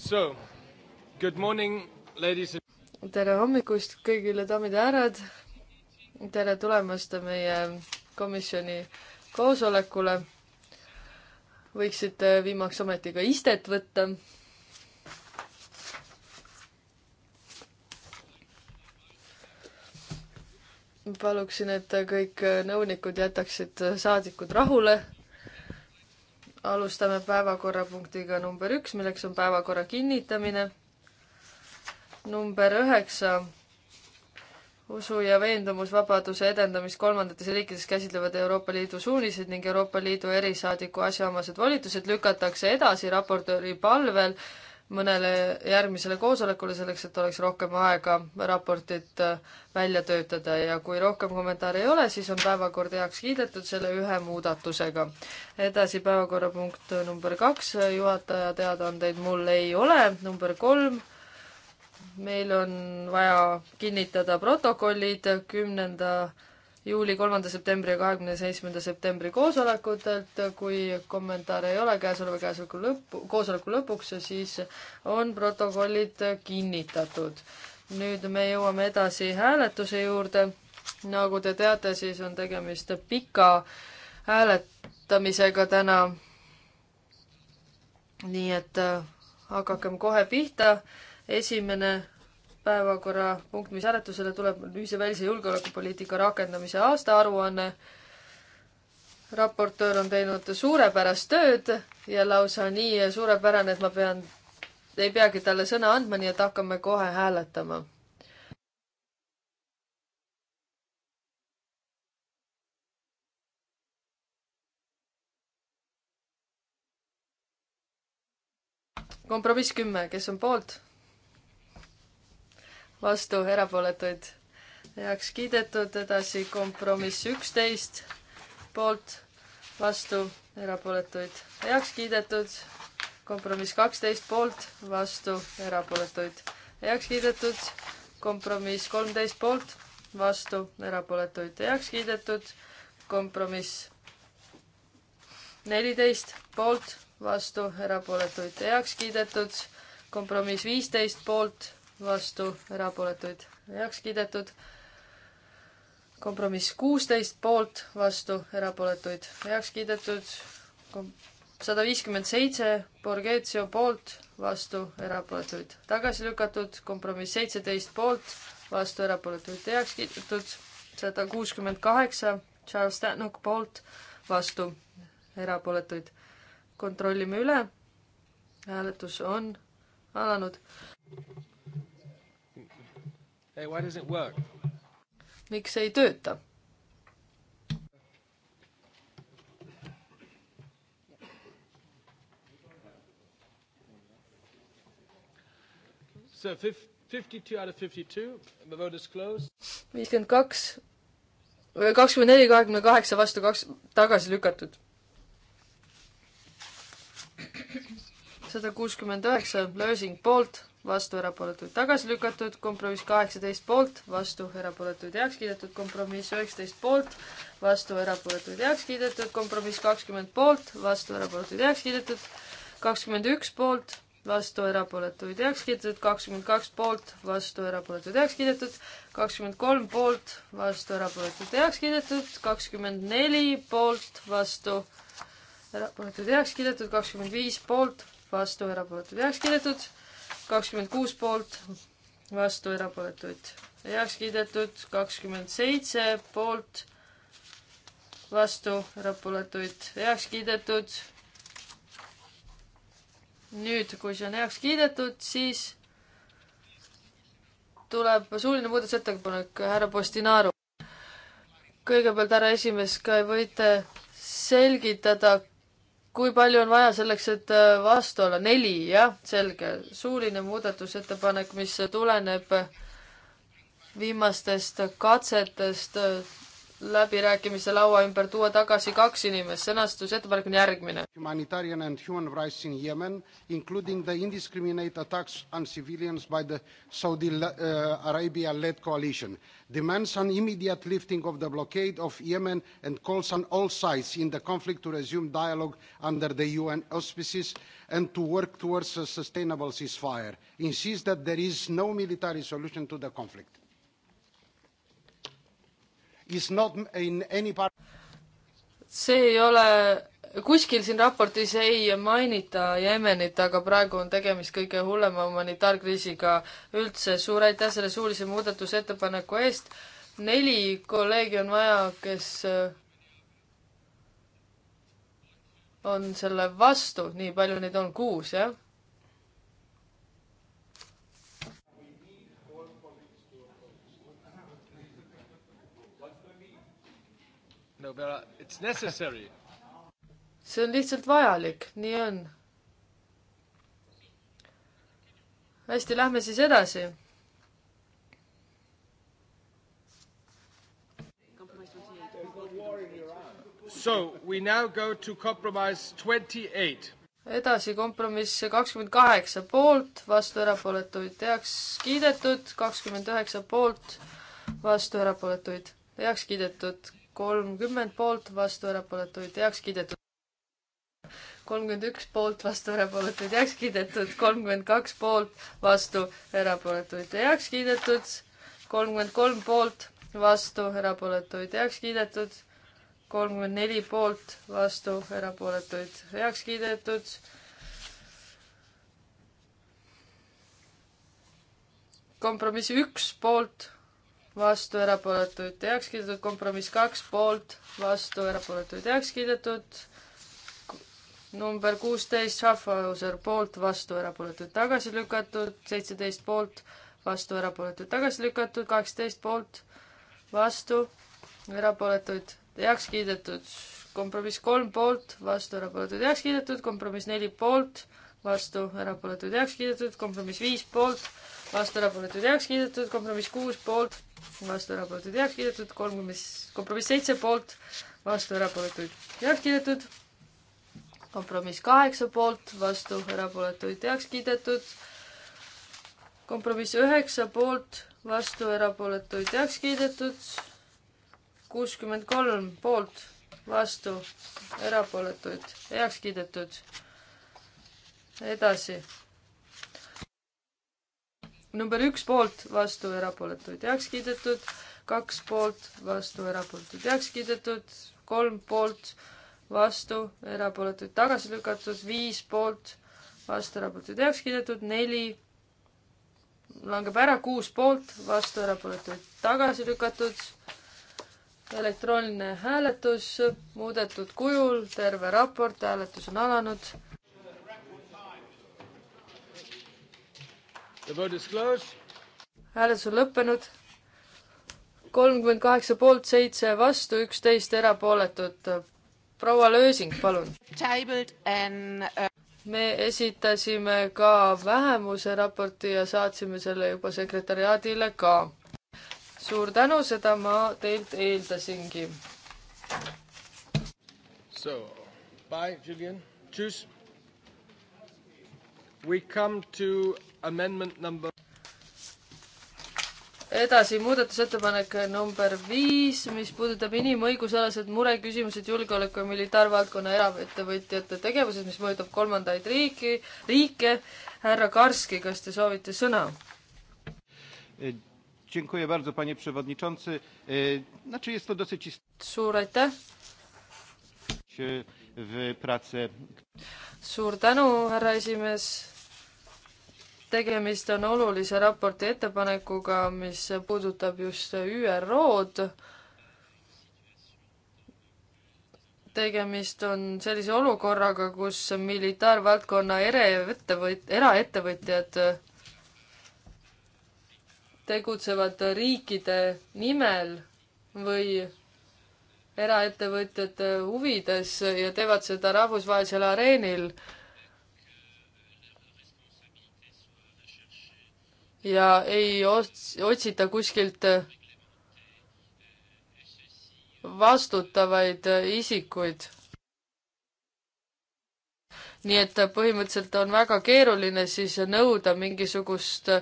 So, good morning, ladies and tere hommikust kõigile, daamid ja härrad. tere tulemast meie komisjoni koosolekule. võiksite viimaks ometi ka istet võtta. paluksin, et kõik nõunikud jätaksid saadikud rahule alustame päevakorrapunktiga number üks, milleks on päevakorra kinnitamine. number üheksa, usu ja veendumusvabaduse edendamist kolmandates riikides käsitlevad Euroopa Liidu suunised ning Euroopa Liidu erisaadiku asjaomased volitused lükatakse edasi raportööri palvel mõnele järgmisele koosolekule, selleks et oleks rohkem aega raportit äh, välja töötada ja kui rohkem kommentaare ei ole, siis on päevakord heaks kiidetud selle ühe muudatusega. edasi päevakorrapunkt number kaks, juhataja teadaandeid mul ei ole, number kolm, meil on vaja kinnitada protokollid kümnenda 10 juuli kolmanda septembri ja kahekümne seitsmenda septembri koosolekutelt, kui kommentaare ei ole käesoleva käesoleku lõppu, koosoleku lõpuks, siis on protokollid kinnitatud. nüüd me jõuame edasi hääletuse juurde. nagu te teate, siis on tegemist pika hääletamisega täna. nii et äh, hakakem kohe pihta. esimene päevakorrapunkt, mis hääletusele tuleb, on ühise välis- ja julgeolekupoliitika rakendamise aastaaruanne. raportöör on teinud suurepärast tööd ja lausa nii suurepärane, et ma pean, ei peagi talle sõna andma, nii et hakkame kohe hääletama kompromiss kümme, kes on poolt? vastu, erapooletuid heaks kiidetud, edasi kompromiss üksteist, poolt, vastu, erapooletuid heaks kiidetud, kompromiss kaksteist poolt, vastu, erapooletuid heaks kiidetud, kompromiss kolmteist poolt, vastu, erapooletuid heaks kiidetud, kompromiss neliteist poolt, vastu, erapooletuid heaks kiidetud, kompromiss viisteist poolt, vastu, erapooletuid heaks kiidetud. kompromiss kuusteist poolt, vastu, erapooletuid heaks kiidetud. sada viiskümmend seitse Borghezio poolt, vastu, erapooletuid tagasi lükatud. kompromiss seitseteist poolt, vastu, erapooletuid heaks kiidetud. sada kuuskümmend kaheksa Charles Stanhock poolt, vastu, erapooletuid. kontrollime üle. hääletus on alanud. Hey, why does it work? miks ei tööta? So 52 out of 52, the vote is closed. 52 24, 28 vastu kaks tagasi lükatud. sada kuuskümmend üheksa Lösing poolt vastu, erapooletuid tagasi lükatud, kompromiss kaheksateist poolt, vastu, erapooletuid heaks kiidetud, kompromiss üheksateist poolt, vastu, erapooletuid heaks kiidetud, kompromiss kakskümmend poolt, vastu, erapooletuid heaks kiidetud, kakskümmend üks poolt, vastu, erapooletuid heaks kiidetud, kakskümmend kaks poolt, vastu, erapooletuid heaks kiidetud, kakskümmend kolm poolt, vastu, erapooletuid heaks kiidetud, kakskümmend neli poolt, vastu, erapooletuid heaks kiidetud, kakskümmend viis poolt, vastu, erapooletuid heaks kiidetud kakskümmend kuus poolt, vastu erapooletuid heaks kiidetud, kakskümmend seitse poolt, vastu erapooletuid heaks kiidetud. nüüd, kui see on heaks kiidetud, siis tuleb suuline muudatusettepanek härra Postinaru. kõigepealt, härra esimees, ka võite selgitada, kui palju on vaja selleks, et äh, vastu olla? neli, jah, selge. suuline muudatusettepanek, mis tuleneb viimastest katsetest läbirääkimise laua ümber tuua tagasi kaks inimest. sõnastusettepanek on järgmine. Humanitarian and human rights in Yemen, including the indiscriminate attacks on civilians by the Saudi uh, Arabia led coalition, demands an immediate lifting of the blockade of Yemen and calls on all sides in the conflict to resume dialogue under the UN auspices and to work towards a sustainable ceasefire. Insists that there is no military solution to the conflict is not in any part see ei ole, kuskil siin raportis ei mainita Jeemenit, aga praegu on tegemist kõige hullema humanitaarkriisiga üldse. suur aitäh selle suulise muudatusettepaneku eest. neli kolleegi on vaja, kes äh, on selle vastu, nii palju neid on, kuus, jah? no Vera, uh, it's necessary. see on lihtsalt vajalik, nii on. hästi, lähme siis edasi. So we now go to compromise twenty eight edasi kompromiss kakskümmend kaheksa poolt, vastu erapooletuid heaks kiidetud, kakskümmend üheksa poolt, vastu erapooletuid heaks kiidetud, kolmkümmend poolt, vastu, erapooletuid heaks kiidetud. kolmkümmend üks poolt, vastu, erapooletuid heaks kiidetud. kolmkümmend kaks poolt, vastu, erapooletuid heaks kiidetud. kolmkümmend kolm poolt, vastu, erapooletuid heaks kiidetud. kolmkümmend neli poolt, vastu, erapooletuid heaks kiidetud kompromissi üks poolt, vastu, erapooletuid heaks kiidetud, kompromiss kaks poolt, vastu, erapooletuid heaks kiidetud. number kuusteist, Schaffhauser poolt, vastu, erapooletuid tagasi lükatud, seitseteist poolt, vastu, erapooletuid tagasi lükatud, kaksteist poolt, vastu, erapooletuid heaks kiidetud. kompromiss kolm poolt, vastu, erapooletuid heaks kiidetud, kompromiss neli poolt, vastu, erapooletuid heaks kiidetud, kompromiss viis poolt vastu erapooletud heaks kiidetud, kompromiss kuus poolt, vastu erapooletud heaks kiidetud, kolmkümmend, kompromiss seitse poolt, vastu erapooletuid heaks kiidetud, kompromiss kaheksa poolt, vastu erapooletuid heaks kiidetud, kompromiss üheksa poolt, vastu erapooletuid heaks kiidetud, kuuskümmend kolm poolt, vastu erapooletuid heaks kiidetud. edasi number üks poolt, vastu, erapooletuid heaks kiidetud, kaks poolt, vastu, erapooletuid heaks kiidetud, kolm poolt, vastu, erapooletuid tagasi lükatud, viis poolt, vastu, erapooletuid heaks kiidetud, neli langeb ära, kuus poolt, vastu, erapooletuid tagasi lükatud, elektrooniline hääletus muudetud kujul, terve raport, hääletus on alanud hääletus on lõppenud. kolmkümmend kaheksa poolt, seitse vastu, üksteist erapooletut. proua Lösing, palun. Uh, me esitasime ka vähemuse raporti ja saatsime selle juba sekretäriaadile ka. suur tänu, seda ma teilt eeldasingi. So, bye, Julian. Tschüss. We come to amendment number edasi, muudatusettepanek number viis, mis puudutab inimõigusalased mureküsimused julgeoleku ja militaarvaldkonna eraettevõtjate tegevuses, mis mõjutab kolmandaid riiki, riike. härra Karski, kas te soovite sõna? E, e, suur aitäh. suur tänu, härra esimees tegemist on olulise raporti ettepanekuga, mis puudutab just ÜRO-d. tegemist on sellise olukorraga, kus militaarvaldkonna ereettevõt-, eraettevõtjad tegutsevad riikide nimel või eraettevõtjate huvides ja teevad seda rahvusvahelisel areenil ja ei otsita kuskilt äh, vastutavaid äh, isikuid. nii et äh, põhimõtteliselt on väga keeruline siis nõuda mingisugust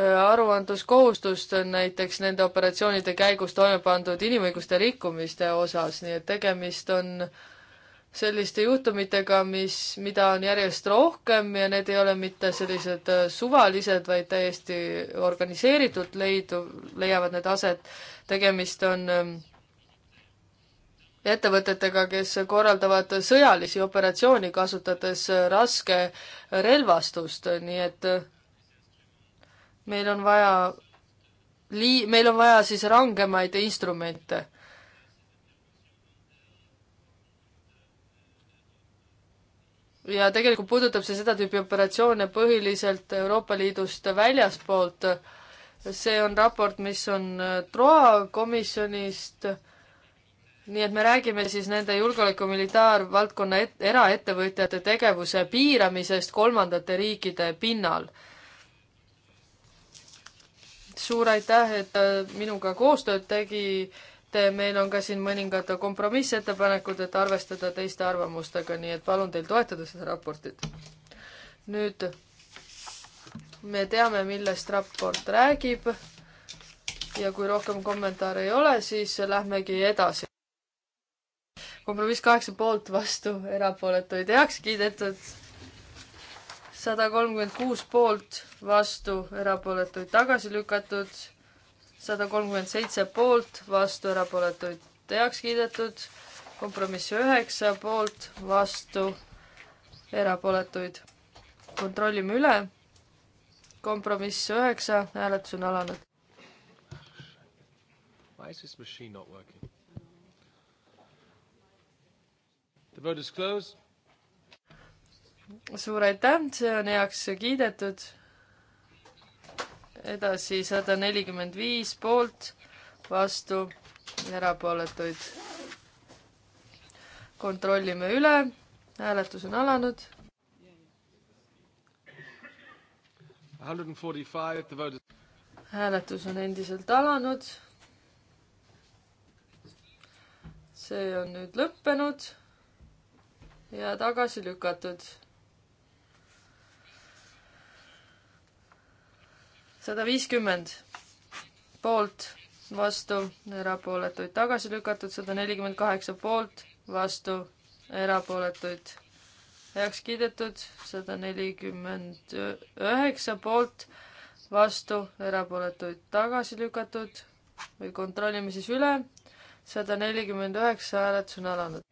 aruandluskohustust näiteks nende operatsioonide käigus toime pandud inimõiguste rikkumiste osas, nii et tegemist on äh, selliste juhtumitega, mis, mida on järjest rohkem ja need ei ole mitte sellised äh, suvalised, vaid täiesti organiseeritult leidu, leiavad need aset. tegemist on ähm, ettevõtetega, kes korraldavad sõjalisi operatsioone, kasutades äh, raske relvastust, nii et äh, meil on vaja lii-, meil on vaja siis rangemaid instrumente ja tegelikult puudutab see seda tüüpi operatsioone põhiliselt Euroopa Liidust väljaspoolt. see on raport, mis on äh, TROA komisjonist. nii et me räägime siis nende julgeoleku militaarvaldkonna et, eraettevõtjate tegevuse piiramisest kolmandate riikide pinnal. suur aitäh, et äh, minuga koostööd tegi meil on ka siin mõningad kompromissettepanekud, et arvestada teiste arvamustega, nii et palun teil toetada seda raportit. nüüd me teame, millest raport räägib ja kui rohkem kommentaare ei ole, siis lähmegi edasi. kompromiss kaheksa poolt, vastu, erapooletuid heaks kiidetud. sada kolmkümmend kuus poolt, vastu, erapooletuid tagasi lükatud sada kolmkümmend seitse poolt, vastu, erapooletuid heaks kiidetud. kompromiss üheksa poolt, vastu, erapooletuid. kontrollime üle. kompromiss üheksa, hääletus on alanud. Why is this machine not working? The vote is closed. suur aitäh, see on heaks kiidetud edasi sada nelikümmend viis poolt, vastu, erapooletuid. kontrollime üle, hääletus on alanud. hääletus on endiselt alanud. see on nüüd lõppenud ja tagasi lükatud sada viiskümmend poolt, vastu, erapooletuid tagasi lükatud, sada nelikümmend kaheksa poolt, vastu, erapooletuid heaks kiidetud, sada nelikümmend üheksa poolt, vastu, erapooletuid tagasi lükatud või kontrollime siis üle, sada nelikümmend üheksa hääletus on alanud.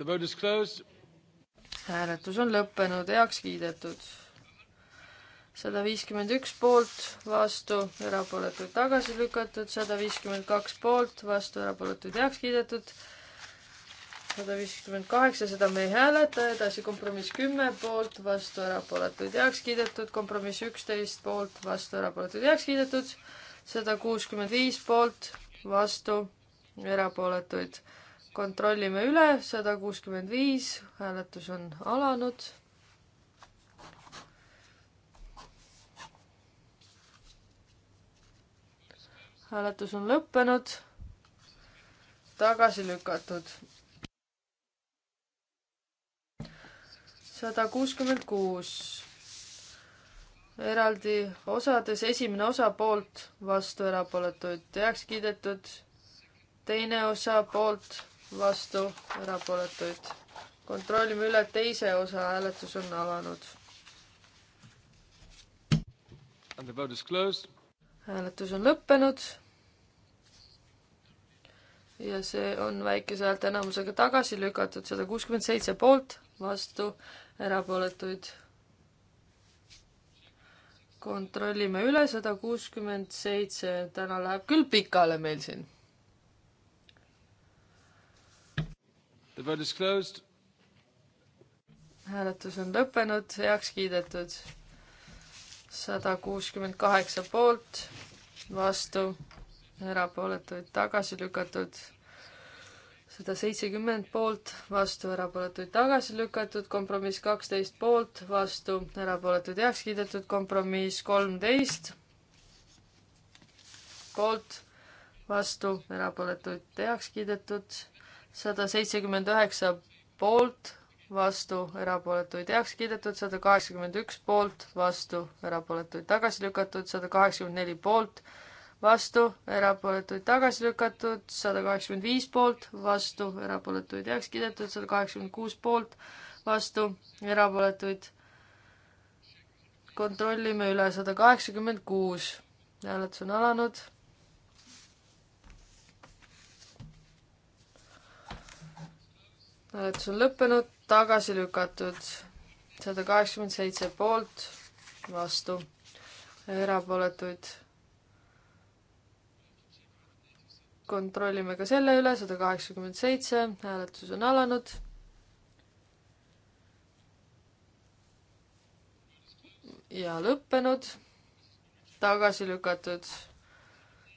The vote is closed hääletus on lõppenud, heaks kiidetud. sada viiskümmend üks poolt, vastu, erapooletuid tagasi lükatud, sada viiskümmend kaks poolt, vastu, erapooletuid heaks kiidetud. sada viiskümmend kaheksa, seda me ei hääleta, edasi kompromiss kümme poolt, vastu, erapooletuid heaks kiidetud, kompromiss üksteist poolt, vastu, erapooletuid heaks kiidetud, sada kuuskümmend viis poolt, vastu, erapooletuid kontrollime üle, sada kuuskümmend viis, hääletus on alanud. hääletus on lõppenud, tagasi lükatud. sada kuuskümmend kuus eraldi osades, esimene osa poolt, vastu erapooletuid heaks kiidetud, teine osa poolt, vastu, erapooletuid. kontrollime üle, teise osa hääletus on alanud. hääletus on lõppenud. ja see on väikese häälteenamusega tagasi lükatud, sada kuuskümmend seitse poolt, vastu, erapooletuid. kontrollime üle, sada kuuskümmend seitse, täna läheb küll pikale meil siin The vote is closed. hääletus on lõppenud, heaks kiidetud. sada kuuskümmend kaheksa poolt, vastu, erapooletuid tagasi lükatud. sada seitsekümmend poolt, vastu, erapooletuid tagasi lükatud, kompromiss kaksteist poolt, vastu, erapooletuid heaks kiidetud, kompromiss kolmteist poolt, vastu, erapooletuid heaks kiidetud sada seitsekümmend üheksa poolt, vastu, erapooletuid heaks kiidetud, sada kaheksakümmend üks poolt, vastu, erapooletuid tagasi lükatud, sada kaheksakümmend neli poolt, vastu, erapooletuid tagasi lükatud, sada kaheksakümmend viis poolt, vastu, erapooletuid heaks kiidetud, sada kaheksakümmend kuus poolt, vastu, erapooletuid. kontrollime üle sada kaheksakümmend kuus. hääletus on alanud hääletus on lõppenud, tagasi lükatud sada kaheksakümmend seitse poolt, vastu, erapooletuid. kontrollime ka selle üle, sada kaheksakümmend seitse, hääletus on alanud. ja lõppenud, tagasi lükatud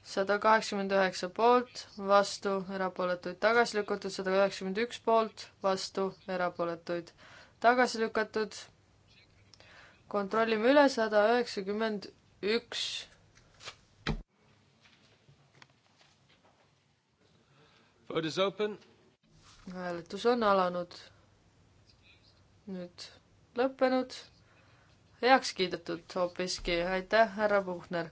sada kaheksakümmend üheksa poolt, vastu, erapooletuid tagasi lükatud, sada üheksakümmend üks poolt, vastu, erapooletuid tagasi lükatud. kontrollime üle, sada üheksakümmend üks. Vote is open. hääletus on alanud. nüüd lõppenud. heaks kiidetud hoopiski, aitäh, härra Puhner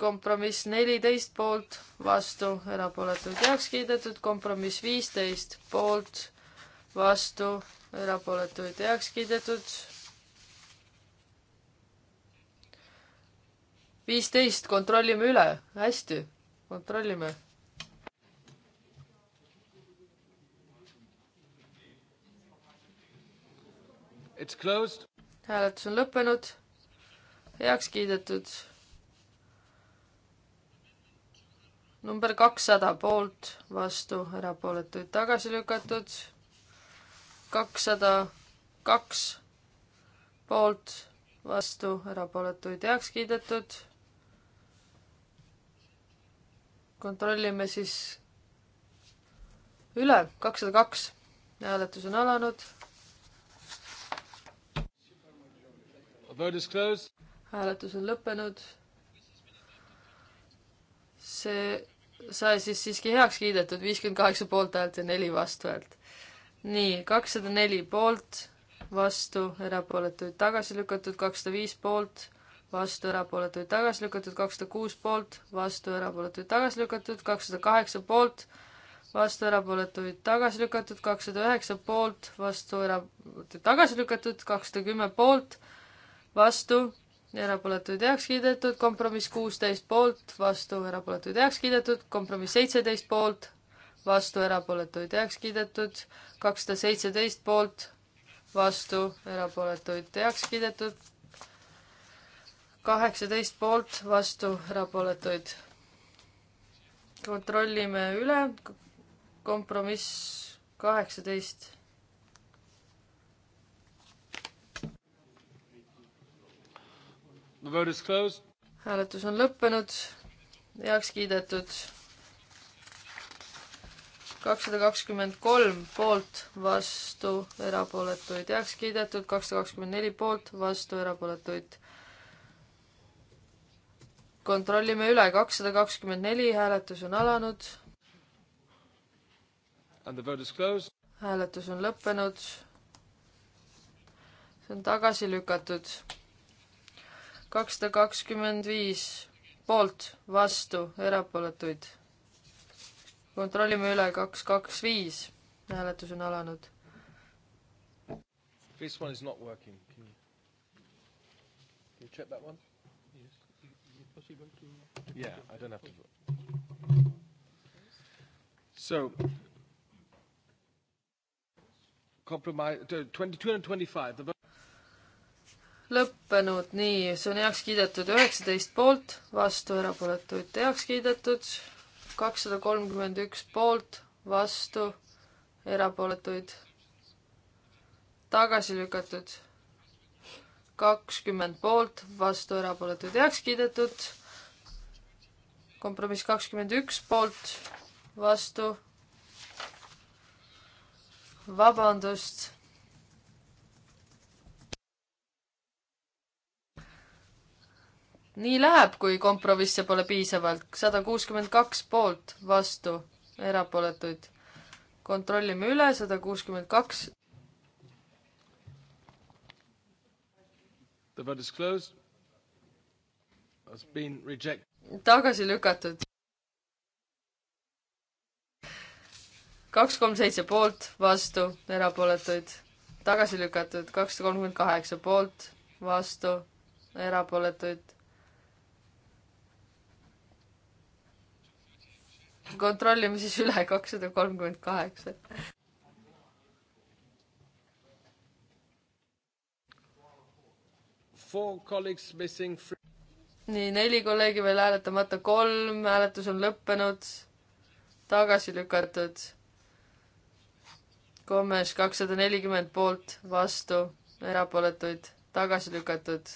kompromiss neliteist poolt, vastu, erapooletud heaks kiidetud, kompromiss viisteist poolt, vastu, erapooletuid heaks kiidetud. viisteist, kontrollime üle, hästi, kontrollime hääletus on lõppenud, heaks kiidetud number kakssada poolt, vastu, erapooletuid tagasi lükatud. kakssada kaks poolt, vastu, erapooletuid heaks kiidetud. kontrollime siis üle, kakssada kaks. hääletus on alanud. hääletus on lõppenud see sai siis siiski heaks kiidetud, viiskümmend kaheksa poolthäält ja neli vastuhäält. nii, kakssada neli poolt, vastu, erapooletuid tagasi lükatud, kakssada viis poolt, vastu, erapooletuid tagasi lükatud, kakssada kuus poolt, vastu, erapooletuid tagasi lükatud, kakssada kaheksa poolt, vastu, erapooletuid tagasi lükatud, kakssada üheksa poolt, vastu, erapooletuid tagasi lükatud, kakssada kümme poolt, vastu, erapooletuid heaks kiidetud, kompromiss kuusteist poolt, vastu erapooletuid heaks kiidetud, kompromiss seitseteist poolt, vastu erapooletuid heaks kiidetud, kakssada seitseteist poolt, vastu erapooletuid heaks kiidetud, kaheksateist poolt, vastu erapooletuid. kontrollime üle, kompromiss kaheksateist hääletus on lõppenud, heaks kiidetud. kakssada kakskümmend kolm poolt, vastu, erapooletuid heaks kiidetud, kakssada kakskümmend neli poolt, vastu, erapooletuid. kontrollime üle, kakssada kakskümmend neli, hääletus on alanud. hääletus on lõppenud. see on tagasi lükatud kakssada kakskümmend viis poolt, vastu, erapooletuid. kontrollime üle, kaks, kaks, viis. hääletus on alanud. This one is not working. Can you, can you check that one? Yes. Is possible to? Yeah, I don't have to vote. So. Compromise, uh, 22 and 25 lõppenud, nii, see on heaks kiidetud üheksateist poolt, vastu erapooletuid heaks kiidetud, kakssada kolmkümmend üks poolt, vastu erapooletuid tagasi lükatud, kakskümmend poolt, vastu erapooletuid heaks kiidetud, kompromiss kakskümmend üks poolt, vastu, vabandust nii läheb, kui kompromisse pole piisavalt. sada kuuskümmend kaks poolt, vastu, erapooletuid. kontrollime üle, sada kuuskümmend kaks. The vote is closed. Has been rejected. tagasi lükatud. kaks, kolm, seitse poolt, vastu, erapooletuid. tagasi lükatud, kakssada kolmkümmend kaheksa poolt, vastu, erapooletuid kontrollime siis üle kakssada kolmkümmend kaheksa. nii, neli kolleegi veel hääletamata, kolm, hääletus on lõppenud, tagasi lükatud. Kommes kakssada nelikümmend poolt, vastu, erapooletuid, tagasi lükatud.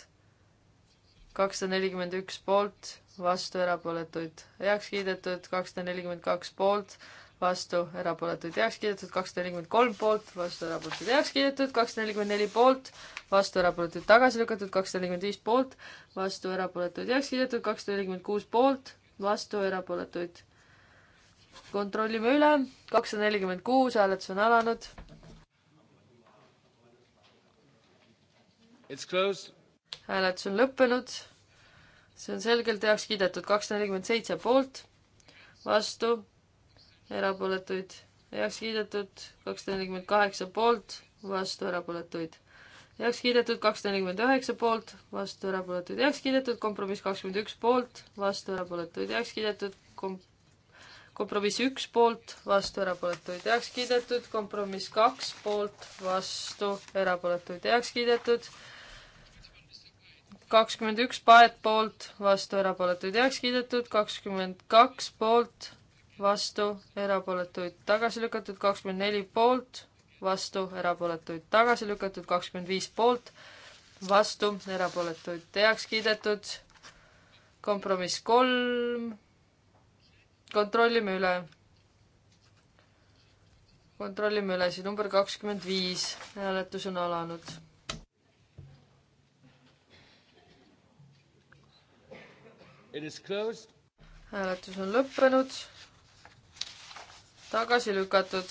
kakssada nelikümmend üks poolt vastu, erapooletuid heaks kiidetud, kakssada nelikümmend kaks poolt, vastu, erapooletuid heaks kiidetud, kakssada nelikümmend kolm poolt, vastu, erapooletuid heaks kiidetud, kakssada nelikümmend neli poolt, vastu, erapooletuid tagasi lükatud, kakssada nelikümmend viis poolt, vastu, erapooletuid heaks kiidetud, kakssada nelikümmend kuus poolt, vastu, erapooletuid. kontrollime üle, kakssada nelikümmend kuus, hääletus on alanud. hääletus on lõppenud see on selgelt heaks kiidetud, kakssada nelikümmend seitse poolt, vastu, erapooletuid heaks kiidetud, kakssada nelikümmend kaheksa poolt, vastu, erapooletuid heaks kiidetud, kakssada nelikümmend üheksa poolt, vastu, erapooletuid heaks kiidetud, kompromiss kakskümmend üks poolt, vastu, erapooletuid heaks kiidetud, kom-, kompromiss üks poolt, vastu, erapooletuid heaks kiidetud, kompromiss kaks poolt, vastu, erapooletuid heaks kiidetud kakskümmend üks paet poolt, vastu erapooletuid heaks kiidetud, kakskümmend kaks poolt, vastu erapooletuid tagasi lükatud, kakskümmend neli poolt, vastu erapooletuid tagasi lükatud, kakskümmend viis poolt, vastu erapooletuid heaks kiidetud, kompromiss kolm, kontrollime üle. kontrollime üle, siis number kakskümmend viis, hääletus on alanud hääletus on lõppenud. tagasi lükatud.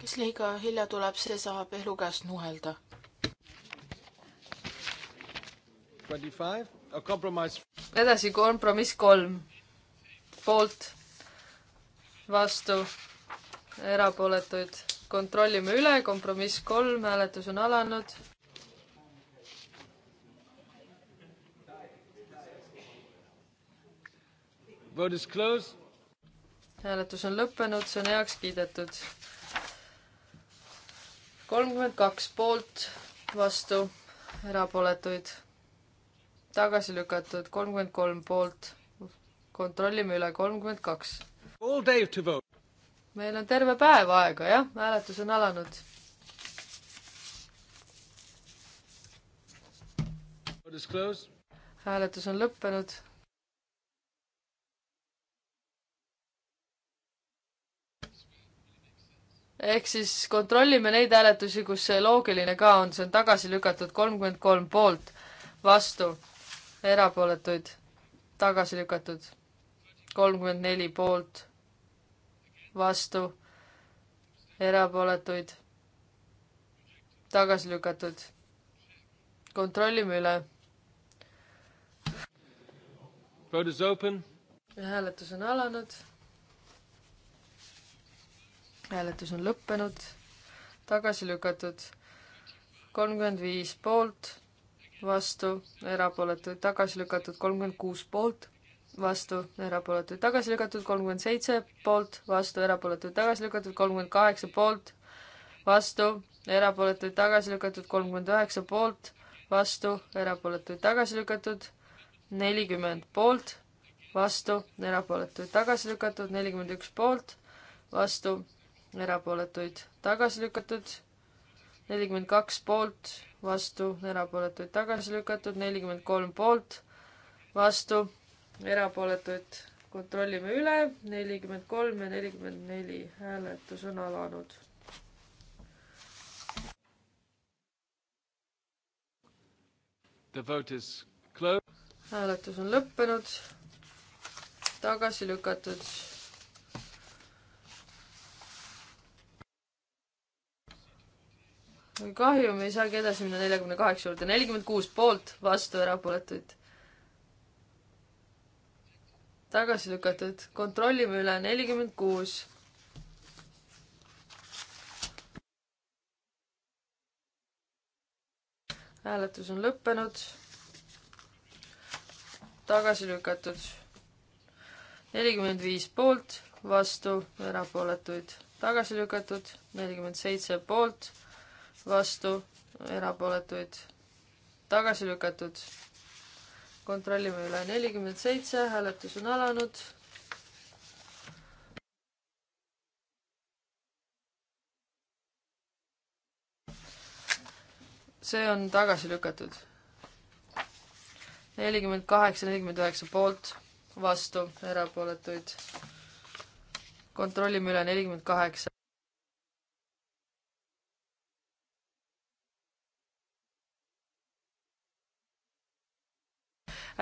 kes liiga hilja tuleb, see saab elu käest nuhelda. edasi kompromiss kolm. poolt, vastu, erapooletuid kontrollime üle, kompromiss kolm, hääletus on alanud. hääletus on lõppenud, see on heaks kiidetud. kolmkümmend kaks poolt, vastu, erapooletuid, tagasi lükatud, kolmkümmend kolm poolt. kontrollime üle, kolmkümmend kaks. All day to vote meil on terve päev aega, jah, hääletus on alanud. hääletus on lõppenud. ehk siis kontrollime neid hääletusi, kus see loogiline ka on, see on tagasi lükatud kolmkümmend kolm poolt, vastu, erapooletuid, tagasi lükatud kolmkümmend neli poolt vastu, erapooletuid, tagasi lükatud. kontrollime üle. hääletus on alanud. hääletus on lõppenud, tagasi lükatud. kolmkümmend viis poolt, vastu, erapooletuid tagasi lükatud, kolmkümmend kuus poolt vastu, erapooletuid tagasi lükatud, kolmkümmend seitse poolt, vastu, erapooletuid tagasi lükatud, kolmkümmend kaheksa poolt, vastu, erapooletuid tagasi lükatud, kolmkümmend üheksa poolt, vastu, erapooletuid tagasi lükatud, nelikümmend poolt, vastu, erapooletuid tagasi lükatud, nelikümmend üks poolt, vastu, erapooletuid tagasi lükatud, nelikümmend kaks poolt, vastu, erapooletuid tagasi lükatud, nelikümmend kolm poolt, vastu, erapooletuid kontrollime üle, nelikümmend kolm ja nelikümmend neli hääletus on alanud. hääletus on lõppenud, tagasi lükatud. kahju, me ei saagi edasi minna neljakümne kaheksa juurde, nelikümmend kuus poolt, vastu erapooletuid tagasi lükatud, kontrollime üle, nelikümmend kuus. hääletus on lõppenud. tagasi lükatud. nelikümmend viis poolt, vastu, erapooletuid tagasi lükatud, nelikümmend seitse poolt, vastu, erapooletuid tagasi lükatud kontrollime üle, nelikümmend seitse, hääletus on alanud. see on tagasi lükatud. nelikümmend kaheksa, nelikümmend üheksa poolt, vastu, erapooletuid. kontrollime üle, nelikümmend kaheksa.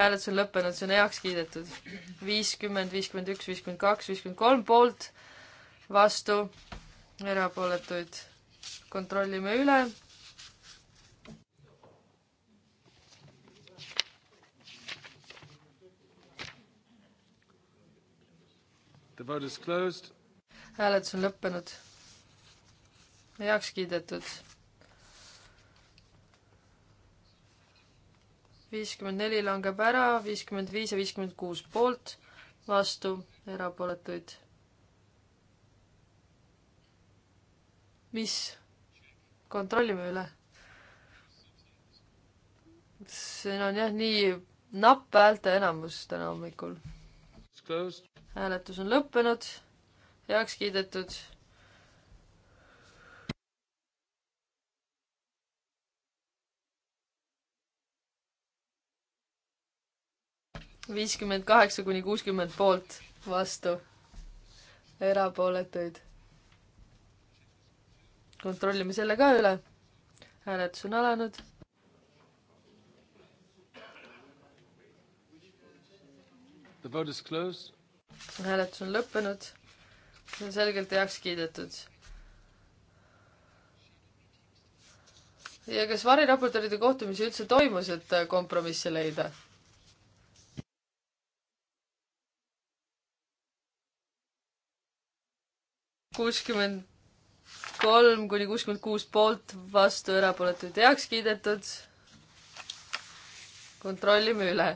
hääletus on lõppenud, see on heaks kiidetud. viiskümmend, viiskümmend üks, viiskümmend kaks, viiskümmend kolm poolt, vastu, erapooletuid kontrollime üle. The vote is closed. hääletus on lõppenud. heaks kiidetud viiskümmend neli langeb ära, viiskümmend viis ja viiskümmend kuus poolt, vastu, erapooletuid. mis? kontrollime üle. siin on jah nii napp häälte enamus täna hommikul. hääletus on lõppenud, heaks kiidetud viiskümmend kaheksa kuni kuuskümmend poolt, vastu, erapooletuid. kontrollime selle ka üle. hääletus on alanud. hääletus on lõppenud. see on selgelt heaks kiidetud. ja kas variraportööride kohtumisi üldse toimus, et kompromisse leida? kuuskümmend kolm kuni kuuskümmend kuus poolt, vastu, erapooletuid heaks kiidetud. kontrollime üle.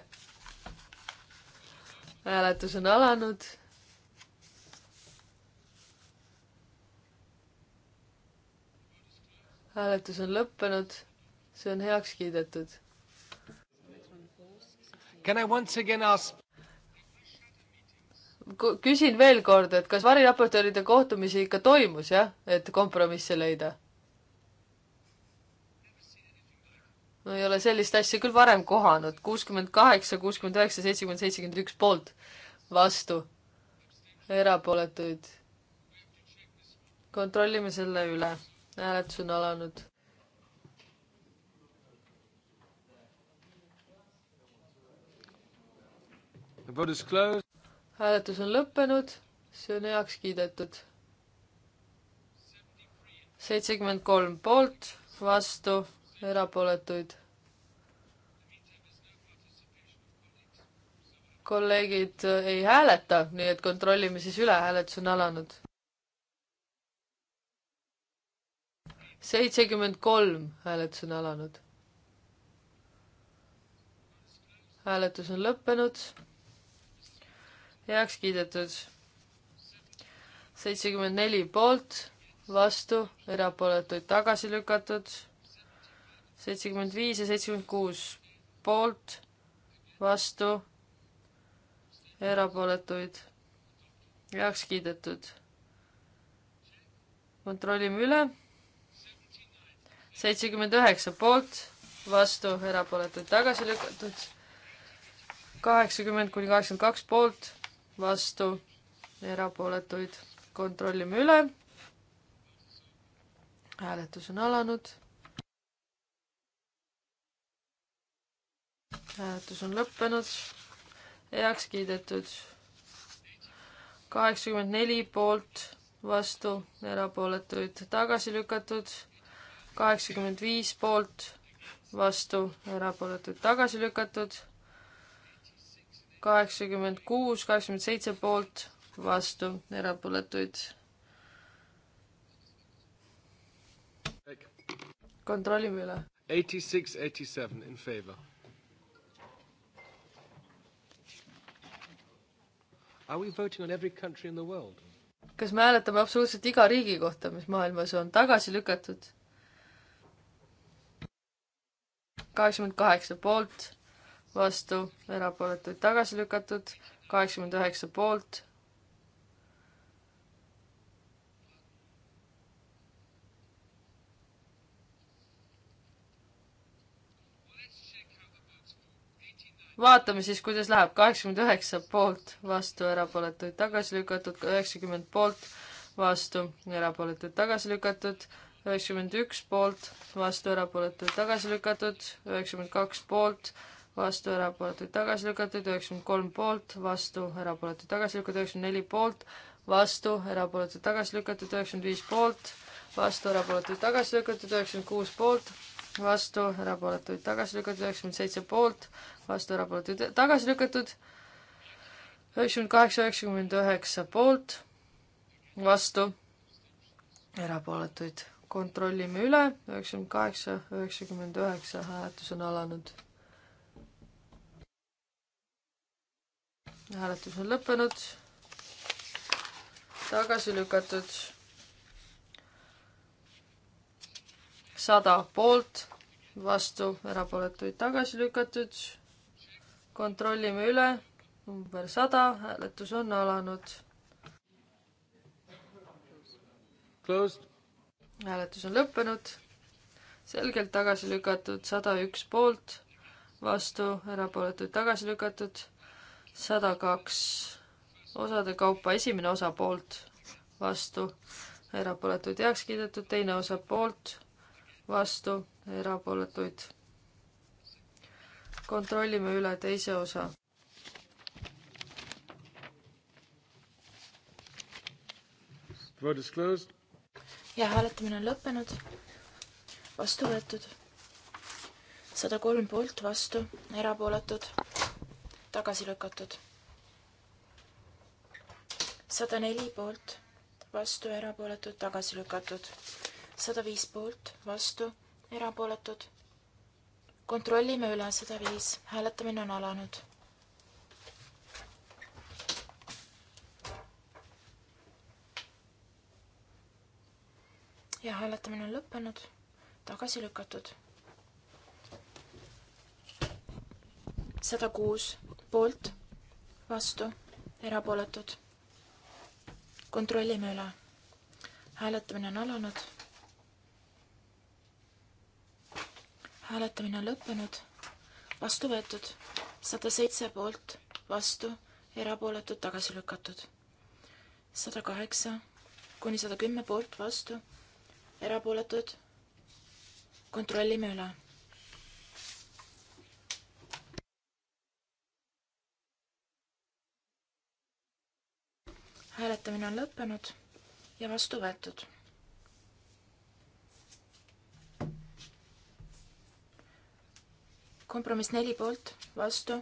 hääletus on alanud. hääletus on lõppenud, see on heaks kiidetud. Can I once again ask? küsin veel kord, et kas variraportööride kohtumisi ikka toimus, jah, et kompromisse leida? no ei ole sellist asja küll varem kohanud, kuuskümmend kaheksa, kuuskümmend üheksa, seitsekümmend, seitsekümmend üks poolt, vastu, erapooletuid. kontrollime selle üle, hääletus on alanud. The vote is closed hääletus on lõppenud, see on heaks kiidetud. seitsekümmend kolm poolt, vastu, erapooletuid. kolleegid ei hääleta, nii et kontrollime siis üle, hääletus on alanud. seitsekümmend kolm hääletus on alanud. hääletus on lõppenud heaks kiidetud. seitsekümmend neli poolt, vastu, erapooletuid tagasi lükatud. seitsekümmend viis ja seitsekümmend kuus poolt, vastu, erapooletuid heaks kiidetud. kontrollime üle. seitsekümmend üheksa poolt, vastu, erapooletuid tagasi lükatud. kaheksakümmend kuni kaheksakümmend kaks poolt vastu, erapooletuid kontrollime üle. hääletus on alanud. hääletus on lõppenud, heaks kiidetud. kaheksakümmend neli poolt, vastu, erapooletuid tagasi lükatud. kaheksakümmend viis poolt, vastu, erapooletuid tagasi lükatud kaheksakümmend kuus, kaheksakümmend seitse poolt, vastu, erapooletuid. kontrollime üle. Eighty six, eighty seven in favor. Are we voting on every country in the world? kas me hääletame absoluutselt iga riigi kohta, mis maailmas on tagasi lükatud? kaheksakümmend kaheksa poolt vastu, erapooletuid tagasi lükatud, kaheksakümmend üheksa poolt. vaatame siis, kuidas läheb, kaheksakümmend üheksa poolt, vastu, erapooletuid tagasi lükatud, üheksakümmend poolt, vastu, erapooletuid tagasi lükatud, üheksakümmend üks poolt, vastu, erapooletuid tagasi lükatud, üheksakümmend kaks poolt vastu, erapooletuid tagasi lükatud, üheksakümmend kolm poolt, vastu, erapooletuid tagasi lükatud, üheksakümmend neli poolt, vastu, erapooletuid tagasi lükatud, üheksakümmend viis poolt, vastu, erapooletuid tagasi lükatud, üheksakümmend kuus poolt, vastu, erapooletuid tagasi lükatud, üheksakümmend seitse poolt, vastu, erapooletuid tagasi lükatud, üheksakümmend kaheksa, üheksakümmend üheksa poolt, vastu, erapooletuid kontrollime üle, üheksakümmend kaheksa, üheksakümmend üheksa hääletus on alanud hääletus on lõppenud. tagasi lükatud. sada poolt, vastu, erapooletuid tagasi lükatud. kontrollime üle. number sada, hääletus on alanud. Closed. hääletus on lõppenud. selgelt tagasi lükatud, sada üks poolt, vastu, erapooletuid tagasi lükatud sada kaks osade kaupa, esimene osa poolt, vastu, erapooletuid heaks kiidetud, teine osa poolt, vastu, erapooletuid. kontrollime üle teise osa. ja hääletamine on lõppenud. vastu võetud. sada kolm poolt, vastu, erapooletud tagasi lükatud. sada neli poolt, vastu, erapooletud, tagasi lükatud. sada viis poolt, vastu, erapooletud. kontrollime üle, sada viis, hääletamine on alanud. ja hääletamine on lõppenud, tagasi lükatud sada kuus poolt, vastu, erapooletud. kontrollime üle. hääletamine on alanud. hääletamine on lõppenud. vastu võetud sada seitse poolt, vastu, erapooletud, tagasi lükatud. sada kaheksa kuni sada kümme poolt, vastu, erapooletud. kontrollime üle hääletamine on lõppenud ja vastu võetud. kompromiss neli poolt, vastu,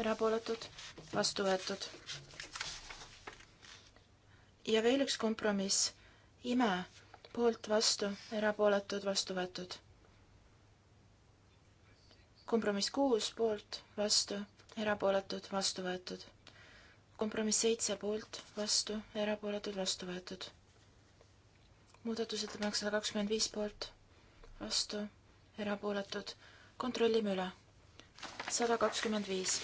erapooletud, vastu võetud. ja veel üks kompromiss, ime, poolt, vastu, erapooletud, vastu võetud. kompromiss kuus poolt, vastu, erapooletud, vastu võetud kompromiss seitse poolt, vastu, erapooletud, vastu võetud. muudatusettepanek sada kakskümmend viis poolt, vastu, erapooletud, kontrollime üle. sada kakskümmend viis.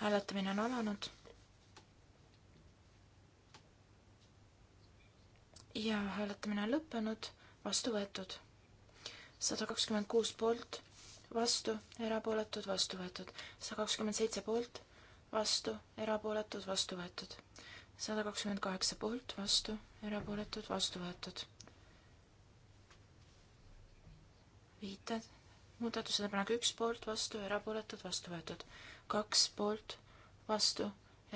hääletamine on alanud. ja hääletamine on lõppenud, vastu võetud. sada kakskümmend kuus poolt, vastu, erapooletud, vastu võetud. sada kakskümmend seitse poolt vastu, erapooletud, vastu võetud. sada kakskümmend kaheksa poolt, vastu, erapooletud, vastu võetud. viited, muudatusettepanek üks poolt, vastu, erapooletud, vastu võetud. kaks poolt, vastu,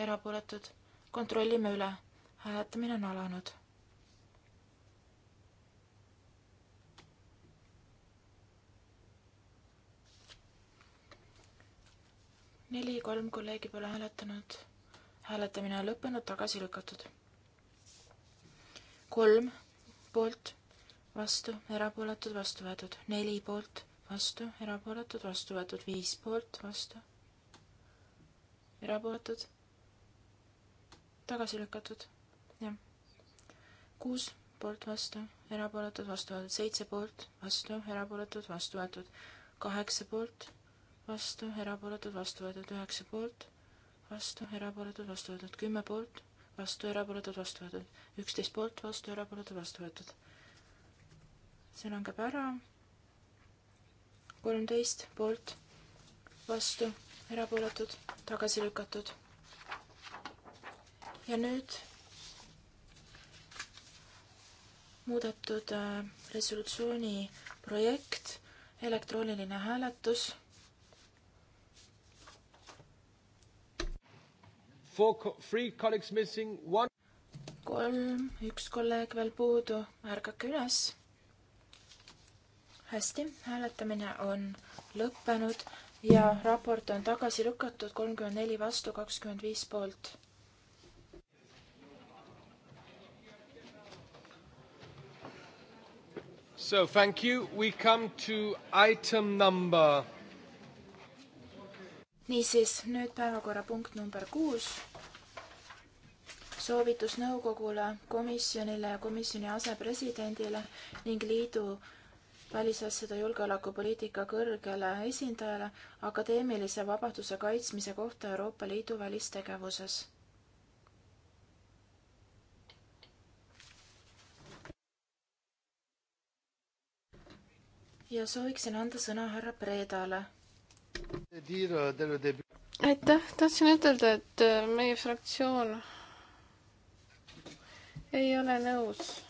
erapooletud. kontrollime üle. hääletamine on alanud neli, kolm kolleegi pole hääletanud. hääletamine on lõppenud, tagasi lükatud. kolm poolt, vastu, erapooletud, vastu võetud. neli poolt, vastu, erapooletud, vastu võetud. viis poolt, vastu, erapooletud, tagasi lükatud. jah. kuus poolt, vastu, erapooletud, vastu võetud. seitse poolt, vastu, erapooletud, vastu võetud. kaheksa poolt vastu, erapooletud, vastu võetud üheksa poolt, vastu, erapooletud, vastu võetud kümme poolt, vastu, erapooletud, vastu võetud üksteist poolt, vastu, erapooletud, vastu võetud. see langeb ära. kolmteist poolt, vastu, erapooletud, tagasi lükatud. ja nüüd muudetud äh, resolutsiooni projekt, elektrooniline hääletus Four, three colleagues missing, one. kolm, üks kolleeg veel puudu, ärgake üles. hästi, hääletamine on lõppenud ja raport on tagasi lükatud, kolmkümmend neli vastu, kakskümmend viis poolt. So thank you, we come to item number niisiis, nüüd päevakorrapunkt number kuus soovitus nõukogule, komisjonile ja komisjoni asepresidendile ning liidu välisasjade julgeolekupoliitika kõrgele esindajale akadeemilise vabaduse kaitsmise kohta Euroopa Liidu välistegevuses. ja sooviksin anda sõna härra Predale. aitäh, tahtsin ütelda, et meie fraktsioon ei ole nõus.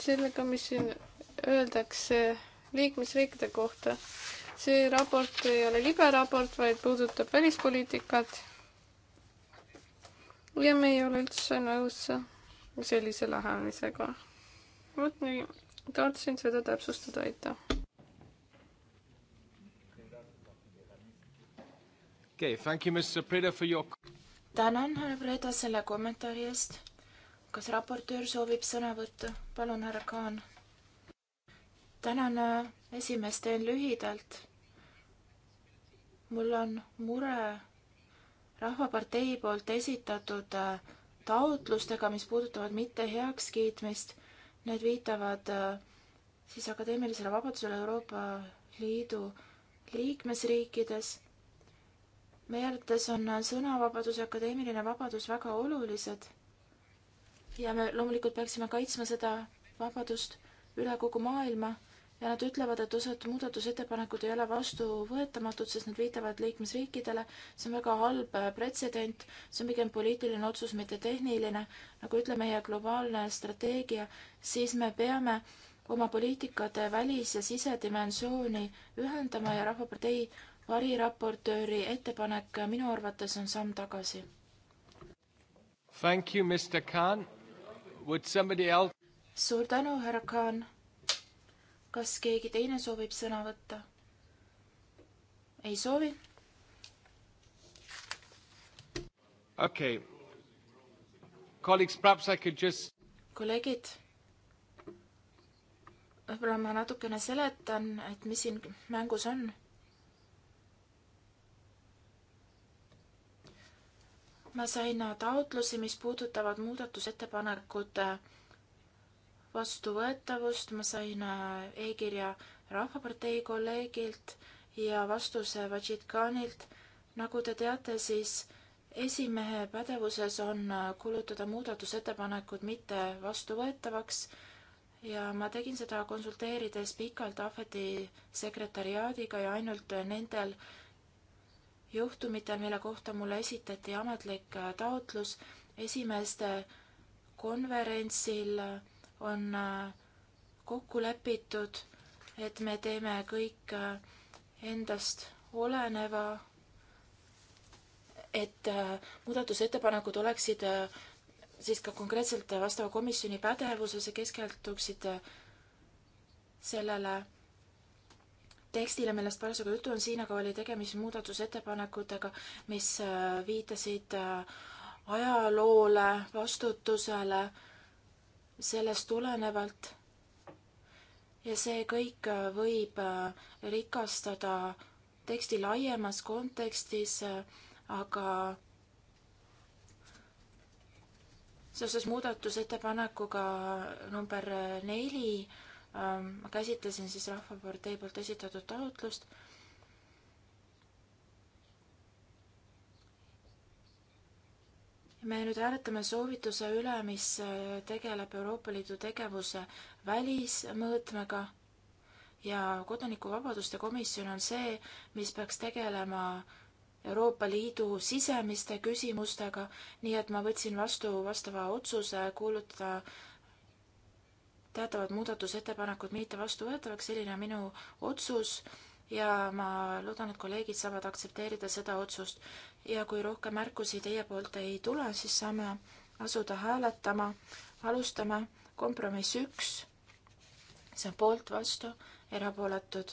sellega, mis siin öeldakse liikmesriikide kohta. see raport ei ole libe raport, vaid puudutab välispoliitikat. ja me ei ole üldse nõus sellise lähenemisega. vot nii, tahtsin seda täpsustada, aitäh. Okay, thank you, Mr. Preda, for your tänan, härra Preda, selle kommentaari eest. kas raportöör soovib sõna võtta? palun, härra Kaan. tänan, äh, esimees, teen lühidalt. mul on mure Rahvapartei poolt esitatud äh, taotlustega, mis puudutavad mitte heakskiitmist. Need viitavad äh, siis akadeemilisele vabadusele Euroopa Liidu liikmesriikides meie arvates on sõnavabadus ja akadeemiline vabadus väga olulised. ja me loomulikult peaksime kaitsma seda vabadust üle kogu maailma ja nad ütlevad, et osad muudatusettepanekud ei ole vastuvõetamatud, sest nad viitavad liikmesriikidele. see on väga halb pretsedent, see on pigem poliitiline otsus, mitte tehniline. nagu ütleb meie globaalne strateegia, siis me peame oma poliitikate välis- ja sisedimensiooni ühendama ja Rahvapartei variraportööri ettepanek minu arvates on samm tagasi. Thank you, Mr Khan. Would somebody else? suur tänu, härra Khan. kas keegi teine soovib sõna võtta? ei soovi? okei okay.. Colleagues, perhaps I could just. kolleegid võib-olla ma natukene seletan, et mis siin mängus on. ma sain taotlusi, mis puudutavad muudatusettepanekute vastuvõetavust, ma sain äh, e-kirja Rahvapartei kolleegilt ja vastuse Vajid Khanilt. nagu te teate, siis esimehe pädevuses on äh, kuulutada muudatusettepanekud mitte vastuvõetavaks ja ma tegin seda konsulteerides pikalt Ahveti sekretariaadiga ja ainult nendel äh, juhtumitel, mille kohta mulle esitati ametlik äh, taotlus esimeeste konverentsil, on äh, kokku lepitud, et me teeme kõik äh, endast oleneva, et muudatusettepanekud oleksid siis ka konkreetselt vastava komisjoni pädevuses ja keskenduksid sellele tekstile, millest parasjagu juttu on, siin aga oli tegemist muudatusettepanekutega, mis äh, viitasid äh, ajaloole, vastutusele, sellest tulenevalt. ja see kõik äh, võib rikastada teksti laiemas kontekstis, aga seoses muudatusettepanekuga number neli Ähm, ma käsitlesin siis Rahvapartei poolt esitatud taotlust. me nüüd hääletame soovituse üle, mis äh, tegeleb Euroopa Liidu tegevuse välismõõtmega ja kodanikuvabaduste komisjon on see, mis peaks tegelema Euroopa Liidu sisemiste küsimustega, nii et ma võtsin vastu vastava otsuse kuulutada teatavad muudatusettepanekud mitte vastuvõetavaks, selline on minu otsus ja ma loodan, et kolleegid saavad aktsepteerida seda otsust. ja kui rohkem märkusi teie poolt ei tule, siis saame asuda hääletama. alustame kompromiss üks, see on poolt, vastu, erapooletud.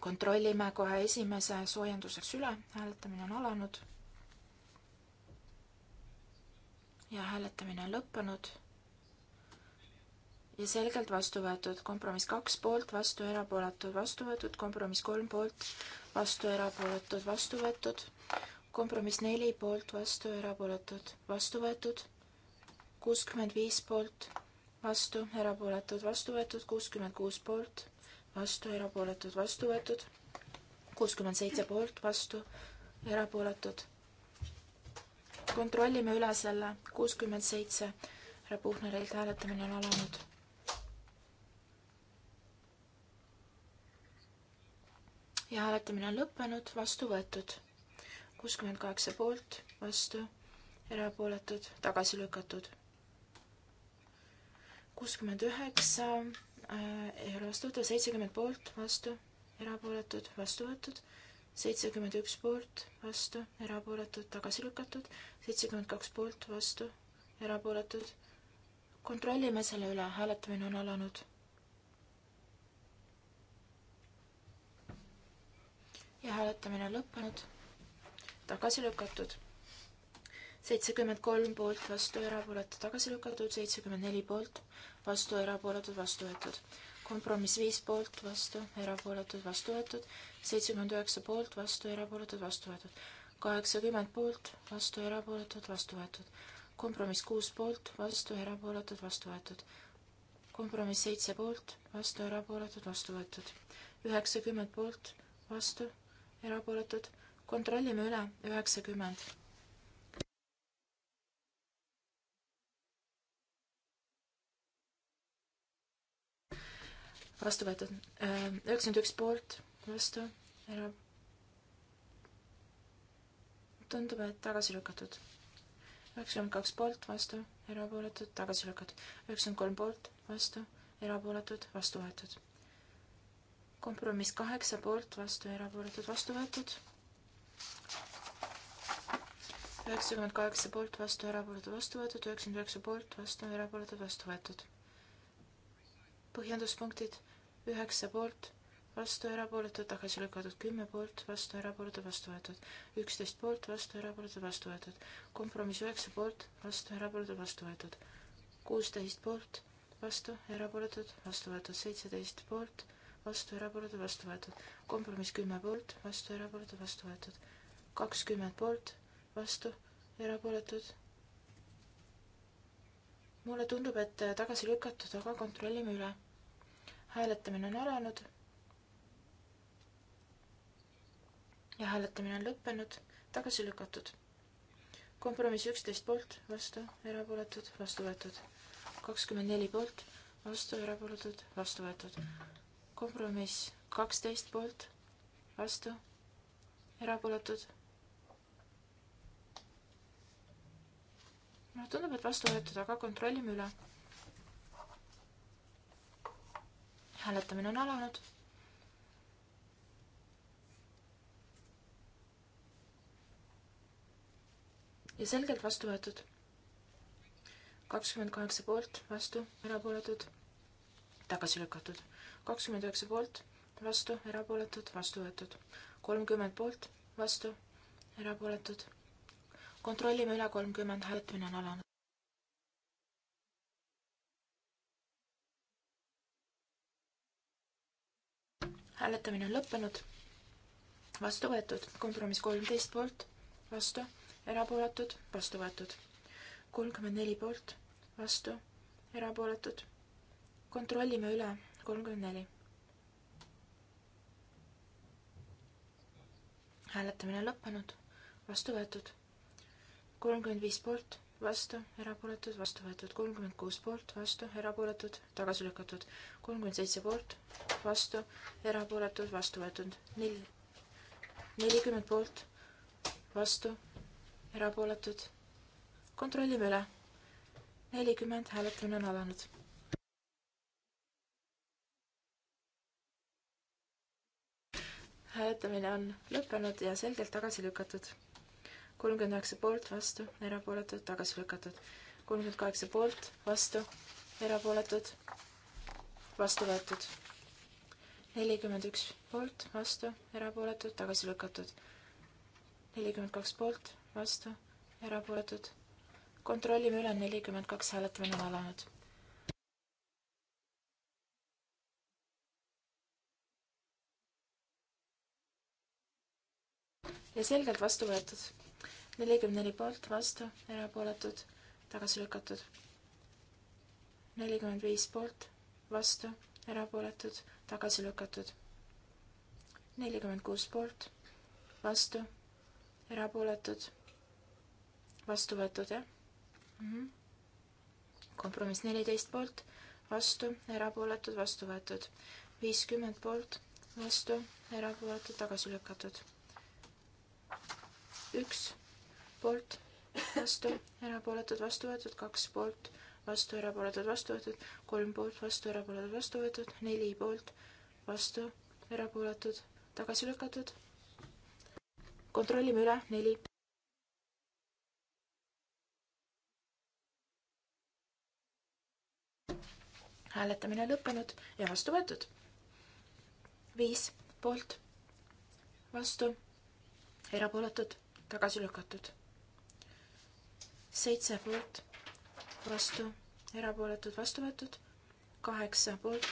kontrollime kohe esimese soojenduseks üle, hääletamine on alanud. ja hääletamine on lõppenud ja selgelt vastu võetud. kompromiss kaks poolt, vastu erapooletud, vastu võetud, kompromiss kolm poolt, vastu erapooletud, vastu võetud, kompromiss neli poolt, vastu erapooletud, vastu võetud, kuuskümmend viis poolt, vastu erapooletud, vastu võetud, kuuskümmend kuus poolt, vastu erapooletud, vastu võetud, kuuskümmend seitse poolt, vastu erapooletud. kontrollime üle selle, kuuskümmend seitse härra Puhnerilt hääletamine on alanud ja hääletamine on lõppenud, vastu võetud. kuuskümmend kaheksa poolt, vastu, erapooletud, tagasi lükatud. kuuskümmend üheksa äh, ei ole vastu võetud, seitsekümmend poolt, vastu, erapooletud, vastu võetud seitsekümmend üks poolt, vastu, erapooletud, tagasi lükatud, seitsekümmend kaks poolt, vastu, erapooletud. kontrollime selle üle, hääletamine on alanud. ja hääletamine on lõppenud. tagasi lükatud. seitsekümmend kolm poolt, vastu, erapooletu, tagasi lükatud, seitsekümmend neli poolt, vastu, erapooletud, vastu võetud. kompromiss viis poolt, vastu, erapooletud, vastu võetud, seitsekümmend üheksa poolt, vastu, erapooletud, vastu võetud. kaheksakümmend poolt, vastu, erapooletud, vastu võetud. kompromiss kuus poolt, vastu, erapooletud, vastu võetud kompromiss seitse poolt, vastu erapooletud, vastu võetud. üheksakümmend poolt, vastu erapooletud, kontrollime üle, üheksakümmend. vastu võetud, äh, üheksakümmend üks poolt, vastu, ära. tundub, et tagasi lükatud. üheksakümmend kaks poolt, vastu, erapooletud, tagasi lükatud. üheksakümmend kolm poolt, vastu, erapooletud, vastu võetud kompromiss kaheksa poolt, vastu erapooletud, vastu võetud. üheksakümmend kaheksa poolt, vastu erapooletud, vastu võetud, üheksakümmend üheksa poolt, vastu erapooletud, vastu võetud. põhjenduspunktid üheksa poolt, vastu erapooletud, tagasi lükatud, kümme poolt, vastu erapooletud, vastu võetud, üksteist poolt, vastu erapooletud, vastu võetud, kompromiss üheksa poolt, vastu erapooletud, vastu võetud, kuusteist poolt, vastu erapooletud, vastu võetud, seitseteist poolt vastu, erapooletud, vastu võetud. kompromiss kümme poolt, vastu, erapooletud, vastu võetud. kakskümmend poolt, vastu, erapooletud. mulle tundub, et tagasi lükatud, aga kontrollime üle. hääletamine on alanud. ja hääletamine on lõppenud, tagasi lükatud. kompromiss üksteist poolt, vastu, erapooletud, vastu võetud. kakskümmend neli poolt vastu, erapooletud, vastu võetud kompromiss kaksteist poolt, vastu, erapooletud. noh, tundub, et vastu võetud, aga kontrollime üle. hääletamine on alanud. ja selgelt vastu võetud. kakskümmend kaheksa poolt, vastu, erapooletud, tagasi lükatud kakskümmend üheksa poolt, vastu, erapooletud, vastu võetud. kolmkümmend poolt, vastu, erapooletud. kontrollime üle kolmkümmend, hääletamine on alanud. hääletamine on lõppenud. vastu võetud, kompromiss kolmteist poolt, vastu, erapooletud, vastu võetud. kolmkümmend neli poolt, vastu, erapooletud. kontrollime üle kolmkümmend neli. hääletamine lõppenud, vastu võetud. kolmkümmend viis poolt, vastu, erapooletud, vastu võetud. kolmkümmend kuus poolt, vastu, erapooletud, tagasi lükatud. kolmkümmend seitse poolt, vastu, erapooletud, vastu võetud. neli, nelikümmend poolt, vastu, erapooletud. kontrollime üle. nelikümmend, hääletamine on alanud hääletamine on lõppenud ja selgelt tagasi lükatud. kolmkümmend üheksa poolt, vastu, erapooletud, tagasi lükatud. kolmkümmend kaheksa poolt, vastu, erapooletud, vastu võetud. nelikümmend üks poolt, vastu, erapooletud, tagasi lükatud. nelikümmend kaks poolt, vastu, erapooletud. kontrollime üle, nelikümmend kaks hääletamine on alanud ja selgelt vastu võetud. nelikümmend neli poolt, vastu, erapooletud, tagasi lükatud. nelikümmend viis poolt, vastu, erapooletud, tagasi lükatud. nelikümmend kuus poolt, vastu, erapooletud, vastu võetud, jah mm -hmm.? kompromiss neliteist poolt, vastu, erapooletud, vastu võetud. viiskümmend poolt, vastu, erapooletud, tagasi lükatud üks poolt, vastu, erapooletud, vastu võetud, kaks poolt, vastu, erapooletud, vastu võetud, kolm poolt, vastu, erapooletud, vastu võetud, neli poolt, vastu, erapooletud, tagasi lükatud. kontrollime üle, neli. hääletamine lõppenud ja vastu võetud. viis poolt, vastu, erapooletud, tagasi lükatud. seitse poolt, vastu, erapooletud, vastu võetud. kaheksa poolt,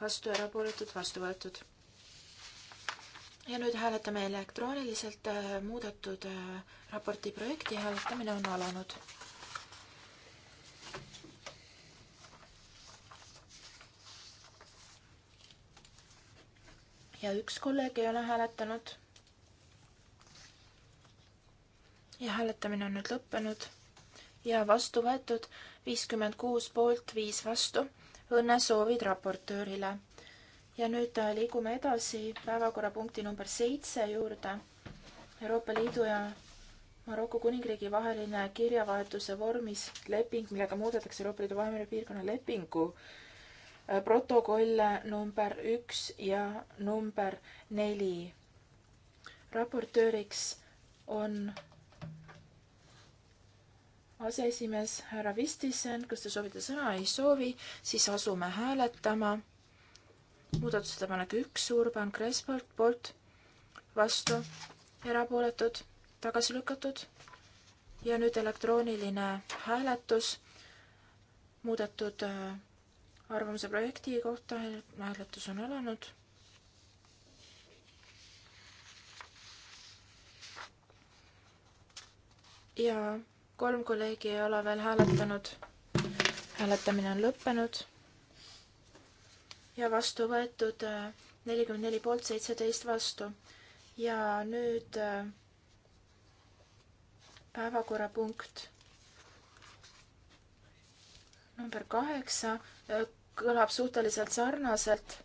vastu, erapooletud, vastu võetud. ja nüüd hääletame elektrooniliselt äh, muudetud äh, raporti projekti, hääletamine on alanud ja üks kolleeg ei ole hääletanud ja hääletamine on nüüd lõppenud ja vastu võetud viiskümmend kuus poolt, viis vastu. õnnesoovid raportöörile. ja nüüd äh, liigume edasi päevakorrapunkti number seitse juurde. Euroopa Liidu ja Maroko Kuningriigi vaheline kirjavahetuse vormis leping, millega muudetakse Euroopa Liidu Vahemere piirkonna lepingu äh, protokolle number üks ja number neli. raportööriks on aseesimees härra Vistisen, kas te soovite sõna? ei soovi, siis asume hääletama. muudatusettepanek üks, Urban Krespolt poolt, vastu, erapooletud, tagasi lükatud. ja nüüd elektrooniline hääletus muudetud äh, arvamuse projekti kohta, hääletus on alanud ja kolm kolleegi ei ole veel hääletanud. hääletamine on lõppenud. ja vastu võetud äh, nelikümmend neli poolt, seitseteist vastu. ja nüüd äh, päevakorrapunkt number kaheksa äh, kõlab suhteliselt sarnaselt.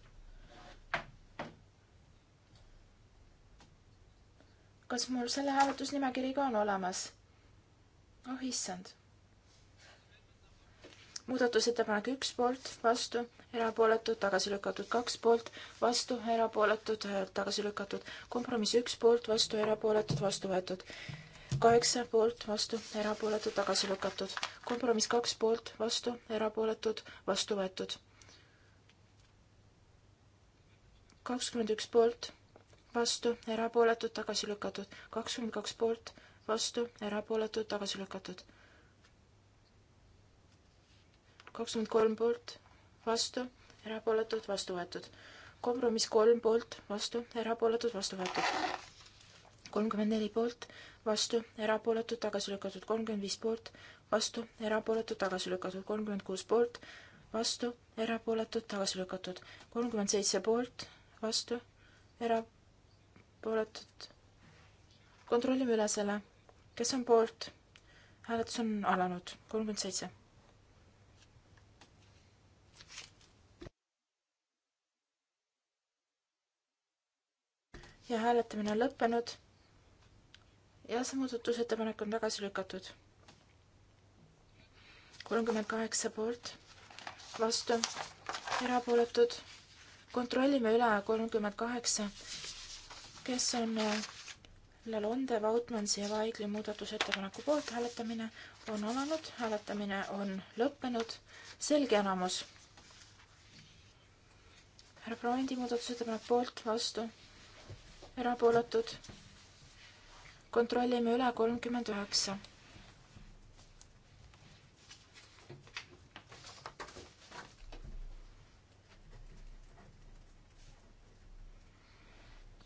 kas mul selle hääletusnimekiri ka on olemas? oh issand. muudatusettepanek üks poolt, vastu, erapooletud, tagasi lükatud, kaks poolt, vastu, erapooletud, äh, tagasi lükatud, kompromiss üks poolt, vastu, erapooletud, vastu võetud kaheksa poolt, vastu, erapooletud, tagasi lükatud. kompromiss kaks poolt, vastu, erapooletud, vastu võetud. kakskümmend üks poolt, vastu, erapooletud, tagasi lükatud. kakskümmend kaks poolt, vastu, erapooletud, tagasi lükatud. kakskümmend kolm poolt, vastu, erapooletud, vastu võetud. kompromiss kolm poolt, vastu, erapooletud, vastu võetud. kolmkümmend neli poolt, vastu, erapooletud, tagasi lükatud. kolmkümmend viis poolt, vastu, erapooletud, tagasi lükatud. kolmkümmend kuus poolt, vastu, erapooletud, tagasi lükatud. kolmkümmend seitse poolt, vastu, erapooletud. kontrollime üle selle kes on poolt? hääletus on alanud, kolmkümmend seitse. ja hääletamine on lõppenud. ja see muudatusettepanek on tagasi lükatud. kolmkümmend kaheksa poolt, vastu, erapooletud. kontrollime üle kolmkümmend kaheksa, kes on Lalonde, Vautmansi ja Vaigli muudatusettepaneku poolt hääletamine on alanud, hääletamine on lõppenud, selge enamus. härra Proendi muudatusettepanek poolt, vastu, erapooletud. kontrollime üle kolmkümmend üheksa.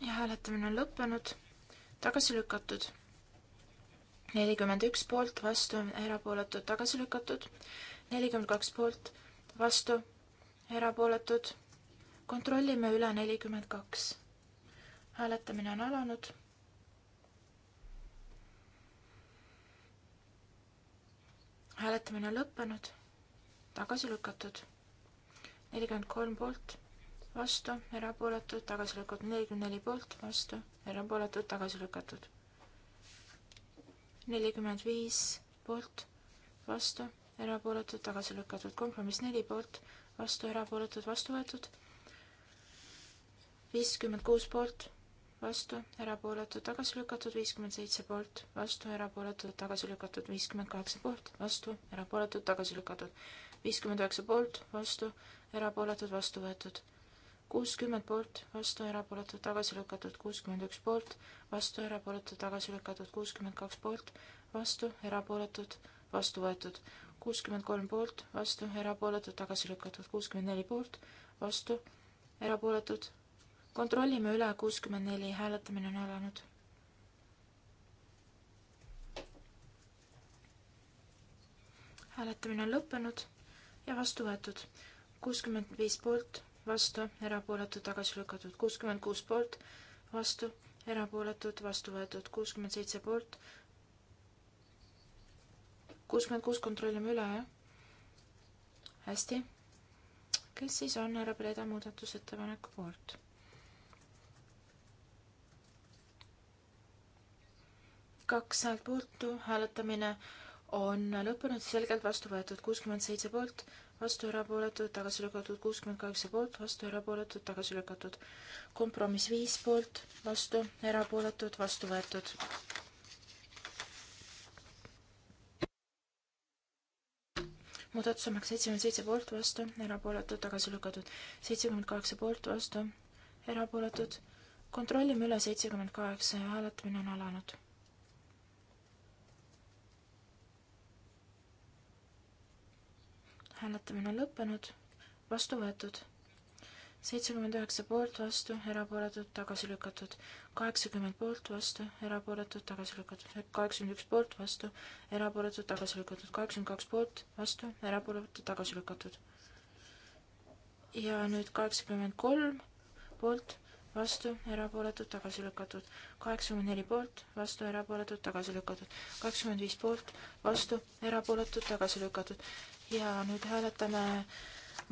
ja hääletamine on lõppenud tagasi lükatud. nelikümmend üks poolt, vastu, erapooletud, tagasi lükatud. nelikümmend kaks poolt, vastu, erapooletud. kontrollime üle nelikümmend kaks. hääletamine on alanud. hääletamine on lõppenud, tagasi lükatud. nelikümmend kolm poolt vastu, erapooletud, tagasi lükatud, nelikümmend neli poolt, vastu, erapooletud, tagasi lükatud. nelikümmend viis poolt, vastu, erapooletud, tagasi lükatud, kompromiss neli poolt, vastu, erapooletud, vastu võetud. viiskümmend kuus poolt, vastu, erapooletud, tagasi lükatud, viiskümmend seitse poolt, vastu, erapooletud, tagasi lükatud, viiskümmend kaheksa poolt, vastu, erapooletud, tagasi lükatud, viiskümmend üheksa poolt, vastu, erapooletud, vastu võetud kuuskümmend poolt, vastu, erapooletud, tagasi lükatud, kuuskümmend üks poolt, vastu, erapooletud, tagasi lükatud, kuuskümmend kaks poolt, vastu, erapooletud, vastu võetud, kuuskümmend kolm poolt, vastu, erapooletud, tagasi lükatud, kuuskümmend neli poolt, vastu, erapooletud. kontrollime üle, kuuskümmend neli, hääletamine on alanud. hääletamine on lõppenud ja vastu võetud, kuuskümmend viis poolt vastu, erapooletud, tagasi lükatud kuuskümmend kuus poolt, vastu, erapooletud, vastu võetud kuuskümmend seitse poolt. kuuskümmend kuus kontrollime üle, jah? hästi. kes siis on härra Preda muudatusettepaneku poolt? kaks häält puutu, hääletamine on lõppenud, selgelt vastu võetud kuuskümmend seitse poolt vastu erapooletud, tagasi lükatud kuuskümmend kaheksa poolt, vastu erapooletud, tagasi lükatud. kompromiss viis poolt, vastu erapooletud, vastu võetud. muudatusomak seitsekümmend seitse poolt, vastu, erapooletud, tagasi lükatud. seitsekümmend kaheksa poolt, vastu, erapooletud. kontrollime üle seitsekümmend kaheksa ja hääletamine on alanud hääletamine on lõppenud, vastu võetud. seitsekümmend üheksa poolt, vastu, erapooletud, tagasi lükatud. kaheksakümmend poolt, vastu, erapooletud, tagasi lükatud. kaheksakümmend üks poolt, vastu, erapooletud, tagasi lükatud. kaheksakümmend kaks poolt, vastu, erapooletud, tagasi lükatud. ja nüüd kaheksakümmend kolm poolt, vastu, erapooletud, tagasi lükatud. kaheksakümmend neli poolt, vastu, erapooletud, tagasi lükatud. kaheksakümmend viis poolt, vastu, erapooletud, tagasi lükatud ja nüüd hääletame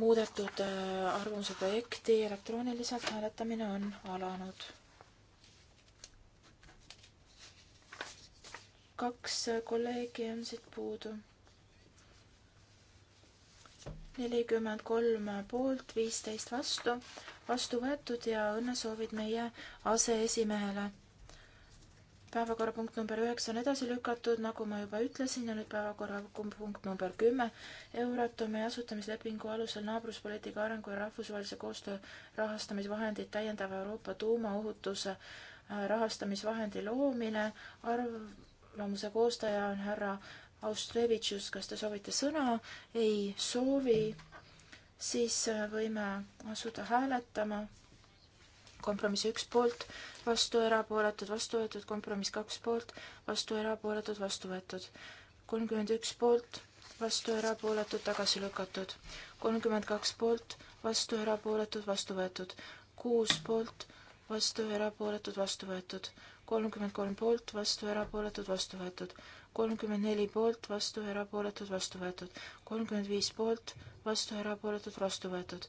muudetud äh, arvamuse projekti elektrooniliselt. hääletamine on alanud. kaks äh, kolleegi on siit puudu. nelikümmend kolm poolt, viisteist vastu, vastu võetud ja õnnesoovid meie aseesimehele päevakorrapunkt number üheksa on edasi lükatud, nagu ma juba ütlesin, ja nüüd päevakorrapunkt number kümme, Euratomi asutamislepingu alusel naabruspoliitika arengu ja rahvusvahelise koostöö rahastamisvahendid täiendava Euroopa tuumaohutuse äh, rahastamisvahendi loomine. arvamuse koostaja on härra Austrevitšus, kas te soovite sõna? ei soovi. siis äh, võime asuda hääletama kompromiss üks poolt, vastu erapooletud, vastu võetud, kompromiss kaks poolt, vastu erapooletud, vastu võetud. kolmkümmend üks poolt, vastu erapooletud, tagasi lükatud. kolmkümmend kaks poolt, vastu erapooletud, vastu võetud. kuus poolt, vastu erapooletud, vastu võetud. kolmkümmend kolm poolt, vastu erapooletud, vastu võetud kolmkümmend neli poolt, vastu, erapooletud, vastu võetud. kolmkümmend viis poolt, vastu, erapooletud, vastu võetud.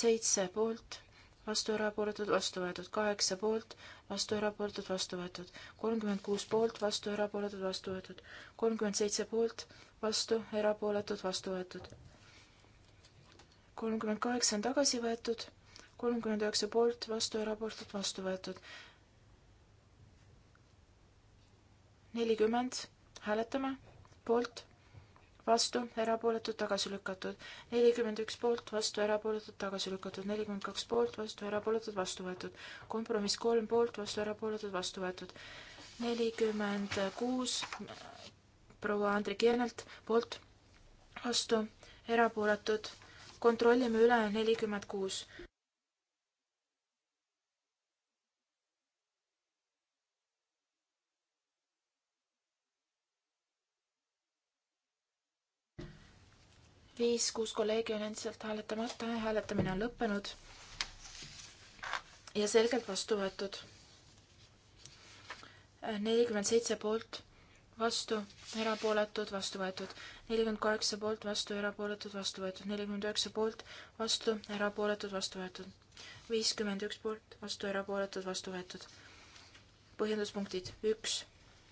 seitse poolt, vastu erapooletud, vastu võetud kaheksa poolt, vastu erapooletud, vastu võetud kolmkümmend kuus poolt, vastu erapooletud, vastu võetud kolmkümmend seitse poolt, vastu erapooletud, vastu võetud kolmkümmend kaheksa on tagasi võetud, kolmkümmend üheksa poolt, vastu erapooletud, vastu võetud nelikümmend, hääletame, poolt vastu, erapooletud, tagasi lükatud. nelikümmend üks poolt, vastu, erapooletud, tagasi lükatud. nelikümmend kaks poolt, vastu, erapooletud, vastu võetud. kompromiss kolm poolt, vastu, erapooletud, vastu võetud. nelikümmend kuus proua Andrik Jänelt poolt, vastu, erapooletud. kontrollime üle, nelikümmend kuus. viis, kuus kolleegi on endiselt hääletamata, hääletamine on lõppenud ja selgelt vastu võetud. nelikümmend seitse poolt, vastu, erapooletud, vastu võetud, nelikümmend kaheksa poolt, vastu, erapooletud, vastu võetud, nelikümmend üheksa poolt, vastu, erapooletud, vastu võetud, viiskümmend üks poolt, vastu, erapooletud, vastu võetud. põhjenduspunktid üks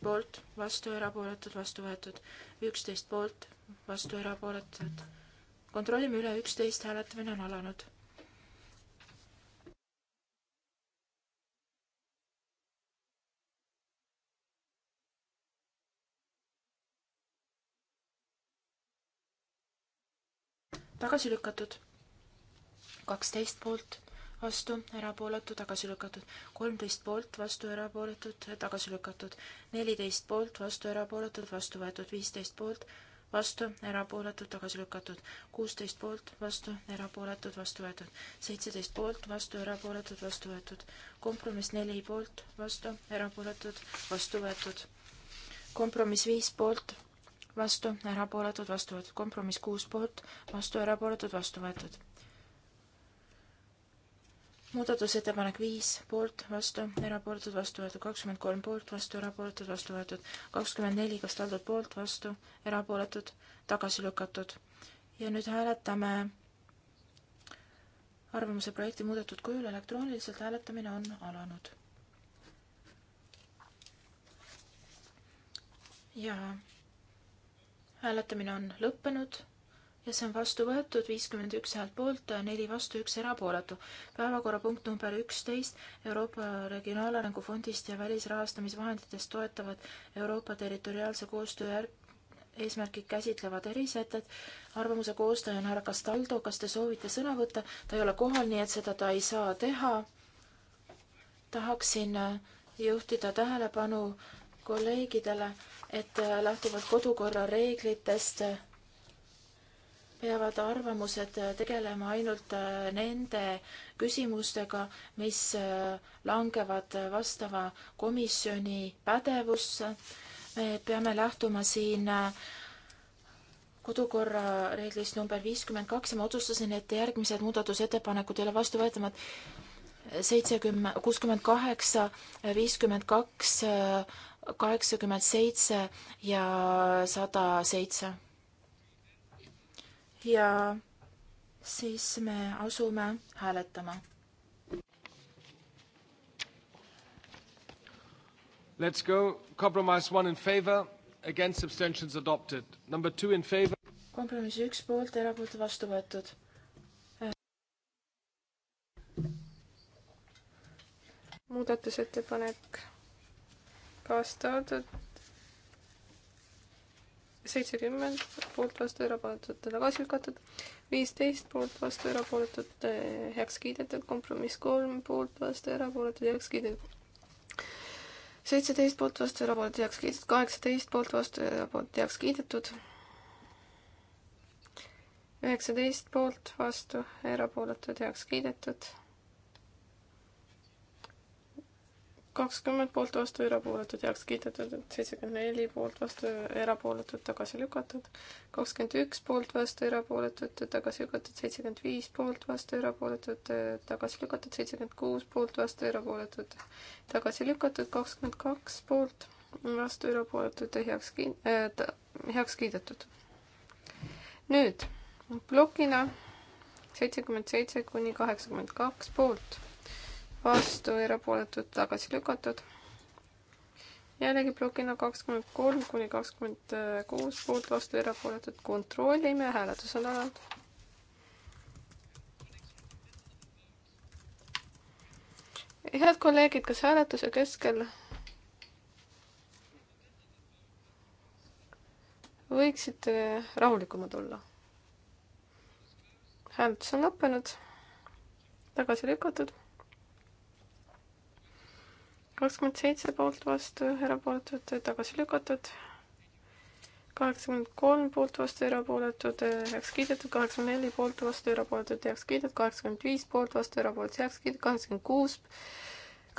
poolt, vastu, erapooletud, vastu võetud, üksteist poolt, vastu erapooletud. kontrollime üle, üksteist hääletamine on alanud. tagasi lükatud. kaksteist poolt, vastu, erapooletu, tagasi lükatud. kolmteist poolt, vastu, erapooletud, tagasi lükatud. neliteist poolt, vastu, erapooletud, vastu võetud. viisteist poolt vastu, erapooletud, tagasi lükatud. kuusteist poolt, vastu, erapooletud, vastu võetud. seitseteist poolt, vastu, erapooletud, vastu võetud. kompromiss neli poolt, vastu, erapooletud, vastu võetud. kompromiss viis poolt, vastu, erapooletud, vastu võetud. kompromiss kuus poolt, vastu, erapooletud, vastu võetud muudatusettepanek viis poolt, vastu, erapooletud, vastu võetud kakskümmend kolm poolt, vastu, erapooletud, vastu võetud kakskümmend neli, kas taldud poolt, vastu, erapooletud, tagasi lükatud. ja nüüd hääletame arvamuse projekti muudetud kujul elektrooniliselt, hääletamine on alanud. ja hääletamine on lõppenud ja see on vastu võetud viiskümmend üks häält poolt, neli vastu, üks erapooletu. päevakorrapunkt number üksteist Euroopa Regionaalarengu Fondist ja välisrahastamisvahenditest toetavad Euroopa territoriaalse koostöö eesmärgid käsitlevad erisätted. arvamuse koostaja on härra Castaldo, kas te soovite sõna võtta? ta ei ole kohal, nii et seda ta ei saa teha. tahaksin äh, juhtida tähelepanu kolleegidele, et äh, lähtuvalt kodukorra reeglitest äh, peavad arvamused äh, tegelema ainult äh, nende küsimustega, mis äh, langevad vastava komisjoni pädevusse. me peame lähtuma siin kodukorra reeglist number viiskümmend kaks ja ma otsustasin, et järgmised muudatusettepanekud ei ole vastuvõetavad. seitsekümmend, kuuskümmend kaheksa, viiskümmend kaks, kaheksakümmend seitse ja sada seitse ja siis me asume hääletama. Let's go. Compromise one in favor, against abstentions adopted. Number two in favor. kompromissi üks poolt, erapooletu vastu võetud. muudatusettepanek kaastaadet seitsekümmend poolt vastu erapooletud, tagasi lükatud, viisteist poolt vastu erapooletud, heaks kiidetud, kompromiss kolm poolt vastu erapooletud, heaks kiidetud. seitseteist poolt vastu erapooletud, heaks kiidetud, kaheksateist poolt vastu erapooletud, heaks kiidetud. üheksateist poolt vastu erapooletud, heaks kiidetud kakskümmend poolt vastu, erapooletud, heaks kiidetud, seitsekümmend neli poolt vastu, erapooletud, tagasi lükatud. kakskümmend üks poolt vastu, erapooletud, tagasi lükatud, seitsekümmend viis poolt vastu, erapooletud, tagasi lükatud, seitsekümmend kuus poolt vastu, erapooletud, tagasi lükatud, kakskümmend kaks poolt vastu, erapooletud, heaks kiin- äh,, heaks kiidetud. nüüd plokina seitsekümmend seitse kuni kaheksakümmend kaks poolt vastu, erapooletud, tagasi lükatud. jällegi plokina kakskümmend kolm kuni kakskümmend kuus poolt vastu, erapooletud, kontrollime, hääletus on alanud. head kolleegid, kas hääletuse keskel võiksite rahulikumad olla. hääletus on lõppenud, tagasi lükatud kakskümmend seitse poolt vastu, erapooletud, tagasi lükatud. kaheksakümmend kolm poolt vastu, erapooletud, heaks kiidetud, kaheksakümmend neli poolt vastu, erapooletud, heaks kiidetud, kaheksakümmend viis poolt vastu, erapooletud, heaks kiidetud, kaheksakümmend kuus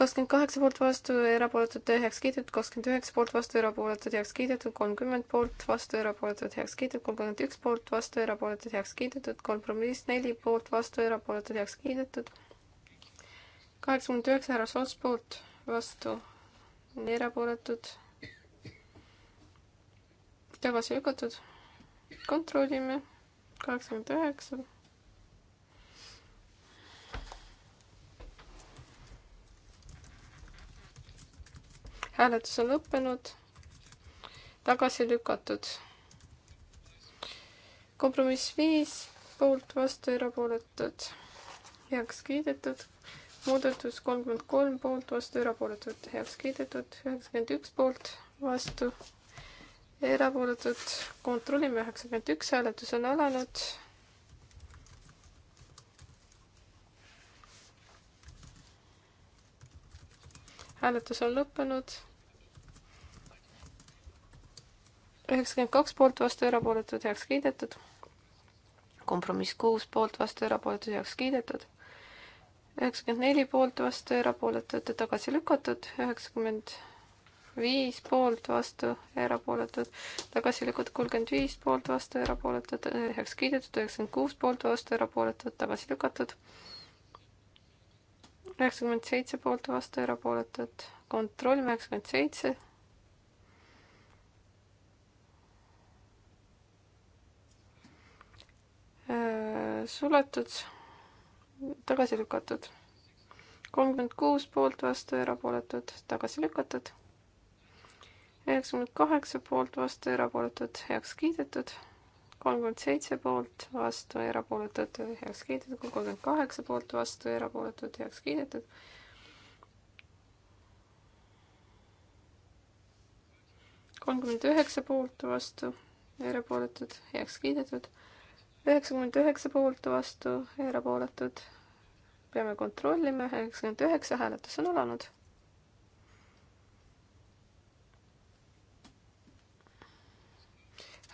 kakskümmend kaheksa poolt vastu, erapooletud heaks kiidetud, kakskümmend üheksa poolt vastu, erapooletud heaks kiidetud, kolmkümmend poolt vastu, erapooletud heaks kiidetud, kolmkümmend üks poolt vastu, erapooletud heaks kiidetud, kompromiss neli poolt vastu, erapooletud heaks kiidetud. kaheksakümmend üheksa härra Soots poolt vastu, erapooletud, tagasi lükatud. kontrollime, kaheksakümmend üheksa. hääletus on lõppenud, tagasi lükatud. kompromiss viis, poolt, vastu, erapooletud, heaks kiidetud muudatus kolmkümmend kolm poolt, vastu, erapooletud, heaks kiidetud, üheksakümmend üks poolt, vastu, erapooletud, kontrollime üheksakümmend üks, hääletus on alanud. hääletus on lõppenud. üheksakümmend kaks poolt, vastu, erapooletud, heaks kiidetud kompromiss kuus poolt, vastu erapooletud, heaks kiidetud üheksakümmend neli poolt vastu, erapooletud ja tagasi lükatud, üheksakümmend viis poolt vastu, erapooletud, tagasi lükatud, kolmkümmend viis poolt vastu, erapooletud, heaks kiidetud, üheksakümmend kuus poolt vastu, erapooletud, tagasi lükatud, üheksakümmend seitse poolt vastu, erapooletud, kontrollime üheksakümmend seitse, äh, suletud tagasi lükatud. kolmkümmend kuus poolt, vastu, erapooletud, tagasi lükatud. üheksakümmend kaheksa poolt, vastu, erapooletud, heaks kiidetud. kolmkümmend seitse poolt, vastu, erapooletud, heaks kiidetud. kolmkümmend kaheksa poolt, vastu, erapooletud, heaks kiidetud. kolmkümmend üheksa poolt, vastu, erapooletud, heaks kiidetud üheksakümmend üheksa poolt vastu, erapooletud. peame kontrollima, üheksakümmend üheksa hääletus on alanud.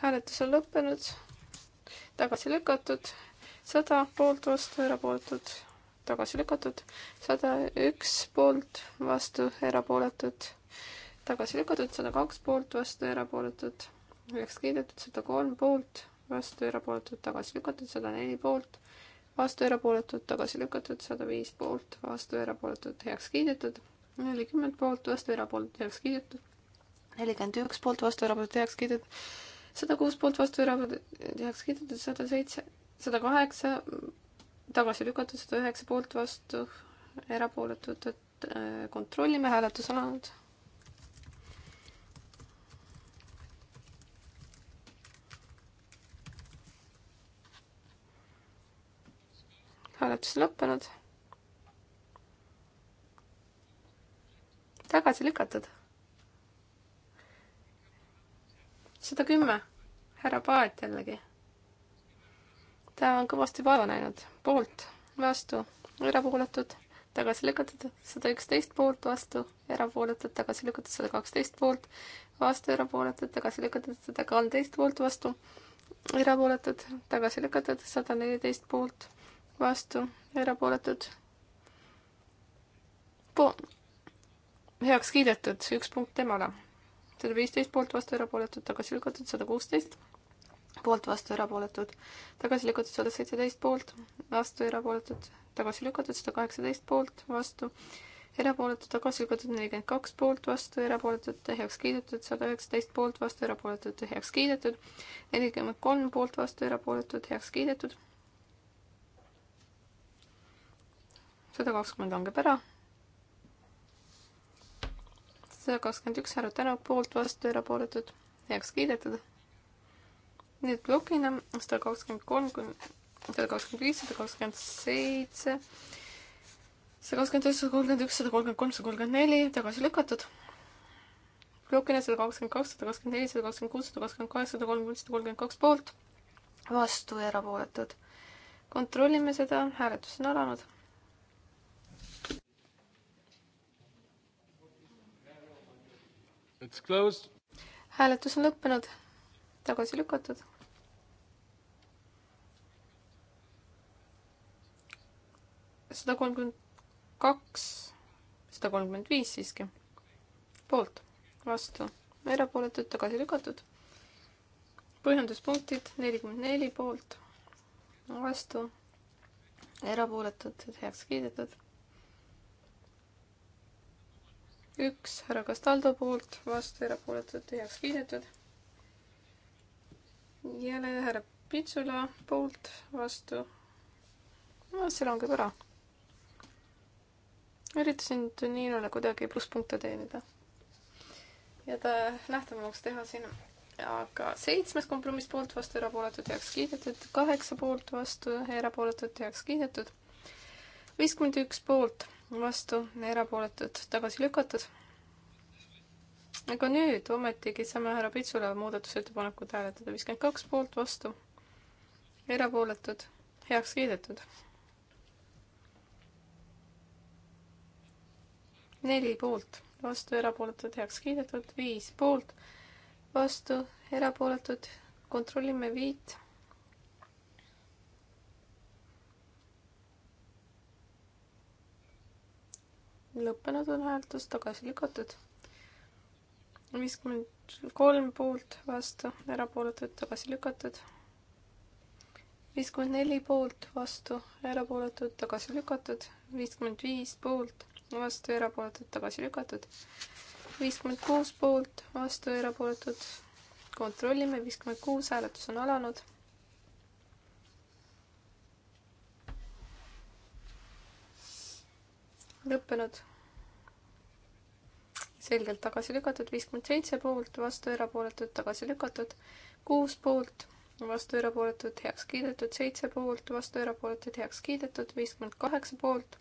hääletus on lõppenud, tagasi lükatud, sada poolt vastu, erapooletud tagasi lükatud, sada üks poolt vastu, erapooletud, tagasi lükatud, sada kaks poolt vastu, erapooletud, heaks kiidetud, sada kolm poolt vastu erapooletud, tagasi lükatud, sada neli poolt, vastu erapooletud, tagasi lükatud, sada viis poolt, vastu erapooletud, heaks kiidetud, nelikümmend poolt, vastu erapooletud, heaks kiidetud, nelikümmend üks poolt, vastu erapooletud, heaks kiidetud, sada kuus poolt, vastu erapooletud, heaks kiidetud, sada seitse, sada kaheksa, tagasi lükatud, sada üheksa poolt, vastu erapooletud, et äh, kontrollime, hääletus on olnud hääletus lõppenud. tagasi lükatud. sada kümme, härra Paet jällegi. ta on kõvasti vaeva näinud, poolt, vastu, erapooletud, tagasi lükatud, sada üksteist poolt, vastu, erapooletud, tagasi lükatud, sada kaksteist poolt, vastu, erapooletud, tagasi lükatud, sada kolmteist poolt, vastu, erapooletud, tagasi lükatud, sada neliteist poolt vastu, erapooletud. Po-, heaks kiidetud, üks punkt temale. sada viisteist poolt, vastu, erapooletud, tagasi lükatud, sada kuusteist poolt, vastu, erapooletud, tagasi lükatud, sada seitseteist poolt, vastu, erapooletud, tagasi lükatud, sada kaheksateist poolt, vastu, erapooletud, tagasi lükatud, nelikümmend kaks poolt, vastu, erapooletud, heaks kiidetud, sada üheksateist poolt, vastu, erapooletud, heaks kiidetud, nelikümmend kolm poolt, vastu, erapooletud, heaks kiidetud sada kakskümmend langeb ära. sada kakskümmend üks härra Tänak poolt, vastu, erapooletud, heaks kiidetud. nüüd plokina sada kakskümmend kolm kuni sada kakskümmend viis, sada kakskümmend seitse, sada kakskümmend üheksa, sada kolmkümmend üks, sada kolmkümmend kolm, sada kolmkümmend neli tagasi lükatud plokina sada kakskümmend kaks, sada kakskümmend neli, sada kakskümmend kuus, sada kakskümmend kaheksa, sada kolmkümmend, sada kolmkümmend kaks poolt, vastu ja erapooletud. kontrollime seda, hääletus on alanud. hääletus on lõppenud, tagasi lükatud. sada kolmkümmend kaks, sada kolmkümmend viis siiski. poolt, vastu, erapooletud, tagasi lükatud. põhjenduspunktid nelikümmend neli poolt, vastu, erapooletud, heaks kiidetud üks härra Castaldo poolt, vastu erapooletud, heaks kiidetud. jälle härra Pitsula poolt, vastu. no see langeb ära. üritasin Toninole kuidagi plusspunkte teenida ja ta nähtavamaks teha siin aga seitsmes kompromiss poolt vastu, erapooletud heaks kiidetud, kaheksa poolt vastu, erapooletud heaks kiidetud, viiskümmend üks poolt vastu, erapooletud, tagasi lükatud. aga nüüd ometigi saame härra Pitsule muudatusettepanekut hääletada, viiskümmend kaks poolt, vastu, erapooletud, heaks kiidetud. neli poolt, vastu, erapooletud, heaks kiidetud, viis poolt, vastu, erapooletud, kontrollime viit lõppenud on hääletus, tagasi lükatud. viiskümmend kolm poolt, vastu, erapooletud, tagasi lükatud. viiskümmend neli poolt, vastu, erapooletud, tagasi lükatud. viiskümmend viis poolt, vastu, erapooletud, tagasi lükatud. viiskümmend kuus poolt, vastu, erapooletud. kontrollime, viiskümmend kuus, hääletus on alanud lõppenud. selgelt tagasi lükatud, viiskümmend seitse poolt, vastu erapooletud, tagasi lükatud, kuus poolt, vastu erapooletud, heaks kiidetud, seitse poolt, vastu erapooletud, heaks kiidetud, viiskümmend kaheksa poolt,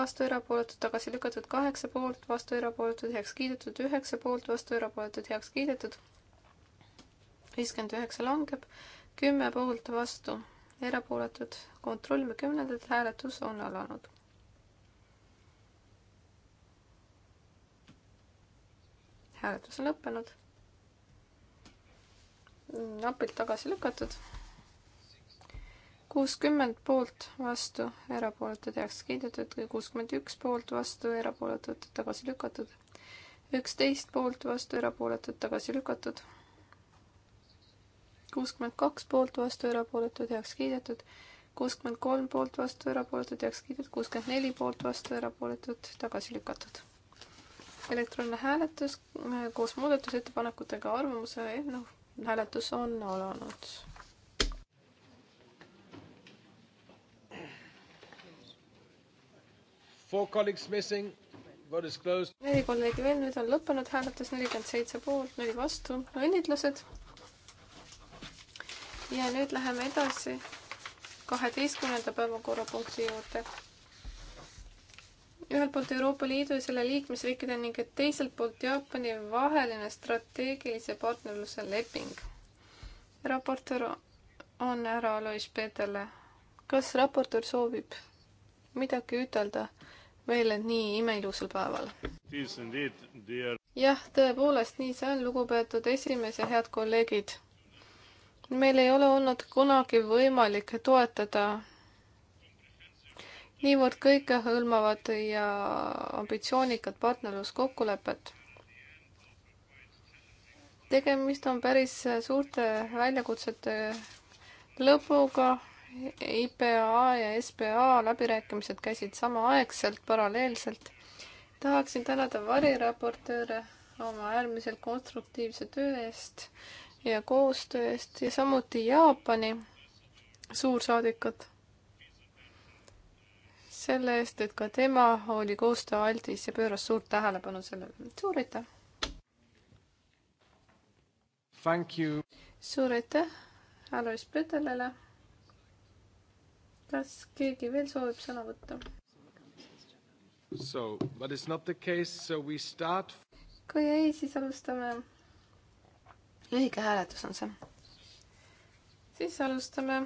vastu erapooletud, tagasi lükatud, kaheksa poolt, vastu erapooletud, heaks kiidetud, üheksa poolt, vastu erapooletud, heaks kiidetud, viiskümmend üheksa langeb, kümme poolt, vastu erapooletud, kontrollime kümnendat, hääletus on alanud hääletus on lõppenud. napilt tagasi lükatud. kuuskümmend poolt, vastu, erapooletud, heaks kiidetud, kuuskümmend üks poolt, vastu, erapooletud, tagasi lükatud. üksteist poolt, vastu, erapooletud, tagasi lükatud. kuuskümmend kaks poolt, vastu, erapooletud, heaks kiidetud kuuskümmend kolm poolt vastu, erapooletud heaks kiidetud, kuuskümmend neli poolt vastu, erapooletud tagasi lükatud elektrooniline hääletus äh, koos muudatusettepanekutega arvamuse eelnõu hääletus on alanud. Four colleagues missing. Vote is closed. neli kolleegi veel, nüüd on lõppenud hääletus, nelikümmend seitse poolt, neli vastu, õnnitlused. ja nüüd läheme edasi kaheteistkümnenda päevakorrapunkti juurde ühelt poolt Euroopa Liidu ja selle liikmesriikide ning teiselt poolt Jaapani vaheline strateegilise partnerluse leping. raportöör on härra Alois Peeterle. kas raportöör soovib midagi ütelda meile nii imeilusal päeval? jah, tõepoolest, nii see on, lugupeetud esimees ja head kolleegid. meil ei ole olnud kunagi võimalik toetada niivõrd kõikehõlmavad ja ambitsioonikad partnerluskokkulepped. tegemist on päris suurte väljakutsete lõpuga. IPA ja SPA läbirääkimised käisid samaaegselt, paralleelselt. tahaksin tänada variraportööre oma äärmiselt konstruktiivse töö eest ja koostöö eest ja samuti Jaapani suursaadikut selle eest, et ka tema oli koostööaldis ja pööras suurt tähelepanu sellele. suur aitäh! suur aitäh Alois Petelele. kas keegi veel soovib sõna võtta? So, but it's not the case, so we start. kui ei, siis alustame. lühike hääletus on see. siis alustame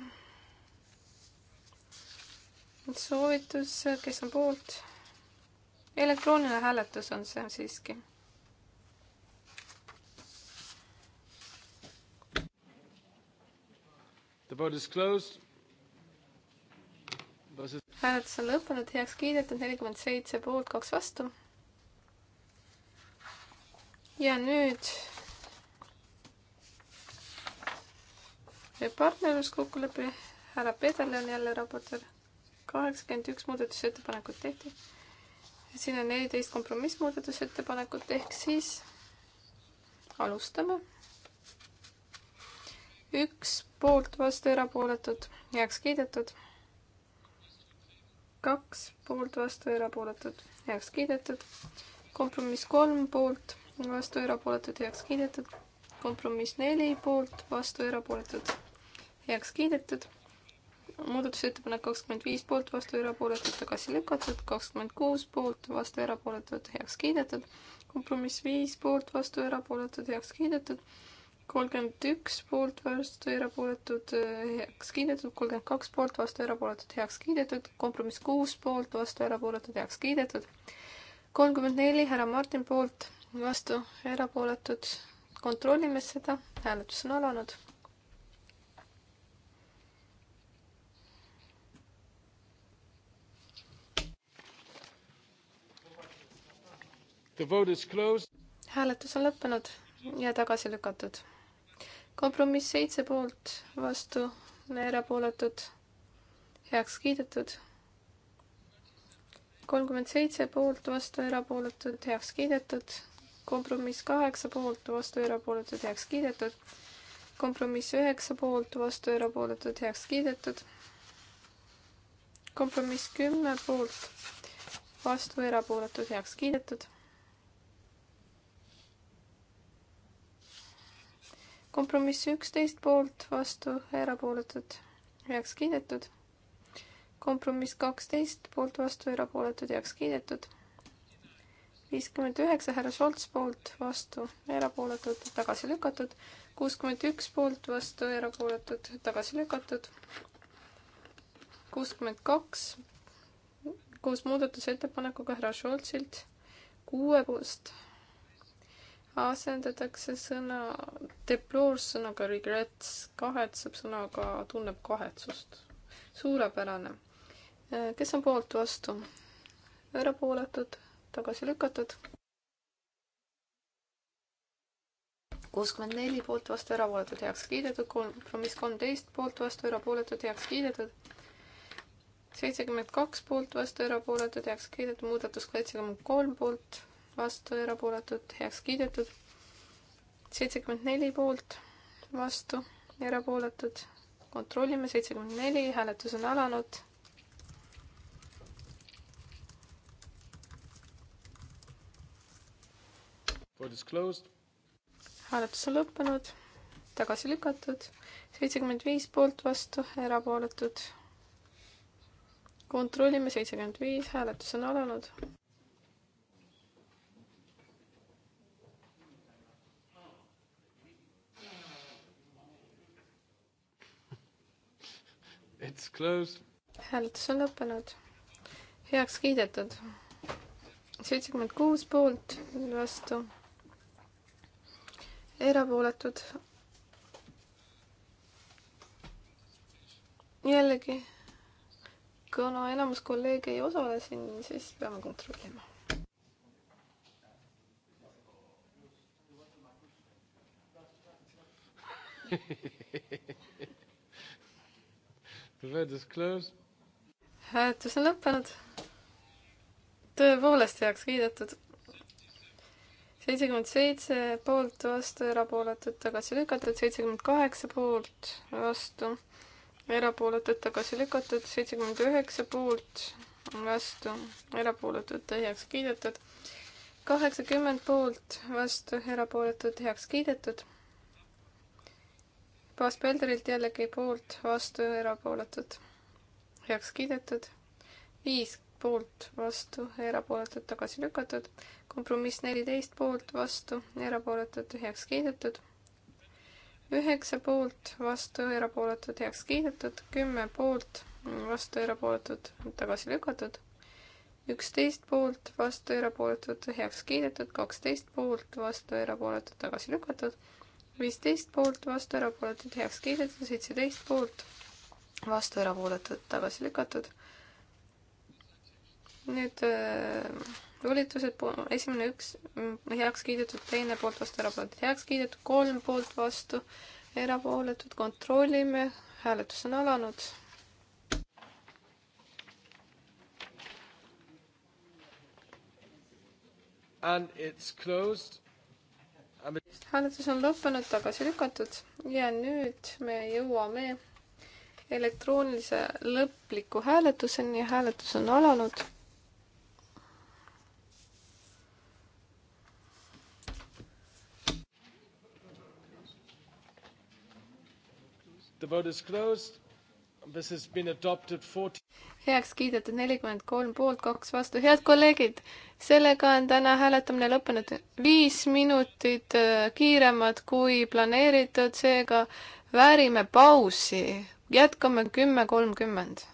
soovitus, kes on poolt? elektrooniline hääletus on see siiski. hääletus on lõppenud, heaks kiidetud, nelikümmend seitse poolt, kaks vastu. ja nüüd partnerluskokkulepe, härra Pedel on jälle raportöör kaheksakümmend üks muudatusettepanekut tehti. siin on neliteist kompromissmuudatusettepanekut ehk siis alustame. üks poolt, vastu, erapooletud, heaks kiidetud. kaks poolt, vastu, erapooletud, heaks kiidetud. kompromiss kolm poolt, vastu, erapooletud, heaks kiidetud. kompromiss neli poolt, vastu, erapooletud, heaks kiidetud muudatusettepanek kakskümmend viis poolt, vastu erapooletud, tagasi lükatud, kakskümmend kuus poolt, vastu erapooletud, heaks kiidetud. kompromiss viis poolt, vastu erapooletud, heaks kiidetud. kolmkümmend üks poolt, vastu erapooletud, heaks kiidetud. kolmkümmend kaks poolt, vastu erapooletud, heaks kiidetud. kompromiss kuus poolt, vastu erapooletud, heaks kiidetud. kolmkümmend neli härra Martin poolt, vastu erapooletud. kontrollime seda, hääletus on alanud hääletus on lõppenud ja tagasi lükatud. kompromiss seitse poolt, vastu, erapooletud, heaks kiidetud. kolmkümmend seitse poolt, vastu, erapooletud, heaks kiidetud. kompromiss kaheksa poolt, vastu, erapooletud, heaks kiidetud. kompromiss üheksa poolt, vastu, erapooletud, heaks kiidetud. kompromiss kümme poolt, vastu, erapooletud, heaks kiidetud kompromiss üksteist poolt, vastu, erapooletud, heaks kiidetud. kompromiss kaksteist poolt, vastu, erapooletud, heaks kiidetud. viiskümmend üheksa härra Šolts poolt, vastu, erapooletud, tagasi lükatud. kuuskümmend üks poolt, vastu, erapooletud, tagasi lükatud. kuuskümmend kaks koos muudatusettepanekuga härra Šoltsilt kuue poolt asendatakse sõna deplores sõnaga regrets, kahetseb sõnaga tunneb kahetsust. suurepärane. Äh, kes on poolt, vastu? erapooletud, tagasi lükatud. kuuskümmend neli poolt, vastu, erapooletud, heaks kiidetud, kompromiss kolmteist poolt, vastu, erapooletud, heaks kiidetud seitsekümmend kaks poolt, vastu erapooletud, heaks kiidetud, muudatus kaheksakümmend kolm poolt, vastu, erapooletud, heaks kiidetud. seitsekümmend neli poolt, vastu, erapooletud. kontrollime, seitsekümmend neli, hääletus on alanud. hääletus on lõppenud, tagasi lükatud, seitsekümmend viis poolt, vastu, erapooletud kontrollime, seitsekümmend viis, hääletus on alanud. hääletus on lõppenud. heaks kiidetud. seitsekümmend kuus poolt, vastu. erapooletud. jällegi, kuna enamus kolleege ei osale siin, siis peame kontrollima hääletus on lõppenud. tõepoolest heaks kiidetud. seitsekümmend seitse poolt, vastu, erapooletud, tagasi lükatud, seitsekümmend kaheksa poolt, vastu, erapooletud, tagasi lükatud, seitsekümmend üheksa poolt, vastu, erapooletud, heaks kiidetud kaheksakümmend poolt, vastu, erapooletud, heaks kiidetud. Baas Pelderilt jällegi poolt, vastu, erapooletud, heaks kiidetud. viis poolt, vastu, erapooletud, tagasi lükatud. kompromiss neliteist poolt, vastu, erapooletud, heaks kiidetud. üheksa poolt, vastu, erapooletud, heaks kiidetud. kümme poolt, vastu, erapooletud, tagasi lükatud üksteist poolt, vastu, erapooletud, heaks kiidetud, kaksteist poolt, vastu, erapooletud, tagasi lükatud viisteist poolt, vastu, erapooletud, heaks kiidetud, seitseteist poolt, vastu, erapooletud, tagasi lükatud. nüüd äh, volitused, esimene üks mm, heaks kiidetud, teine poolt, vastu, erapooletud, heaks kiidetud, kolm poolt, vastu, erapooletud, kontrollime, hääletus on alanud and it's closed hääletus on lõppenud, tagasi lükatud ja nüüd me jõuame elektroonilise lõpliku hääletuseni ja hääletus on alanud. The vote is closed heaks kiidetud nelikümmend kolm poolt, kaks vastu. head kolleegid, sellega on täna hääletamine lõppenud. viis minutit äh, kiiremad kui planeeritud, seega väärime pausi. jätkame kümme kolmkümmend.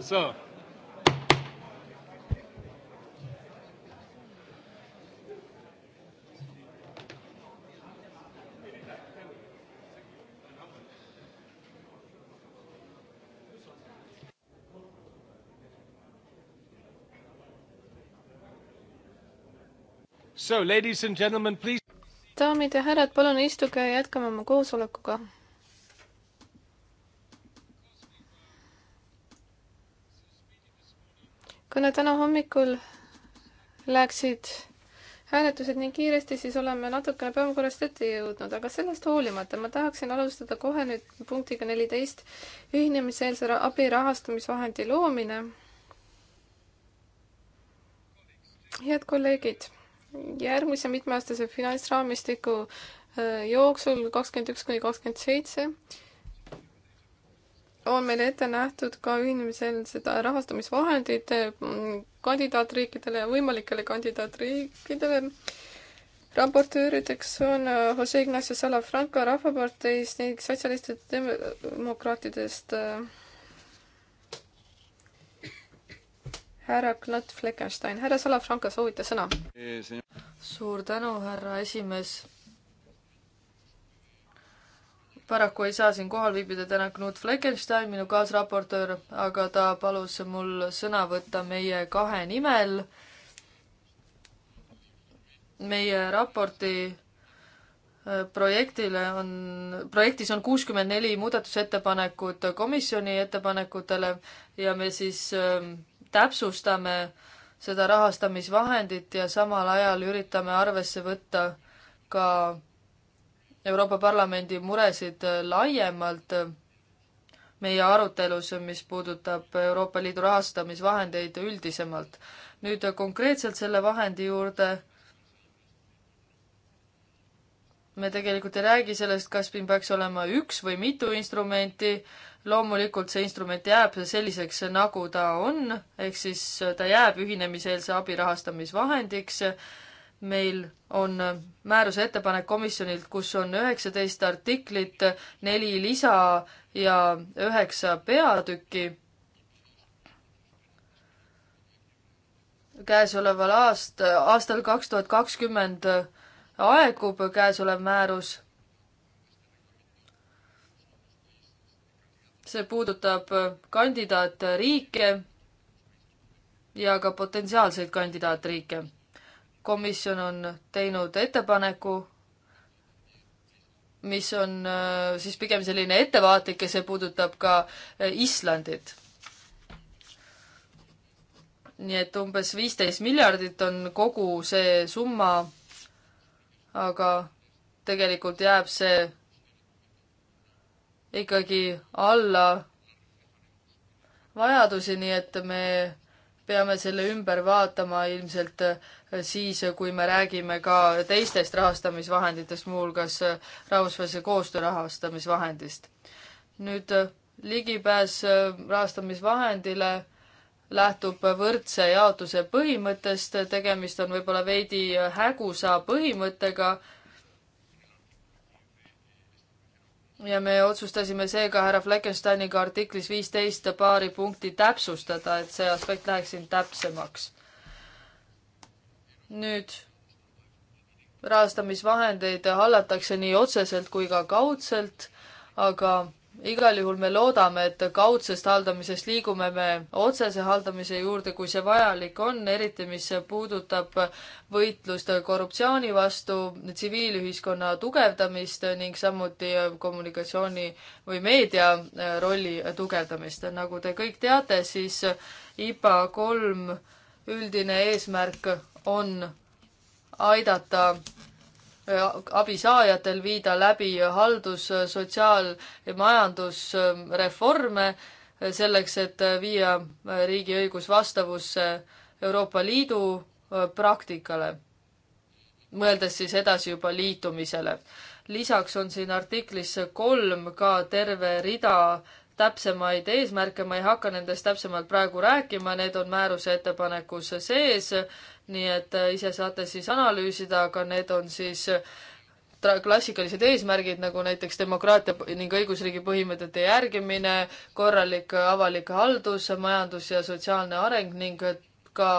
So. So, ladies and gentlemen, please. daamid ja härrad, palun istuge ja jätkame oma koosolekuga hommikul läksid hääletused nii kiiresti, siis oleme natukene päevakorrast ette jõudnud, aga sellest hoolimata ma tahaksin alustada kohe nüüd punktiga neliteist, ühinemiseelse abi rahastamisvahendi loomine. head kolleegid, järgmise mitmeaastase finantsraamistiku äh, jooksul kakskümmend üks kuni kakskümmend seitse on meil ette nähtud ka ühinemisel seda rahastamisvahendid mm, kandidaatriikidele ja võimalikele kandidaatriikidele. raportöörideks on äh, Jose Ignacio Salafranca Rahvaparteist ning sotsialistid demokraatidest äh, härra Knut Fleckenstein. härra Salafranca, soovite sõna? suur tänu, härra esimees paraku ei saa siin kohal viibida täna Knut Fleckenstein, minu kaasraportöör, aga ta palus mul sõna võtta meie kahe nimel. meie raporti äh, projektile on, projektis on kuuskümmend neli muudatusettepanekut komisjoni ettepanekutele ja me siis ähm, täpsustame seda rahastamisvahendit ja samal ajal üritame arvesse võtta ka Euroopa Parlamendi muresid äh, laiemalt äh, meie arutelus, mis puudutab Euroopa Liidu rahastamisvahendeid üldisemalt. nüüd äh, konkreetselt selle vahendi juurde me tegelikult ei räägi sellest, kas siin peaks olema üks või mitu instrumenti, loomulikult see instrument jääb selliseks, nagu ta on, ehk siis ta jääb ühinemiseelse abi rahastamisvahendiks meil on määruse ettepanek komisjonilt, kus on üheksateist artiklit, neli lisa ja üheksa peatükki. käesoleval aast-, aastal kaks tuhat kakskümmend aegub käesolev määrus. see puudutab kandidaatriike ja ka potentsiaalseid kandidaatriike komisjon on teinud ettepaneku, mis on äh, siis pigem selline ettevaatlik ja see puudutab ka äh, Islandit. nii et umbes viisteist miljardit on kogu see summa, aga tegelikult jääb see ikkagi alla vajadusi, nii et me peame selle ümber vaatama ilmselt äh, siis, kui me räägime ka teistest rahastamisvahenditest, muuhulgas rahvusvahelise koostöö rahastamisvahendist. nüüd äh, ligipääs äh, rahastamisvahendile lähtub võrdse jaotuse põhimõttest, tegemist on võib-olla veidi äh, hägusa põhimõttega. ja me otsustasime seega härra Fleckensteiniga artiklis viisteist paari punkti täpsustada, et see aspekt läheks siin täpsemaks nüüd rahastamisvahendeid hallatakse nii otseselt kui ka kaudselt, aga igal juhul me loodame, et kaudsest haldamisest liigume me otsese haldamise juurde, kui see vajalik on, eriti mis puudutab võitlust korruptsiooni vastu, tsiviilühiskonna tugevdamist ning samuti kommunikatsiooni või meedia rolli tugevdamist. nagu te kõik teate, siis IPA kolm 3 üldine eesmärk on aidata äh, abisaajatel viida läbi haldus, sotsiaal ja majandusreforme äh, selleks, et äh, viia riigiõigus vastavusse Euroopa Liidu praktikale, mõeldes siis edasi juba liitumisele lisaks on siin artiklis kolm ka terve rida täpsemaid eesmärke, ma ei hakka nendest täpsemalt praegu rääkima, need on määruse ettepanekus sees, nii et äh, ise saate siis analüüsida, aga need on siis klassikalised eesmärgid, nagu näiteks demokraatia ning õigusriigi põhimõtete järgimine, korralik avalik haldus, majandus ja sotsiaalne areng ning äh, ka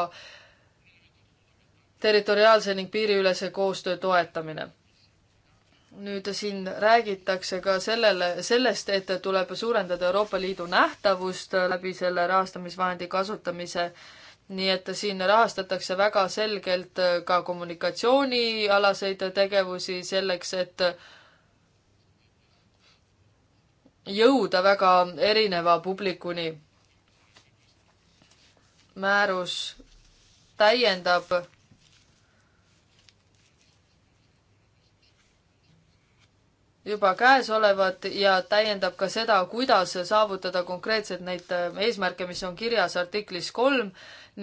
territoriaalse ning piiriülese koostöö toetamine nüüd siin räägitakse ka sellele, sellest, et tuleb suurendada Euroopa Liidu nähtavust läbi selle rahastamisvahendi kasutamise. nii et siin rahastatakse väga selgelt ka kommunikatsioonialaseid tegevusi selleks, et jõuda väga erineva publikuni. määrus täiendab juba käesolevat ja täiendab ka seda, kuidas saavutada konkreetselt neid äh, eesmärke, mis on kirjas artiklis kolm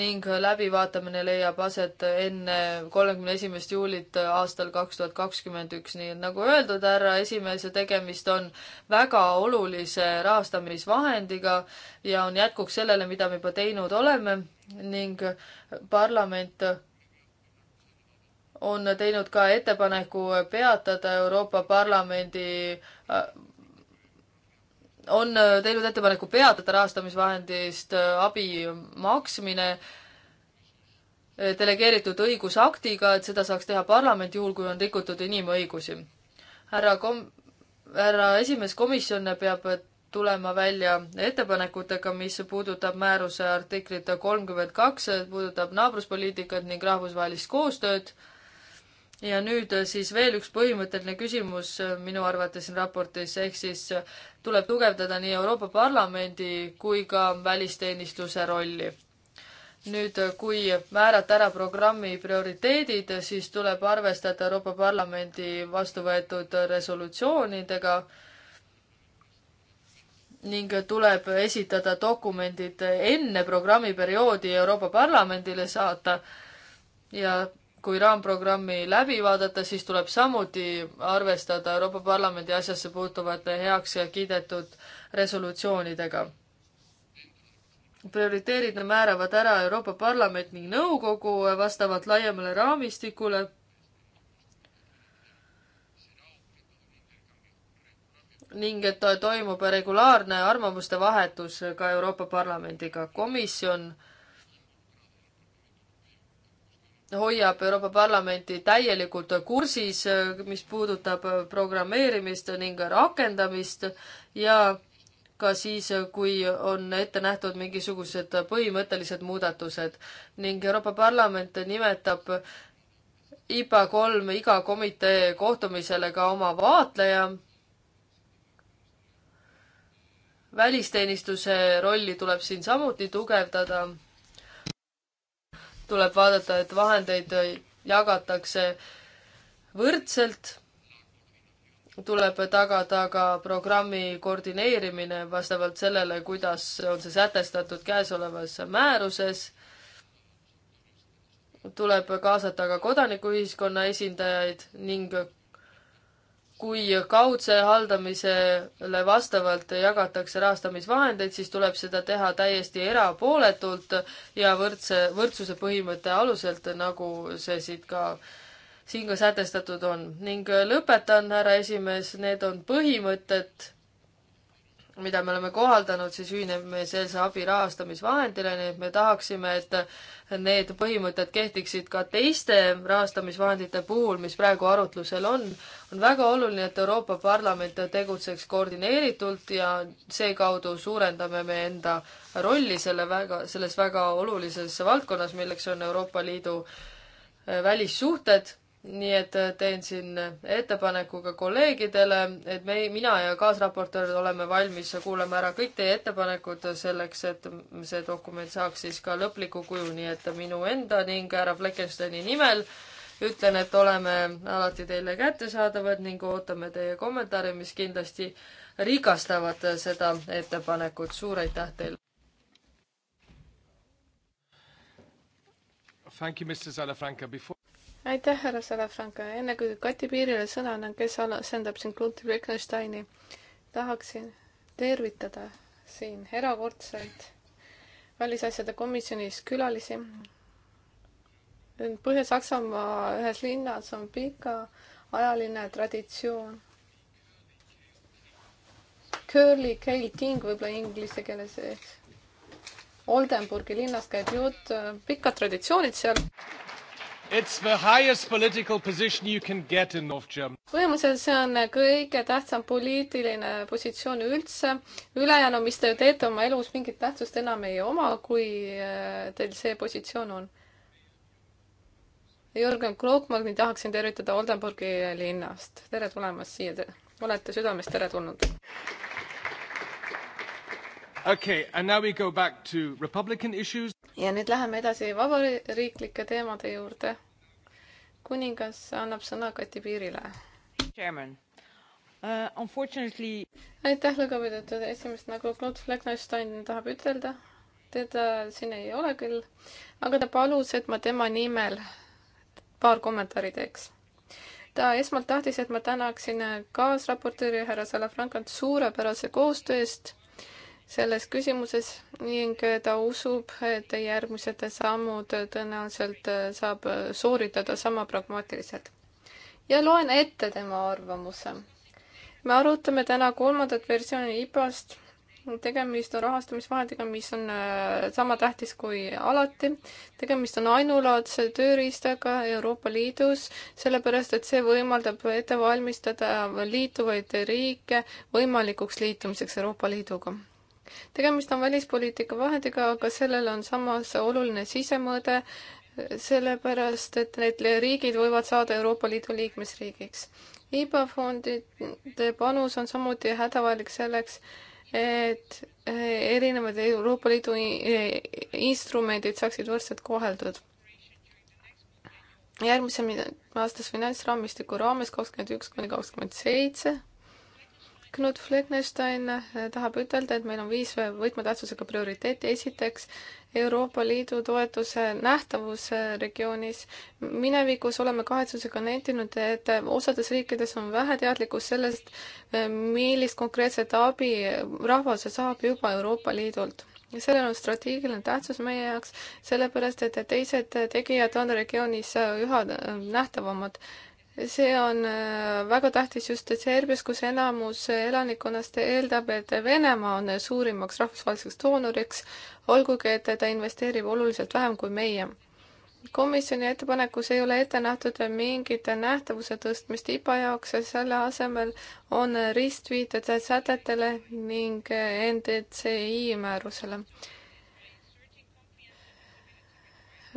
ning läbivaatamine leiab aset enne kolmekümne esimest juulit aastal kaks tuhat kakskümmend üks, nii et nagu öeldud, härra esimees, tegemist on väga olulise rahastamisvahendiga ja on jätkuks sellele, mida me juba teinud oleme ning parlament on teinud ka ettepaneku peatada Euroopa Parlamendi äh, on teinud ettepaneku peatada rahastamisvahendist äh, abi maksmine äh, delegeeritud õigusaktiga, et seda saaks teha parlament juhul, kui on rikutud inimõigusi. härra kom-, härra esimees, komisjon peab tulema välja ettepanekutega, mis puudutab määruse artiklit kolmkümmend kaks, puudutab naabruspoliitikat ning rahvusvahelist koostööd ja nüüd äh, siis veel üks põhimõtteline küsimus äh, minu arvates siin raportis, ehk siis äh, tuleb tugevdada nii Euroopa Parlamendi kui ka välisteenistuse rolli. nüüd, kui määrata ära programmi prioriteedid, siis tuleb arvestada Euroopa Parlamendi vastu võetud resolutsioonidega ning tuleb esitada dokumendid enne programmiperioodi Euroopa Parlamendile saata ja kui raamprogrammi läbi vaadata, siis tuleb samuti arvestada Euroopa Parlamendi asjasse puutuvate heaks kiidetud resolutsioonidega. prioriteerid määravad ära Euroopa Parlament ning nõukogu vastavalt laiemale raamistikule ning et toimub regulaarne arvamuste vahetus ka Euroopa Parlamendiga. komisjon hoiab Euroopa Parlamenti täielikult kursis, mis puudutab programmeerimist ning rakendamist ja ka siis, kui on ette nähtud mingisugused põhimõttelised muudatused ning Euroopa Parlament nimetab IPA kolm iga komitee kohtumisele ka oma vaatleja. välisteenistuse rolli tuleb siin samuti tugevdada tuleb vaadata, et vahendeid jagatakse võrdselt, tuleb tagada ka programmi koordineerimine vastavalt sellele, kuidas on see sätestatud käesolevas määruses tuleb kaasata ka kodanikuühiskonna esindajaid ning kui kaudse haldamisele vastavalt jagatakse rahastamisvahendeid, siis tuleb seda teha täiesti erapooletult ja võrdse, võrdsuse põhimõtte aluselt, nagu see siit ka, siin ka sätestatud on. ning lõpetan, härra esimees, need on põhimõtted, mida me oleme kohaldanud siis ühinemiseelse abi rahastamisvahendile, nii et me tahaksime, et need põhimõtted kehtiksid ka teiste rahastamisvahendite puhul, mis praegu arutlusel on. on väga oluline, et Euroopa Parlament tegutseks koordineeritult ja seekaudu suurendame me enda rolli selle väga, selles väga olulises valdkonnas, milleks on Euroopa Liidu äh, välissuhted nii et äh, teen siin äh, ettepaneku ka kolleegidele, et me, mina ja kaasraportöör oleme valmis kuulama ära kõik teie ettepanekud selleks, et see dokument saaks siis ka lõpliku kuju, nii et minu enda ning härra Fleckensteini nimel ütlen, et oleme alati teile kättesaadavad ning ootame teie kommentaare, mis kindlasti rikastavad seda ettepanekut. suur aitäh teile! Thank you, Mr Salafranca. Before aitäh, härra Salafranca, enne kui Kati Piirile sõna annan, kes asendab siin Kluti Wittgensteini, tahaksin tervitada siin erakordseid välisasjade komisjonis külalisi. Põhja-Saksamaa ühes linnas on pikaajaline traditsioon. Curly Kale King võib-olla inglise keeles ehk Oldenburgi linnast käib jutt, pikad traditsioonid seal It's the highest political position you can get in North Germany. põhimõtteliselt see on kõige tähtsam poliitiline positsioon üldse. ülejäänu, mis te teete oma elus, mingit tähtsust enam ei oma, kui äh, teil see positsioon on. Jürgen Kloopmanni tahaksin tervitada Oldenburgi linnast. tere tulemast siia. olete südamest teretulnud okay, and now we go back to republican issues. ja nüüd läheme edasi vabariiklike teemade juurde. kuningas annab sõna Kati Piirile. Chairman. Uh, unfortunately... aitäh, lugupeetud esimees, nagu Claude Fleckenstein tahab ütelda, teda siin ei ole küll, aga ta palus, et ma tema nimel paar kommentaari teeks ta esmalt tahtis, et ma tänaksin kaasraportööri härra Salafrankalt suurepärase koostöö eest selles küsimuses ning ta usub, et järgmised sammud tõenäoliselt äh, saab äh, sooritada sama pragmaatiliselt. ja loen ette tema arvamuse. me arutame täna kolmandat versiooni IPA-st. tegemist on rahastamisvahendiga, mis on äh, sama tähtis kui alati. tegemist on ainulaadse tööriistaga Euroopa Liidus, sellepärast et see võimaldab ette valmistada liituvaid riike võimalikuks liitumiseks Euroopa Liiduga tegemist on välispoliitika vahendiga, aga sellel on samas oluline sisemõõde, sellepärast et need riigid võivad saada Euroopa Liidu liikmesriigiks. IBA fondide panus on samuti hädavajalik selleks, et eh, erinevad Euroopa Liidu eh, instrumendid saaksid võrdselt koheldud. järgmise aastas finantsraamistiku raames kakskümmend üks kuni kakskümmend seitse Knut Fleckenstein tahab ütelda, et meil on viis võtmetähtsusega prioriteeti. esiteks, Euroopa Liidu toetuse nähtavus regioonis. minevikus oleme kahetsusega nentinud, et osades riikides on vähe teadlikkus sellest, millist konkreetset abi rahvas saab juba Euroopa Liidult ja sellel on strateegiline tähtsus meie jaoks, sellepärast et teised tegijad on regioonis üha nähtavamad see on äh, väga tähtis just Serbias, kus enamus elanikkonnast eeldab, et Venemaa on suurimaks rahvusvaheliseks doonoriks, olgugi et ta investeerib oluliselt vähem kui meie komisjoni ettepanekus ei ole ette nähtud mingit nähtavuse tõstmist IPA jaoks ja selle asemel on ristviited sätetele ning NDCI määrusele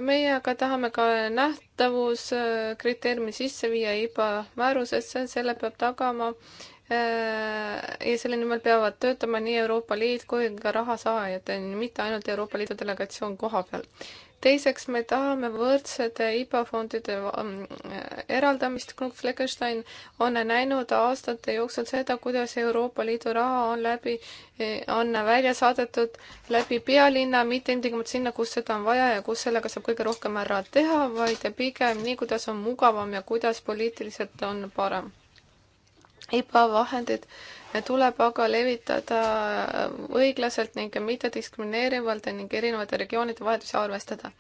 meie aga tahame ka nähtavuskriteeriumi äh, sisse viia IBA määrusesse, selle peab tagama äh, ja selle nimel peavad töötama nii Euroopa Liit kui ka rahasaajad, mitte ainult Euroopa Liidu delegatsioon koha peal teiseks, me tahame võrdsete IPA fondide mm, eraldamist. Knut Fleckenstein on näinud aastate jooksul seda, kuidas Euroopa Liidu raha on läbi, on välja saadetud läbi pealinna, mitte ilmtingimata sinna, kus seda on vaja ja kus sellega saab kõige rohkem ära teha, vaid pigem nii, kuidas on mugavam ja kuidas poliitiliselt on parem. IPA vahendid äh, tuleb aga levitada õiglaselt ning mittediskrimineerivalt ning erinevate regioonide vajadusi arvestada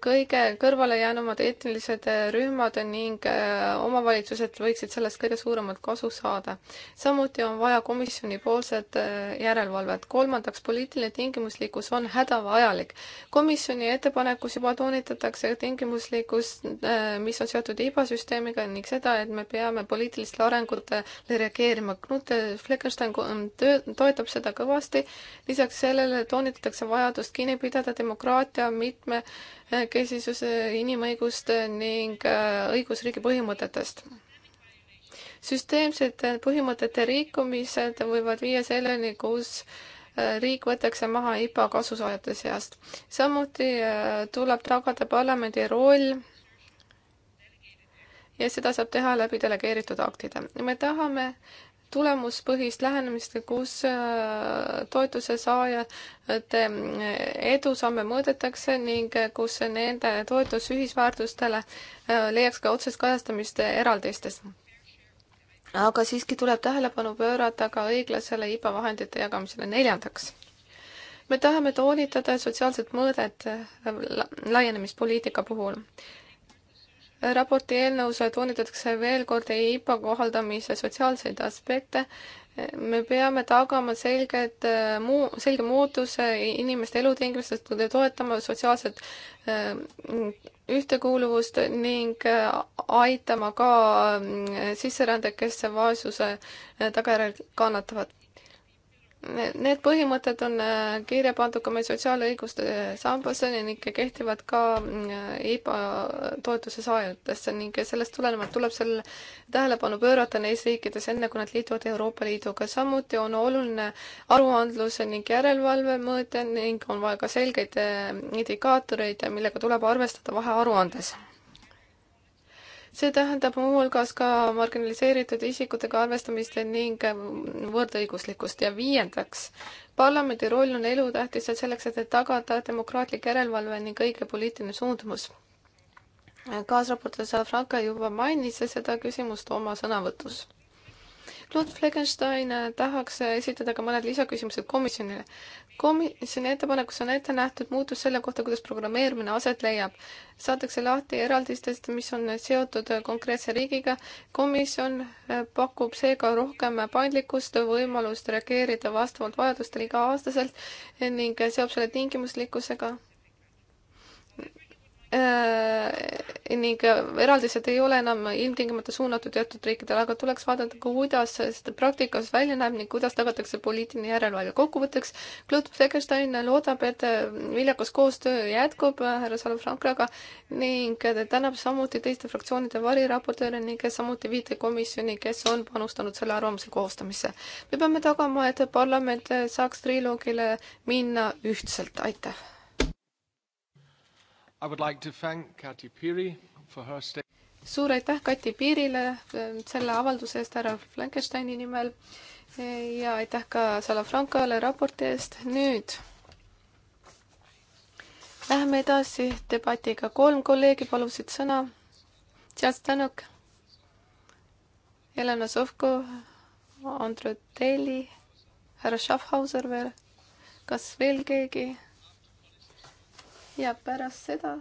kõige kõrvalejäänumad etnilised äh, rühmad ning äh, omavalitsused võiksid sellest kõige suuremat kasu saada. samuti on vaja komisjonipoolset äh, järelevalvet. kolmandaks, poliitiline tingimuslikkus on hädavajalik. komisjoni ettepanekus juba toonitatakse tingimuslikkust, mis on seotud IBA-süsteemiga ning seda, et me peame poliitilistele arengutele reageerima. Knut Fleckenstein mm, töö, toetab seda kõvasti. lisaks sellele toonitatakse vajadust kinni pidada demokraatia mitme kesisuse, inimõiguste ning äh, õigusriigi põhimõtetest. süsteemsed põhimõtete rikkumised võivad viia selleni, kus äh, riik võetakse maha IPA kasusaajate seast. samuti äh, tuleb tagada parlamendi roll ja seda saab teha läbi delegeeritud aktide. me tahame tulemuspõhist lähenemist, kus äh, toetuse saajate äh, edusamme mõõdetakse ning äh, kus nende toetus ühisväärtustele leiaks ka otsest kajastamist eraldistes. aga siiski tuleb tähelepanu pöörata ka õiglasele IPA vahendite jagamisele neljandaks. me tahame toonitada sotsiaalset mõõdet laienemispoliitika puhul raporti eelnõus toonitatakse veel kord EIPA kohaldamise sotsiaalseid aspekte. me peame tagama selged äh, muu, selge muutuse inimeste elutingimustes, toetama sotsiaalset äh, ühtekuuluvust ning äh, aitama ka sisserände, kes vaesuse tagajärjel kannatavad. Need põhimõtted on äh, kirja pandud ka meie sotsiaalõiguste äh, sambasse ning kehtivad ka mm, äh, IPA toetuse saajatesse ning sellest tulenevalt tuleb sellele tähelepanu pöörata neis riikides, enne kui nad liituvad Euroopa Liiduga. samuti on oluline aruandluse ning järelevalve mõõde ning on vaja ka selgeid indikaatoreid, millega tuleb arvestada vahearuandes see tähendab muuhulgas ka marginaliseeritud isikutega arvestamist ning mm, võrdõiguslikkust ja viiendaks, parlamendi roll on elutähtis selleks, et tagada demokraatlik järelevalve ning õige poliitiline suundumus. kaasraportöör Salafranca juba mainis seda küsimust oma sõnavõtus Lord Fleckenstein tahaks esitada ka mõned lisaküsimused komisjonile komisjoni ettepanekus on ette nähtud muutus selle kohta, kuidas programmeerimine aset leiab. saadakse lahti eraldistest, mis on seotud konkreetse riigiga. komisjon eh, pakub seega rohkem paindlikkust, võimalust reageerida vastavalt vajadustele iga-aastaselt eh, ning seob selle tingimuslikkusega Äh, ning äh, eraldised ei ole enam ilmtingimata suunatud teatud riikidele, aga tuleks vaadata, kuidas seda praktikas välja näeb ning kuidas tagatakse poliitiline järelevalve. kokkuvõtteks, Claude Fleckenstein loodab, et äh, viljakas koostöö jätkub härra Salafrankaga ning tänab samuti teiste fraktsioonide variraportööre ning samuti viitekomisjoni, kes on panustanud selle arvamuse koostamisse. me peame tagama, et parlament saaks triloogile minna ühtselt, aitäh! suur aitäh Kati Piirile ehm, selle avalduse eest härra Frankensteini nimel e, ja aitäh ka Salafrancale raporti eest. nüüd läheme edasi debatiga. kolm kolleegi palusid sõna. Charles Tanok, Elena Sovko, Andrei Telli, härra Schaffhauser veel. kas veel keegi? ja pärast seda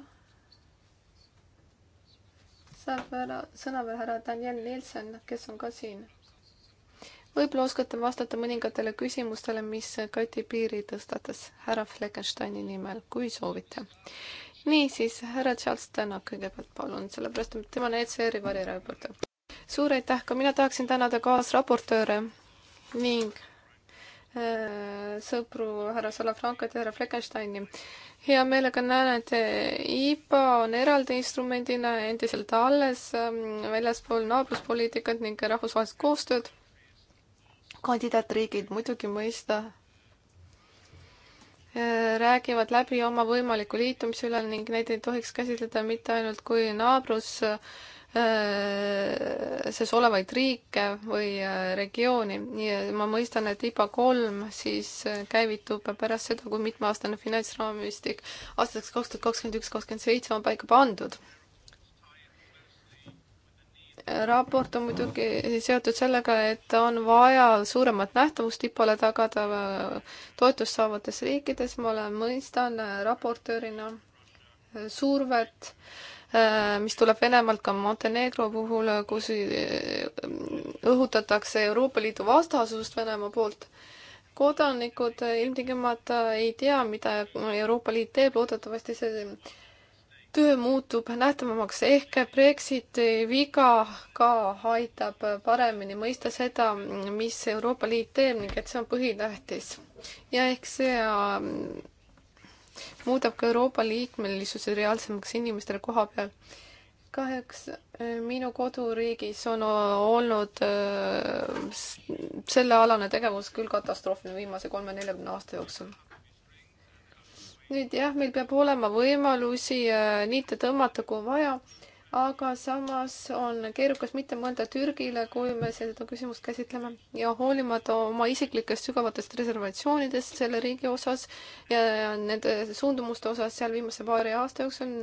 saab ära, sõna veel härra Daniel Nielsen, kes on ka siin. võib-olla oskate vastata mõningatele küsimustele, mis Kati Piiri tõstatas härra Fleckensteini nimel, kui soovite. niisiis, härra Charles Tänak kõigepealt palun, sellepärast et tema on ECR-i variraportöör. suur aitäh, ka mina tahaksin tänada kaasraportööre ning Äh, sõpru härra Salafrankat ja härra Fleckensteini. hea meelega näen, et IPA on eraldi instrumendina endiselt alles ähm, väljaspool naabruspoliitikat ning rahvusvahelist koostööd. kandidaatriigid muidugi mõista äh, räägivad läbi oma võimaliku liitumise üle ning neid ei tohiks käsitleda mitte ainult kui naabrus äh, Äh, ses olevaid riike või äh, regiooni ja ma mõistan, et IPA kolm siis äh, käivitub pärast seda, kui mitmeaastane finantsraamistik aastateks kaks tuhat kakskümmend üks, kakskümmend seitse on paika pandud raport on muidugi seotud sellega, et on vaja suuremat nähtavust IPO-le tagada toetust saavates riikides, ma olen, mõistan raportöörina survet Äh, mis tuleb Venemaalt ka Montenegro puhul, äh, kus äh, õhutatakse Euroopa Liidu vastasust Venemaa poolt. kodanikud ilmtingimata ei tea, mida Euroopa Liit teeb, loodetavasti see töö muutub nähtavamaks, ehk Brexiti viga ka aitab paremini mõista seda, mis Euroopa Liit teeb ning et see on põhitähtis. ja ehk see muudab ka Euroopa liikmelisuse reaalsemaks inimestele koha peal. kahjuks äh, minu koduriigis on olnud äh, sellealane tegevus küll katastroofiline viimase kolme-neljakümne aasta jooksul nüüd jah, meil peab olema võimalusi äh, niite tõmmata, kui vaja aga samas on keerukas mitte mõelda Türgile, kui me seda küsimust käsitleme ja hoolimata oma isiklikest sügavatest reservatsioonidest selle riigi osas ja nende suundumuste osas seal viimase paari aasta jooksul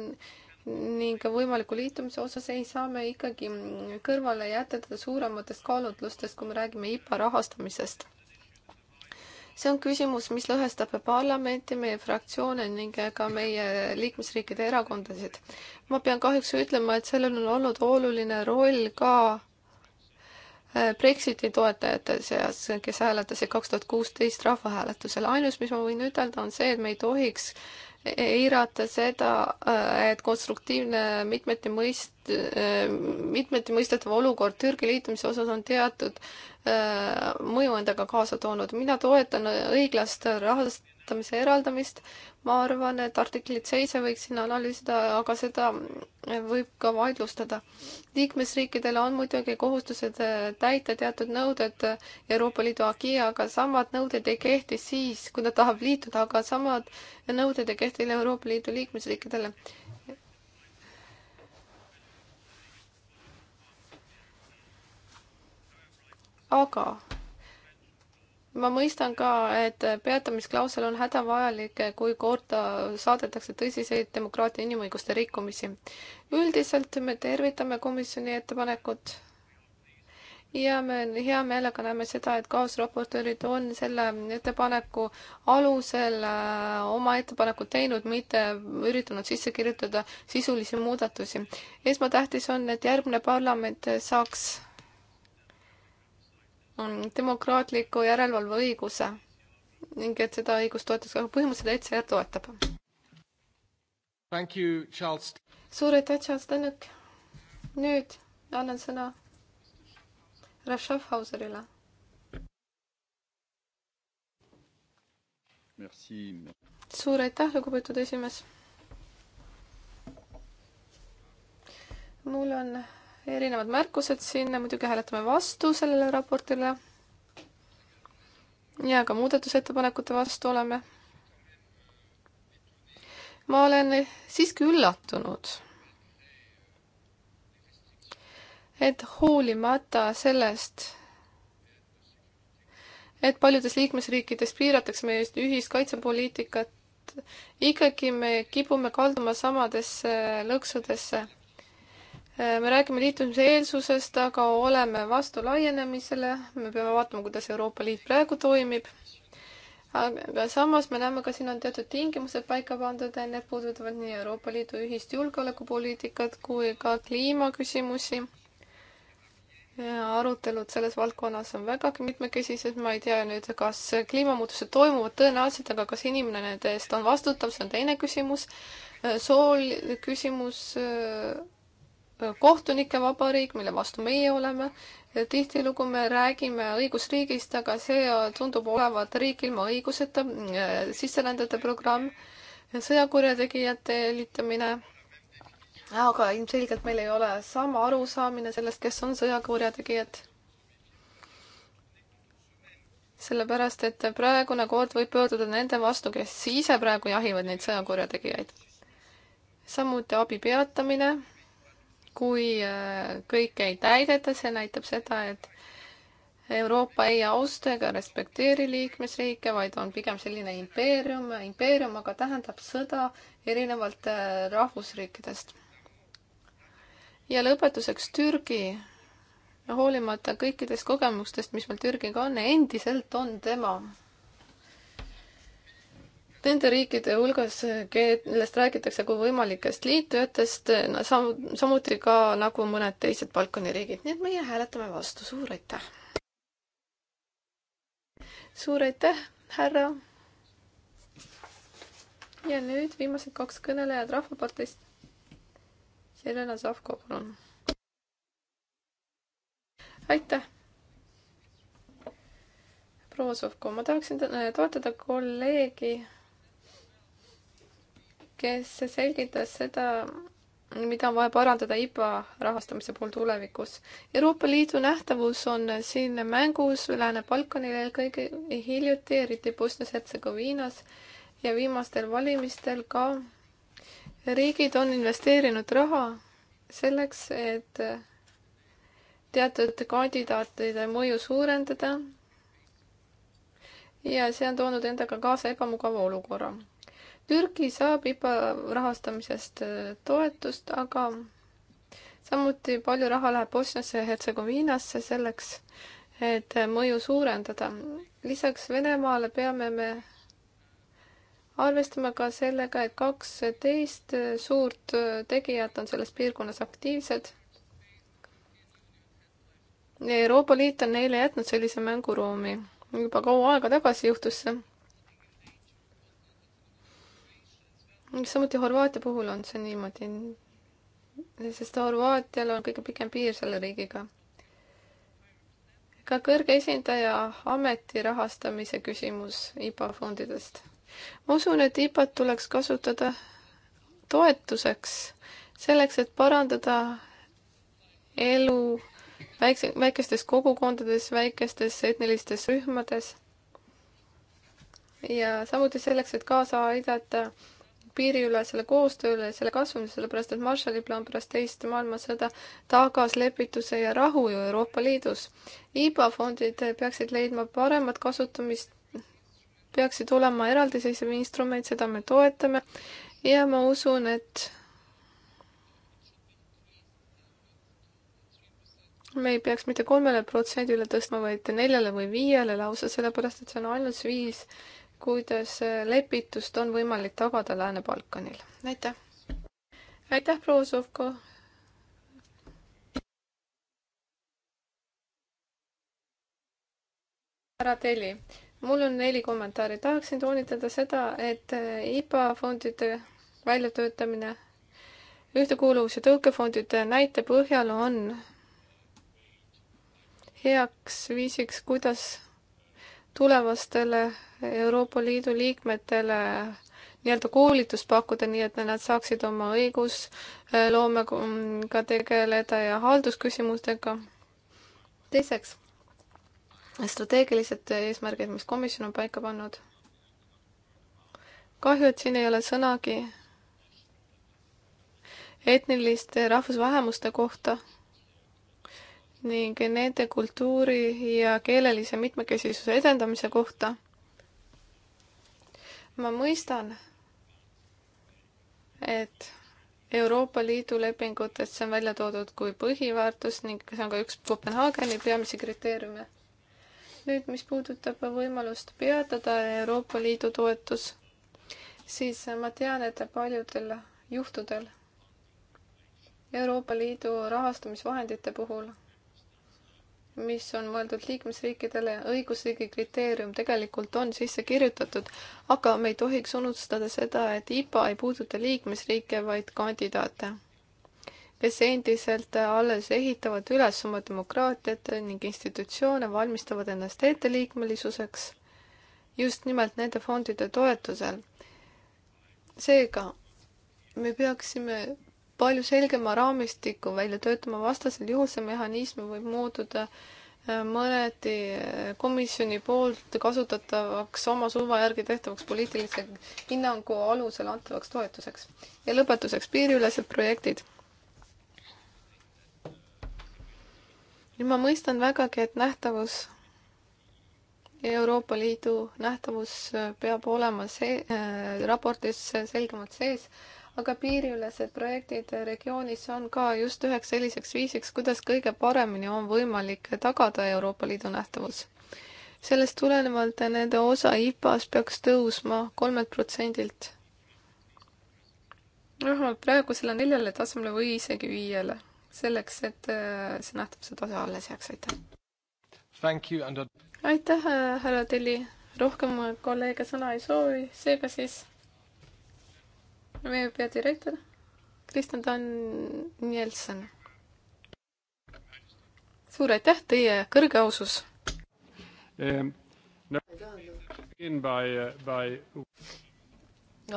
ning võimaliku liitumise osas ei saa me ikkagi kõrvale jätta suurematest kaalutlustest, kui me räägime IPA rahastamisest see on küsimus, mis lõhestab parlamenti, meie fraktsioone ning ka meie liikmesriikide erakondasid. ma pean kahjuks ütlema, et sellel on olnud oluline roll ka äh, Brexiti toetajate seas, kes hääletasid kaks tuhat kuusteist rahvahääletusel. ainus, mis ma võin ütelda, on see, et me ei tohiks äh, eirata seda, et konstruktiivne mitmeti mõist-, mitmeti mõistetav olukord Türgi liitumise osas on teatud äh, mõju endaga kaasa toonud. mina toetan õiglast rahast, kasutamise eraldamist. ma arvan, et artiklit seitse võiks siin analüüsida, aga seda võib ka vaidlustada. liikmesriikidel on muidugi kohustused äh, täita teatud nõuded Euroopa Liidu agi, aga samad nõuded ei kehti siis, kui ta tahab liituda, aga samad nõuded ei kehti Euroopa Liidu liikmesriikidele aga ma mõistan ka, et peatamisklausel on hädavajalik, kui korda saadetakse tõsiseid demokraatia inimõiguste rikkumisi. üldiselt me tervitame komisjoni ettepanekut ja me hea meelega näeme seda, et kaasraportöörid on selle ettepaneku alusel äh, oma ettepanekud teinud, mitte üritanud sisse kirjutada sisulisi muudatusi. esmatähtis on, et järgmine parlament saaks demokraatliku järelevalve õiguse ning et seda õigust toetas, aga põhimõtteliselt ECR toetab. suur aitäh, Charles Tänak. nüüd annan sõna Rashaf Hauserile. suur aitäh, lugupeetud esimees. mul on erinevad märkused sinna, muidugi hääletame vastu sellele raportile. ja ka muudatusettepanekute vastu oleme. ma olen siiski üllatunud, et hoolimata sellest, et paljudes liikmesriikides piiratakse meie ühist kaitsepoliitikat, ikkagi me kipume kalduma samadesse lõksudesse Äh, me räägime liitumise eelsusest, aga oleme vastu laienemisele, me peame vaatama, kuidas Euroopa Liit praegu toimib. aga samas me näeme ka siin on teatud tingimused paika pandud, need puudutavad nii Euroopa Liidu ühist julgeolekupoliitikat kui ka kliimaküsimusi. arutelud selles valdkonnas on vägagi mitmekesised, ma ei tea nüüd, kas kliimamuutused toimuvad tõenäoliselt, aga kas inimene nende eest on vastutav, see on teine küsimus äh, sool, küsimus äh, kohtunike vabariik, mille vastu meie oleme. tihtilugu me räägime õigusriigist, aga see tundub olevat riik ilma õiguseta, äh, sisserändajate programm, sõjakurjategijate jälitamine. aga ilmselgelt meil ei ole sama arusaamine sellest, kes on sõjakurjategijad sellepärast et praegune kord võib pöörduda nende vastu, kes ise praegu jahivad neid sõjakurjategijaid. samuti abi peatamine kui äh, kõike ei täideta, see näitab seda, et Euroopa ei austa ega respekteeri liikmesriike, vaid on pigem selline impeerium, impeerium aga tähendab sõda erinevalt äh, rahvusriikidest. ja lõpetuseks Türgi. hoolimata kõikidest kogemustest, mis meil Türgiga on, endiselt on tema nende riikide hulgas, kellest räägitakse kui võimalikest liitujatest, sam-, samuti ka nagu mõned teised Balkani riigid, nii et meie hääletame vastu, suur aitäh! suur aitäh, härra! ja nüüd viimased kaks kõnelejat Rahvaparteist. Jelena Savko, palun. aitäh! proua Sovko, ma tahaksin äh, toetada kolleegi kes selgitas seda, mida on vaja parandada IPA rahastamise puhul tulevikus. Euroopa Liidu nähtavus on siin mängus Lääne-Balkanil eelkõige hiljuti, eriti Bosnias-Hertsegoviinas ja viimastel valimistel ka. riigid on investeerinud raha selleks, et teatud kandidaatide mõju suurendada. ja see on toonud endaga kaasa ebamugava olukorra Türgi saab IPA rahastamisest äh, toetust, aga samuti palju raha läheb Bosniasse ja Hertsegoviinasse selleks, et äh, mõju suurendada. lisaks Venemaale peame me arvestama ka sellega, et kaksteist äh, suurt tegijat on selles piirkonnas aktiivsed. Euroopa Liit on neile jätnud sellise mänguruumi. juba kaua aega tagasi juhtus see samuti Horvaatia puhul on see niimoodi, sest Horvaatial on kõige pikem piir selle riigiga. ka kõrge esindaja ameti rahastamise küsimus IPA fondidest. ma usun, et IPA-t tuleks kasutada toetuseks, selleks, et parandada elu väikse, väikestes kogukondades, väikestes etnilistes rühmades. ja samuti selleks, et kaasa aidata äh, piiriülesele koostööle ja selle kasvamisele, sellepärast et Marshalli plaan pärast teist maailmasõda tagas lepituse ja rahu ju Euroopa Liidus. IBA fondid peaksid leidma paremat kasutamist, peaksid olema eraldiseisev instrument, seda me toetame ja ma usun, et me ei peaks mitte kolmele protsendile tõstma, vaid neljale või viiele lausa, sellepärast et see on ainus viis, kuidas lepitust on võimalik tagada Lääne-Balkanil. aitäh! aitäh, proua Sovko! härra Teli, mul on neli kommentaari. tahaksin toonitada seda, et IPA fondide väljatöötamine ühtekuuluvus- ja tõukefondide näite põhjal on heaks viisiks, kuidas tulevastele Euroopa Liidu liikmetele nii-öelda koolitust pakkuda, nii et nad saaksid oma õigusloomega tegeleda ja haldusküsimustega. teiseks, strateegilised eesmärgid, mis komisjon on paika pannud. kahju, et siin ei ole sõnagi etniliste rahvusvähemuste kohta ning nende kultuuri ja keelelise mitmekesisuse edendamise kohta. ma mõistan, et Euroopa Liidu lepingutest see on välja toodud kui põhiväärtus ning see on ka üks Kopenhaageni peamisi kriteeriume. nüüd, mis puudutab võimalust peatada Euroopa Liidu toetus, siis ma tean, et paljudel juhtudel Euroopa Liidu rahastamisvahendite puhul mis on mõeldud liikmesriikidele, õigusriigi kriteerium tegelikult on sisse kirjutatud, aga me ei tohiks unustada seda, et IPA ei puuduta liikmesriike, vaid kandidaate, kes endiselt alles ehitavad üles oma demokraatiat ning institutsioone, valmistavad ennast ette liikmelisuseks just nimelt nende fondide toetusel. seega me peaksime palju selgema raamistiku välja töötama, vastasel juhul see mehhanism võib muutuda äh, mõneti äh, komisjoni poolt kasutatavaks oma suva järgi tehtavaks poliitilise hinnangu alusel antavaks toetuseks. ja lõpetuseks piiriülesed projektid. nüüd ma mõistan vägagi, et nähtavus Euroopa Liidu nähtavus äh, peab olema see äh, raportis selgemalt sees aga piiriülesed projektid regioonis on ka just üheks selliseks viisiks, kuidas kõige paremini on võimalik tagada Euroopa Liidu nähtavus. sellest tulenevalt nende osa IPA-s peaks tõusma kolmelt protsendilt vähemalt praegusele neljale tasemele või isegi viiele, selleks et äh, see nähtavuse tase alles jääks, aitäh. aitäh, äh, härra Telli, rohkem äh, kolleege sõna ei soovi, seega siis meie peadirektor Kristjan Danielson. suur aitäh, teie kõrge ausus ehm,! No, uh,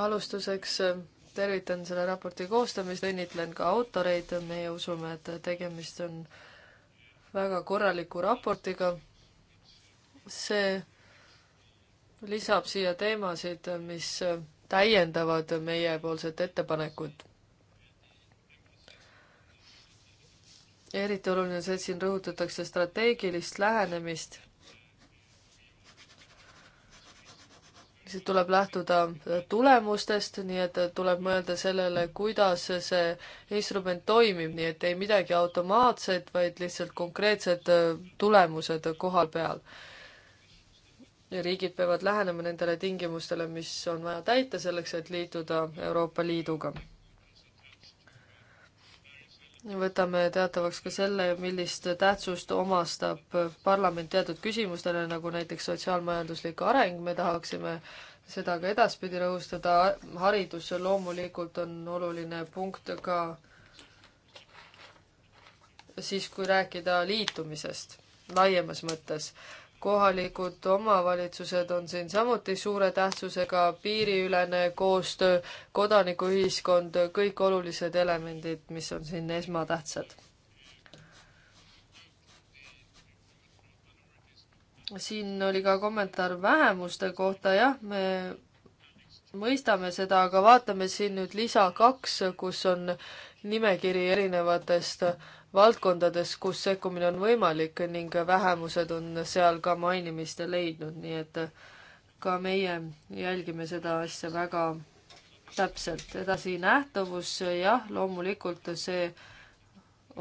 alustuseks äh, tervitan selle raporti koostamist, õnnitlen ka autoreid, meie usume, et tegemist on väga korraliku raportiga. see lisab siia teemasid, mis äh, täiendavad meiepoolset ettepanekut. eriti oluline on see, et siin rõhutatakse strateegilist lähenemist. siit tuleb lähtuda tulemustest, nii et tuleb mõelda sellele, kuidas see instrument toimib, nii et ei midagi automaatset, vaid lihtsalt konkreetsed tulemused koha peal ja riigid peavad lähenema nendele tingimustele, mis on vaja täita selleks, et liituda Euroopa Liiduga. võtame teatavaks ka selle, millist tähtsust omastab parlament teatud küsimustele, nagu näiteks sotsiaalmajanduslik areng, me tahaksime seda ka edaspidi rõhustada, haridus loomulikult on oluline punkt ka siis, kui rääkida liitumisest laiemas mõttes kohalikud omavalitsused on siin samuti suure tähtsusega, piiriülene koostöö, kodanikuühiskond, kõik olulised elemendid, mis on siin esmatähtsad. siin oli ka kommentaar vähemuste kohta, jah, me mõistame seda, aga vaatame siin nüüd lisa kaks, kus on nimekiri erinevatest äh, valdkondades, kus sekkumine on võimalik ning vähemused on seal ka mainimist leidnud, nii et ka meie jälgime seda asja väga täpselt. edasi nähtavus, jah, loomulikult see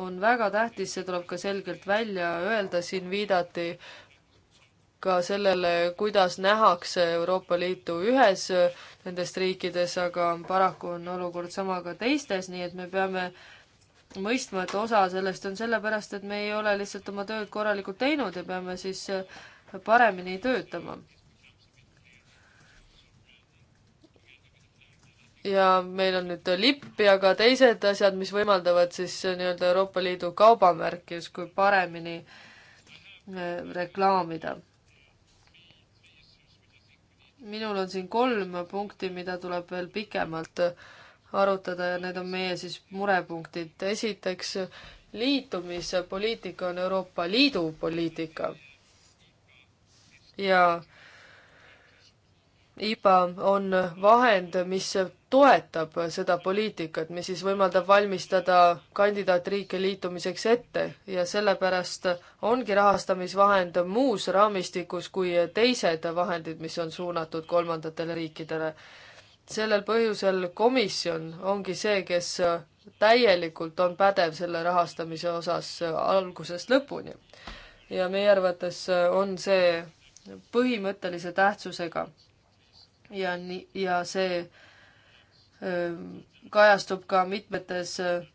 on väga tähtis, see tuleb ka selgelt välja öelda, siin viidati ka sellele, kuidas nähakse Euroopa Liitu ühes nendest riikides, aga paraku on olukord sama ka teistes, nii et me peame äh, mõistmatu osa sellest on sellepärast, et me ei ole lihtsalt oma tööd korralikult teinud ja peame siis äh, paremini töötama. ja meil on nüüd lipp ja ka teised asjad, mis võimaldavad siis äh, nii-öelda Euroopa Liidu kaubamärki justkui paremini äh, reklaamida. minul on siin kolm punkti, mida tuleb veel pikemalt äh, arutada ja need on meie siis murepunktid. esiteks, liitumispoliitika on Euroopa Liidu poliitika. ja IPA on vahend, mis toetab seda poliitikat, mis siis võimaldab valmistada kandidaatriike liitumiseks ette ja sellepärast ongi rahastamisvahend muus raamistikus kui teised vahendid, mis on suunatud kolmandatele riikidele sellel põhjusel komisjon ongi see, kes täielikult on pädev selle rahastamise osas algusest lõpuni. ja meie arvates on see põhimõttelise tähtsusega. ja nii, ja see ähm, kajastub ka mitmetes äh,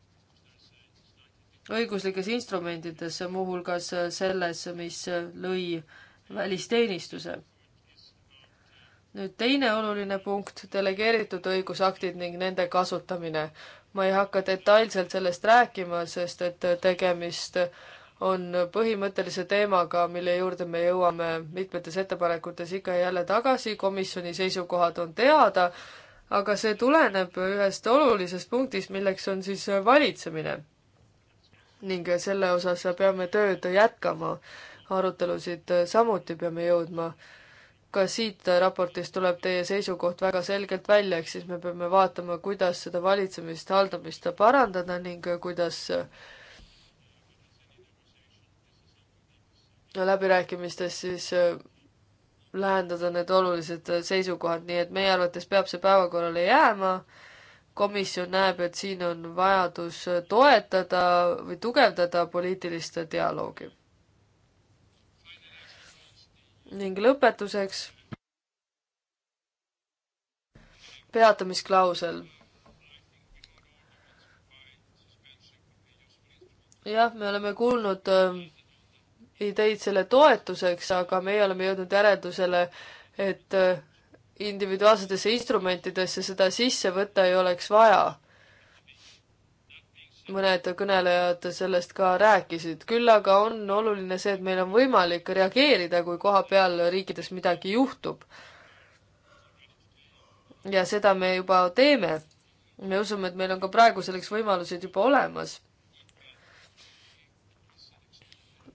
õiguslikes instrumentides, muuhulgas selles, mis äh, lõi välisteenistuse nüüd teine oluline punkt, delegeeritud õigusaktid ning nende kasutamine. ma ei hakka detailselt sellest rääkima, sest et tegemist on põhimõttelise teemaga, mille juurde me jõuame mitmetes ettepanekutes ikka ja jälle tagasi, komisjoni seisukohad on teada, aga see tuleneb ühest olulisest punktist, milleks on siis valitsemine. ning selle osas peame tööd jätkama, arutelusid samuti peame jõudma äh, ka siit raportist tuleb teie seisukoht väga selgelt välja, ehk siis me peame vaatama, kuidas seda valitsemist, haldamist parandada ning kuidas läbirääkimistes siis äh, lähendada need olulised äh, seisukohad, nii et meie arvates peab see päevakorrale jääma. komisjon näeb, et siin on vajadus toetada või tugevdada poliitilist dialoogi ning lõpetuseks peatamisklausel. jah, me oleme kuulnud äh, ideid selle toetuseks, aga meie oleme jõudnud järeldusele, et äh, individuaalsetesse instrumentidesse seda sisse võtta ei oleks vaja mõned kõnelejad sellest ka rääkisid, küll aga on oluline see, et meil on võimalik reageerida, kui kohapeal riikides midagi juhtub. ja seda me juba teeme. me usume, et meil on ka praegu selleks võimalused juba olemas.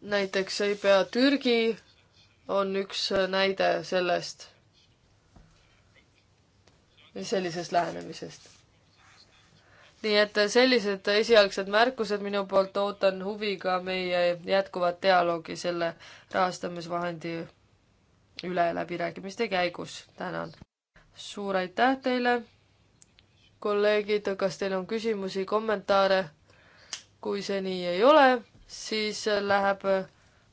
näiteks ei pea Türgi on üks näide sellest, sellisest lähenemisest nii et sellised esialgsed märkused minu poolt, ootan huviga meie jätkuvat dialoogi selle rahastamisvahendi üle läbirääkimiste käigus. tänan. suur aitäh teile, kolleegid, kas teil on küsimusi, kommentaare? kui see nii ei ole, siis läheb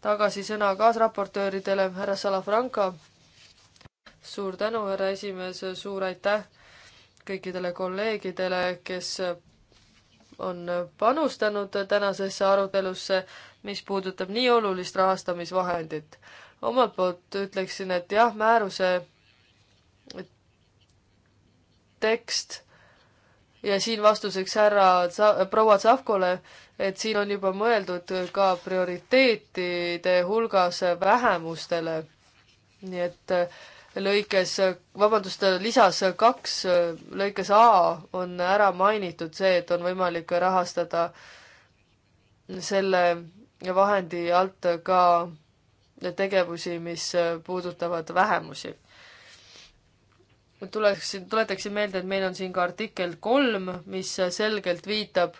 tagasi sõna kaasraportööridele, härra Salafranca. suur tänu, härra esimees, suur aitäh kõikidele kolleegidele, kes on panustanud tänasesse arutelusse, mis puudutab nii olulist rahastamisvahendit. omalt poolt ütleksin, et jah, määruse tekst ja siin vastuseks härra proua Tsavkole, et siin on juba mõeldud ka prioriteetide hulgas vähemustele. nii et äh, lõikes, vabandust, lisas kaks lõikes A on ära mainitud see, et on võimalik rahastada selle vahendi alt ka tegevusi, mis puudutavad vähemusi. tuleksin, tuletaksin meelde, et meil on siin ka artikkel kolm, mis selgelt viitab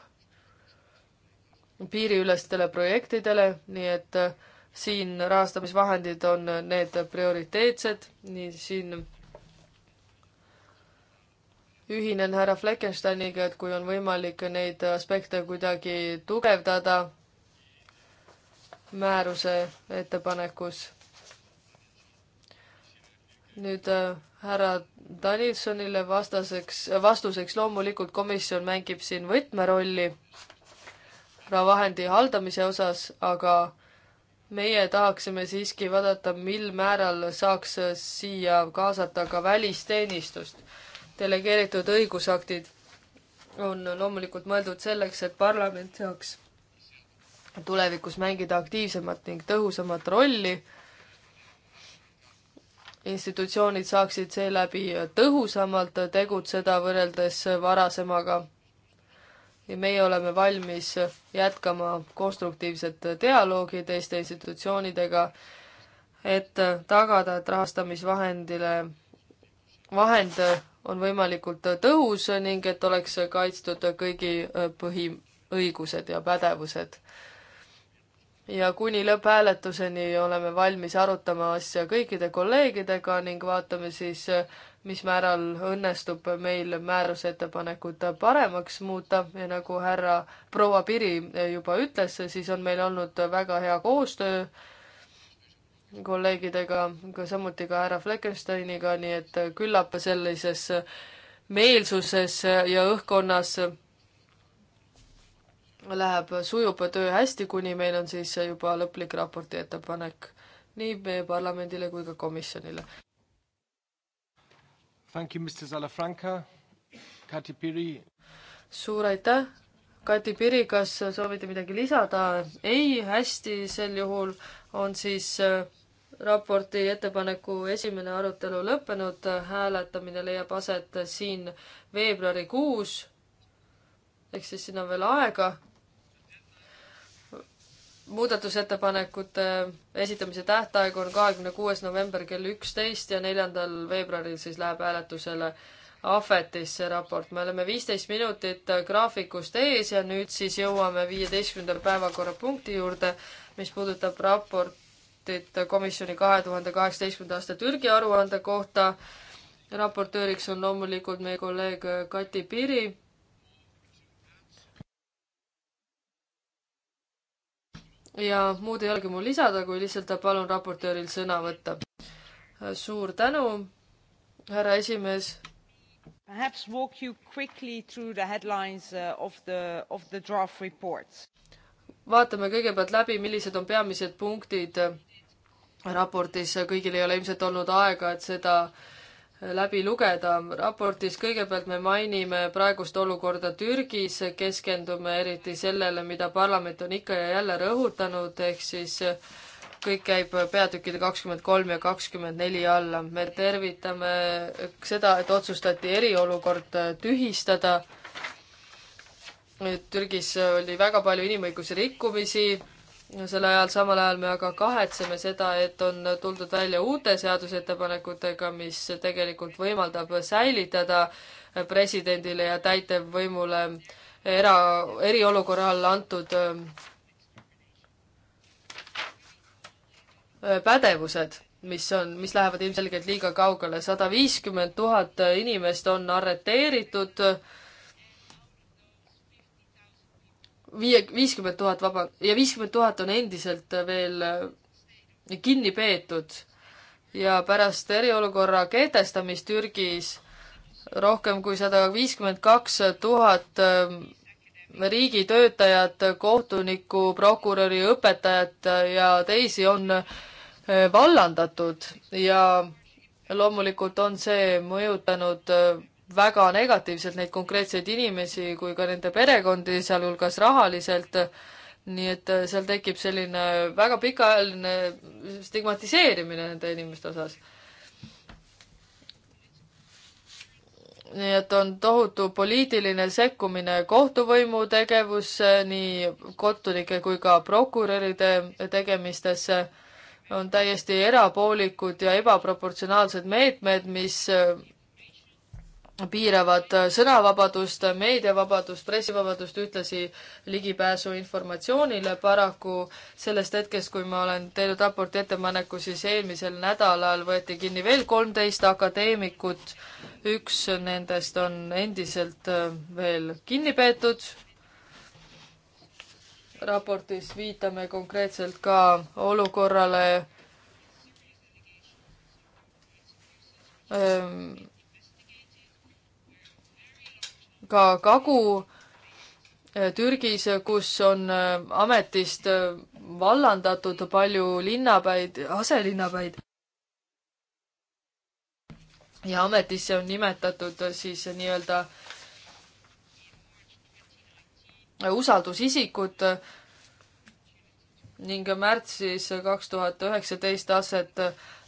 piiriülestele projektidele, nii et äh, siin rahastamisvahendid on need prioriteetsed, nii siin ühinen härra Fleckensteiniga, et kui on võimalik neid aspekte kuidagi tugevdada määruse ettepanekus. nüüd äh, härra Danilsonile vastaseks, vastuseks loomulikult komisjon mängib siin võtmerolli vahendi haldamise osas, aga meie tahaksime siiski vaadata, mil määral saaks siia kaasata ka välisteenistust. delegeeritud õigusaktid on loomulikult mõeldud selleks, et parlament saaks tulevikus mängida aktiivsemat ning tõhusamat rolli. institutsioonid saaksid seeläbi tõhusamalt tegutseda võrreldes varasemaga ja meie oleme valmis jätkama konstruktiivset dialoogi teiste institutsioonidega, et tagada, et rahastamisvahendile, vahend on võimalikult tõhus ning et oleks kaitstud kõigi põhiõigused ja pädevused. ja kuni lõpphääletuseni oleme valmis arutama asja kõikide kolleegidega ning vaatame siis, mis määral õnnestub meil määruse ettepanekut paremaks muuta ja nagu härra proua Piri juba ütles, siis on meil olnud väga hea koostöö kolleegidega, ka samuti ka härra Fleckensteiniga, nii et küllap sellises meelsuses ja õhkkonnas läheb, sujub töö hästi, kuni meil on siis juba lõplik raporti ettepanek nii meie parlamendile kui ka komisjonile. Thank you, Mr Salafranca. Kati Piri. suur aitäh. Kati Piri, kas soovite midagi lisada? ei, hästi, sel juhul on siis äh, raporti ettepaneku esimene arutelu lõppenud, hääletamine leiab aset siin veebruarikuus. ehk siis siin on veel aega muudatusettepanekute esitamise tähtaeg on kahekümne kuues november kell üksteist ja neljandal veebruaril siis läheb hääletusele Ahvetis see raport. me oleme viisteist minutit graafikust ees ja nüüd siis jõuame viieteistkümnenda päevakorrapunkti juurde, mis puudutab raportit komisjoni kahe tuhande kaheksateistkümnenda aasta Türgi aruande kohta. raportööriks on loomulikult meie kolleeg Kati Piri ja muud ei olegi mul lisada, kui lihtsalt palun raportööril sõna võtta. suur tänu, härra esimees. Perhaps walk you quickly through the headlines uh, of the, of the draft reports. vaatame kõigepealt läbi, millised on peamised punktid raportis, kõigil ei ole ilmselt olnud aega, et seda äh, läbi lugeda. raportis kõigepealt me mainime praegust olukorda Türgis, keskendume eriti sellele, mida parlament on ikka ja jälle rõhutanud, ehk siis kõik käib peatükkide kakskümmend kolm ja kakskümmend neli alla. me tervitame seda, et otsustati eriolukord tühistada. Türgis oli väga palju inimõiguse rikkumisi sel ajal, samal ajal me aga kahetseme seda, et on tuldud välja uute seadusettepanekutega, mis tegelikult võimaldab säilitada presidendile ja täitevvõimule era, eriolukorra all antud äh, pädevused, mis on, mis lähevad ilmselgelt liiga kaugele. sada viiskümmend tuhat inimest on arreteeritud äh, viie, viiskümmend tuhat vaba- ja viiskümmend tuhat on endiselt äh, veel äh, kinni peetud. ja pärast eriolukorra kehtestamist Türgis rohkem kui sada viiskümmend kaks tuhat äh, riigitöötajat, kohtunikku, prokuröri, õpetajat ja teisi on vallandatud ja loomulikult on see mõjutanud väga negatiivselt neid konkreetseid inimesi kui ka nende perekondi, sealhulgas rahaliselt, nii et äh, seal tekib selline väga pikaajaline stigmatiseerimine nende inimeste osas nii et on tohutu poliitiline sekkumine kohtuvõimu tegevusse, nii kohtunike kui ka prokuröride tegemistesse, on täiesti erapoolikud ja ebaproportsionaalsed meetmed, mis äh, piiravad äh, sõnavabadust, meediavabadust, pressivabadust, ühtlasi ligipääsu informatsioonile. paraku sellest hetkest, kui ma olen teinud raporti ettepaneku, siis eelmisel nädalal võeti kinni veel kolmteist akadeemikut. üks nendest on endiselt äh, veel kinni peetud. raportis viitame konkreetselt ka olukorrale ähm, ka Kagu-Türgis, äh, kus on äh, ametist äh, vallandatud palju linnapäid, aselinnapäid. ja ametisse on nimetatud siis nii-öelda usaldusisikud ning märtsis kaks tuhat üheksateist aset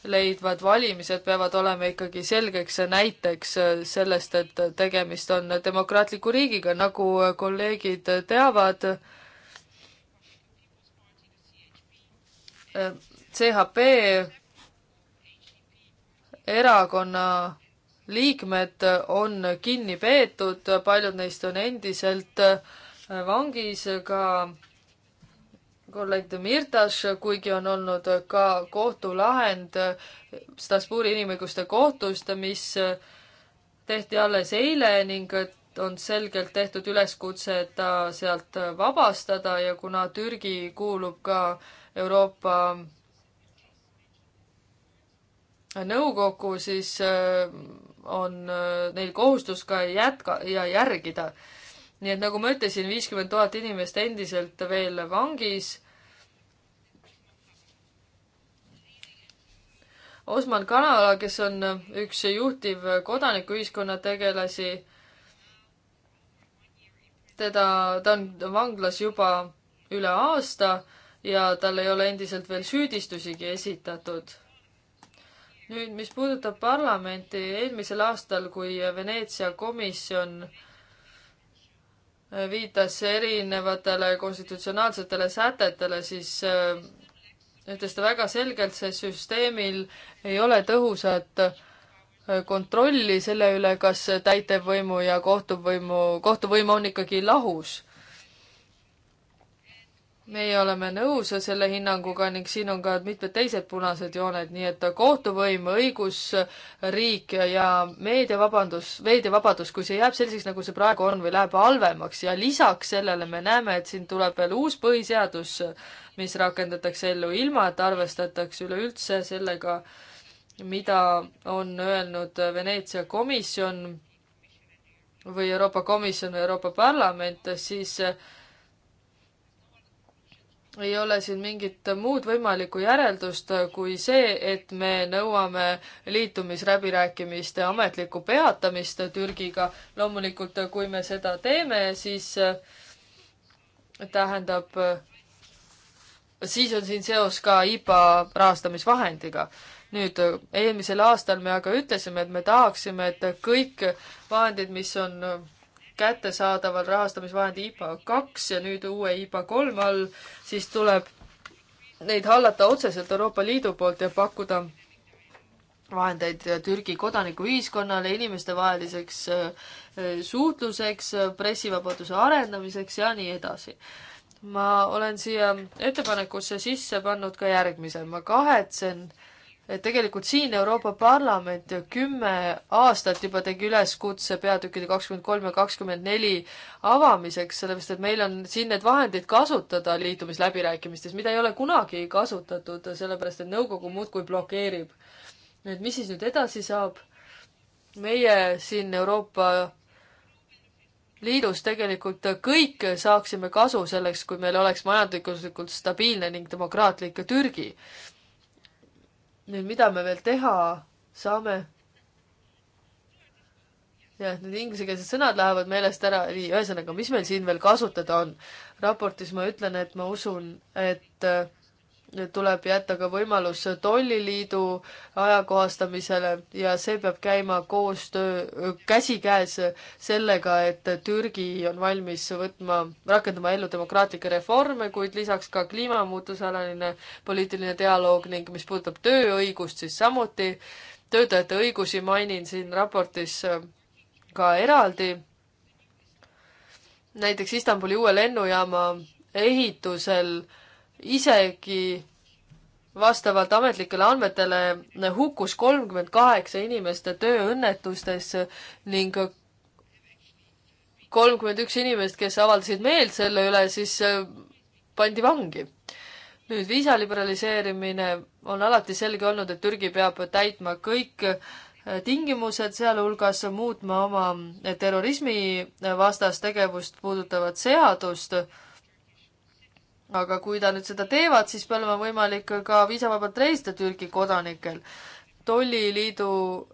leidvad valimised peavad olema ikkagi selgeks näiteks äh, sellest, et tegemist on demokraatliku riigiga, nagu äh, kolleegid teavad. Äh, CHP erakonna liikmed on kinni peetud, paljud neist on endiselt vangis, ka kolleeg Demirtas, kuigi on olnud ka kohtulahend Strasbourgi inimõiguste kohtust, mis tehti alles eile ning on selgelt tehtud üleskutse ta sealt vabastada ja kuna Türgi kuulub ka Euroopa Nõukokku, siis äh, on äh, neil kohustus ka jätka ja järgida nii et nagu ma ütlesin, viiskümmend tuhat inimest endiselt veel vangis Osman Kanala, kes on üks juhtiv kodanikuühiskonna tegelasi. teda, ta on vanglas juba üle aasta ja tal ei ole endiselt veel süüdistusigi esitatud. nüüd, mis puudutab parlamenti, eelmisel aastal, kui Veneetsia komisjon viitas erinevatele konstitutsionaalsetele sätetele, siis äh, ütles ta väga selgelt, see süsteemil ei ole tõhusat äh, kontrolli selle üle, kas täitevvõimu ja kohtuvõimu, kohtuvõim on ikkagi lahus. meie oleme nõus selle hinnanguga ning siin on ka mitmed teised punased jooned, nii et kohtuvõim, õigusriik ja meediavabandus, meediavabadus, kui see jääb selliseks, nagu see praegu on või läheb halvemaks ja lisaks sellele me näeme, et siin tuleb veel uus põhiseadus äh, mis rakendatakse ellu ilma, et arvestatakse üleüldse sellega, mida on öelnud Veneetsia komisjon või Euroopa Komisjon või Euroopa Parlament, siis ei ole siin mingit muud võimalikku järeldust kui see, et me nõuame liitumisläbirääkimiste ametlikku peatamist Türgiga. loomulikult, kui me seda teeme, siis tähendab siis on siin seos ka IPA rahastamisvahendiga. nüüd eelmisel aastal me aga ütlesime, et me tahaksime, et kõik vahendid, mis on kättesaadaval rahastamisvahendi IPA kaks ja nüüd uue IPA kolm all, siis tuleb neid hallata otseselt Euroopa Liidu poolt ja pakkuda vahendeid Türgi kodanikuühiskonnale, inimestevaheliseks äh, äh, suhtluseks, pressivabaduse arendamiseks ja nii edasi ma olen siia ettepanekusse sisse pannud ka järgmise, ma kahetsen, et tegelikult siin Euroopa Parlament kümme aastat juba tegi üleskutse peatükkide kakskümmend kolm ja kakskümmend neli avamiseks, sellepärast et meil on siin need vahendid kasutada liitumisläbirääkimistes, mida ei ole kunagi kasutatud, sellepärast et nõukogu muudkui blokeerib. et mis siis nüüd edasi saab? meie siin Euroopa Liidus tegelikult kõik saaksime kasu selleks, kui meil oleks majanduslikult stabiilne ning demokraatlik Türgi. nüüd mida me veel teha saame? jah, need inglisekeelsed sõnad lähevad meelest ära, nii, ühesõnaga, mis meil siin veel kasutada on? raportis ma ütlen, et ma usun, et äh, tuleb jätta ka võimalus tolliliidu ajakohastamisele ja see peab käima koostöö, käsikäes sellega, et Türgi on valmis võtma, rakendama ellu demokraatlikke reforme, kuid lisaks ka kliimamuutusealine poliitiline dialoog ning mis puudutab tööõigust, siis samuti töötajate õigusi mainin siin raportis ka eraldi. näiteks Istanbuli uue lennujaama ehitusel äh, isegi vastavalt ametlikele andmetele hukkus kolmkümmend kaheksa inimest tööõnnetustes ning kolmkümmend üks inimest, kes avaldasid meelt selle üle, siis äh, pandi vangi. nüüd viisa liberaliseerimine on alati selge olnud, et Türgi peab täitma kõik äh, tingimused, sealhulgas muutma oma terrorismivastast äh, tegevust puudutavat seadust aga kui ta nüüd seda teevad, siis peab olema võimalik ka viisavabalt reisida Türgi kodanikel. tolliliidu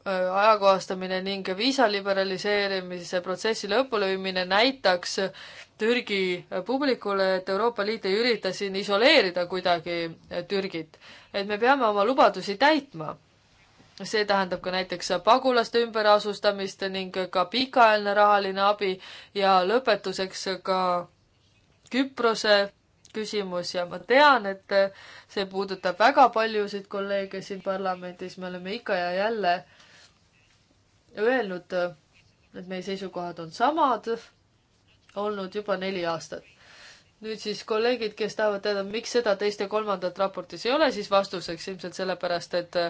äh, ajakohastamine ning viisa liberaliseerimise protsessi lõpuleviimine näitaks Türgi äh, publikule, et Euroopa Liit ei ürita siin isoleerida kuidagi äh, Türgit. et me peame oma lubadusi täitma. see tähendab ka näiteks pagulaste ümberasustamist ning ka pikaajaline rahaline abi ja lõpetuseks ka Küprose küsimus ja ma tean, et äh, see puudutab väga paljusid kolleege siin parlamendis, me oleme ikka ja jälle öelnud, äh, et meie seisukohad on samad olnud juba neli aastat. nüüd siis kolleegid, kes tahavad teada, miks seda teist ja kolmandat raportis ei ole, siis vastuseks ilmselt sellepärast, et äh,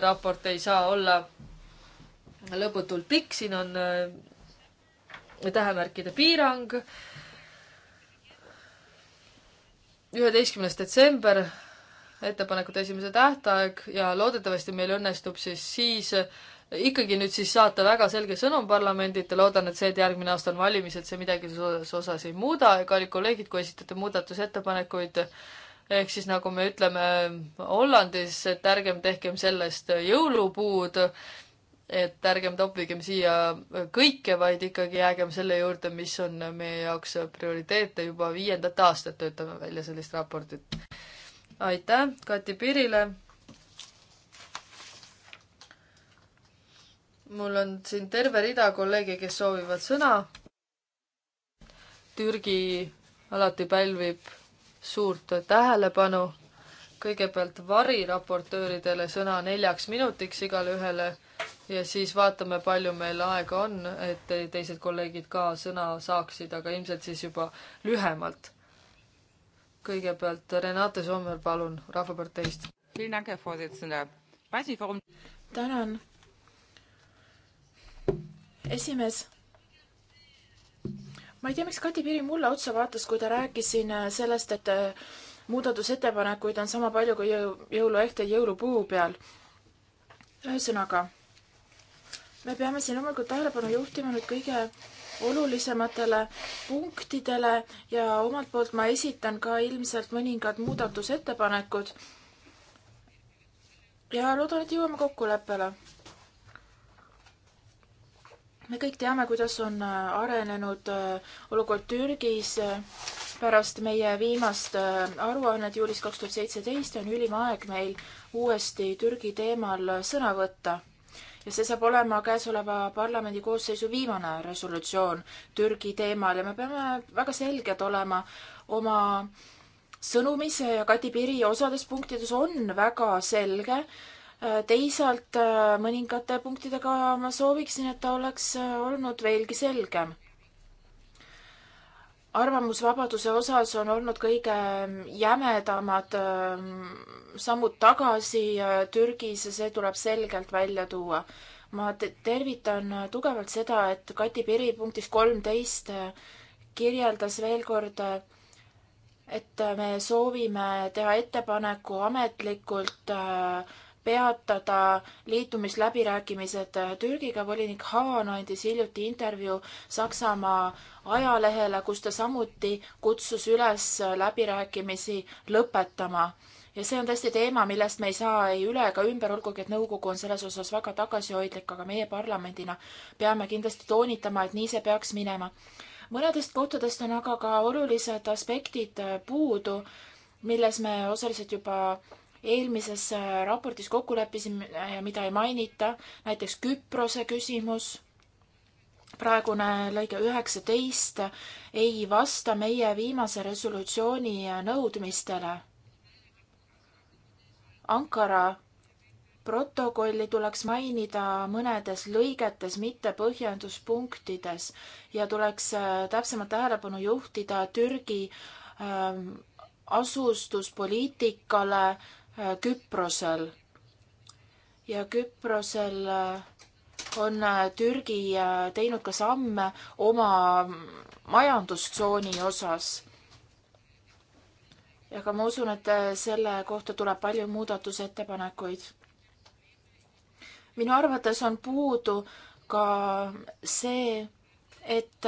raport ei saa olla lõputult pikk, siin on tähemärkide piirang üheteistkümnes detsember, ettepanekute esimese tähtaeg ja loodetavasti meil õnnestub siis siis äh, ikkagi nüüd siis saata väga selge sõnum parlamendilt ja loodan, et see, et järgmine aasta on valimised, see midagi selles osas ei muuda ja kallid kolleegid, kui esitate muudatusettepanekuid, ehk siis nagu me ütleme Hollandis, et ärgem tehkem sellest jõulupuud, et ärgem toppigem siia kõike, vaid ikkagi jäägem selle juurde, mis on meie jaoks prioriteete. juba viiendat aastat töötame välja sellist raportit. aitäh Kati Pirile. mul on siin terve rida kolleege, kes soovivad sõna. Türgi alati pälvib suurt tähelepanu. kõigepealt variraportööridele sõna neljaks minutiks igale ühele ja siis vaatame, palju meil aega on, et teised kolleegid ka sõna saaksid, aga ilmselt siis juba lühemalt. kõigepealt Renate Sommer, palun, Rahvaparteist. tänan. esimees ma ei tea, miks Kati Piri mulle otsa vaatas, kui ta rääkis siin äh, sellest, et äh, muudatusettepanekuid on sama palju kui jõu, jõuluehte jõulupuu peal. ühesõnaga, me peame siin loomulikult tähelepanu juhtima nüüd kõige olulisematele punktidele ja omalt poolt ma esitan ka ilmselt mõningad muudatusettepanekud. ja loodan, et jõuame kokkuleppele. me kõik teame, kuidas on äh, arenenud äh, olukord Türgis äh, pärast meie viimast aruannet juulis kaks tuhat seitseteist on ülim aeg meil uuesti Türgi teemal sõna võtta ja see saab olema käesoleva parlamendi koosseisu viimane resolutsioon Türgi teemal ja me peame väga selged olema oma sõnumis ja Kati Piri osades punktides on väga selge. teisalt äh, mõningate punktidega ma sooviksin, et ta oleks äh, olnud veelgi selgem arvamusvabaduse osas on olnud kõige jämedamad ähm, sammud tagasi äh, Türgis ja see tuleb selgelt välja tuua. ma tervitan äh, tugevalt seda, et Kati Piri punktis kolmteist äh, kirjeldas veel kord, et me soovime teha ettepaneku ametlikult äh, peatada liitumisläbirääkimised Türgiga. volinik Haan andis hiljuti intervjuu Saksamaa ajalehele, kus ta samuti kutsus üles läbirääkimisi lõpetama ja see on tõesti teema, millest me ei saa ei üle ega ümber, olgugi et nõukogu on selles osas väga tagasihoidlik, aga meie parlamendina peame kindlasti toonitama, et nii see peaks minema. mõnedest kohtadest on aga ka olulised aspektid puudu, milles me osaliselt juba eelmises äh, raportis kokku leppisime ja äh, mida ei mainita, näiteks Küprose küsimus praegune lõige üheksateist ei vasta meie viimase resolutsiooni nõudmistele. Ankara protokolli tuleks mainida mõnedes lõigetes, mitte põhjenduspunktides ja tuleks äh, täpsemalt tähelepanu juhtida Türgi ähm, asustuspoliitikale Äh, Küprosel ja Küprosel äh, on äh, Türgi teinud ka samme oma majandustsooni osas. aga ma usun, et selle kohta tuleb palju muudatusettepanekuid. minu arvates on puudu ka see, et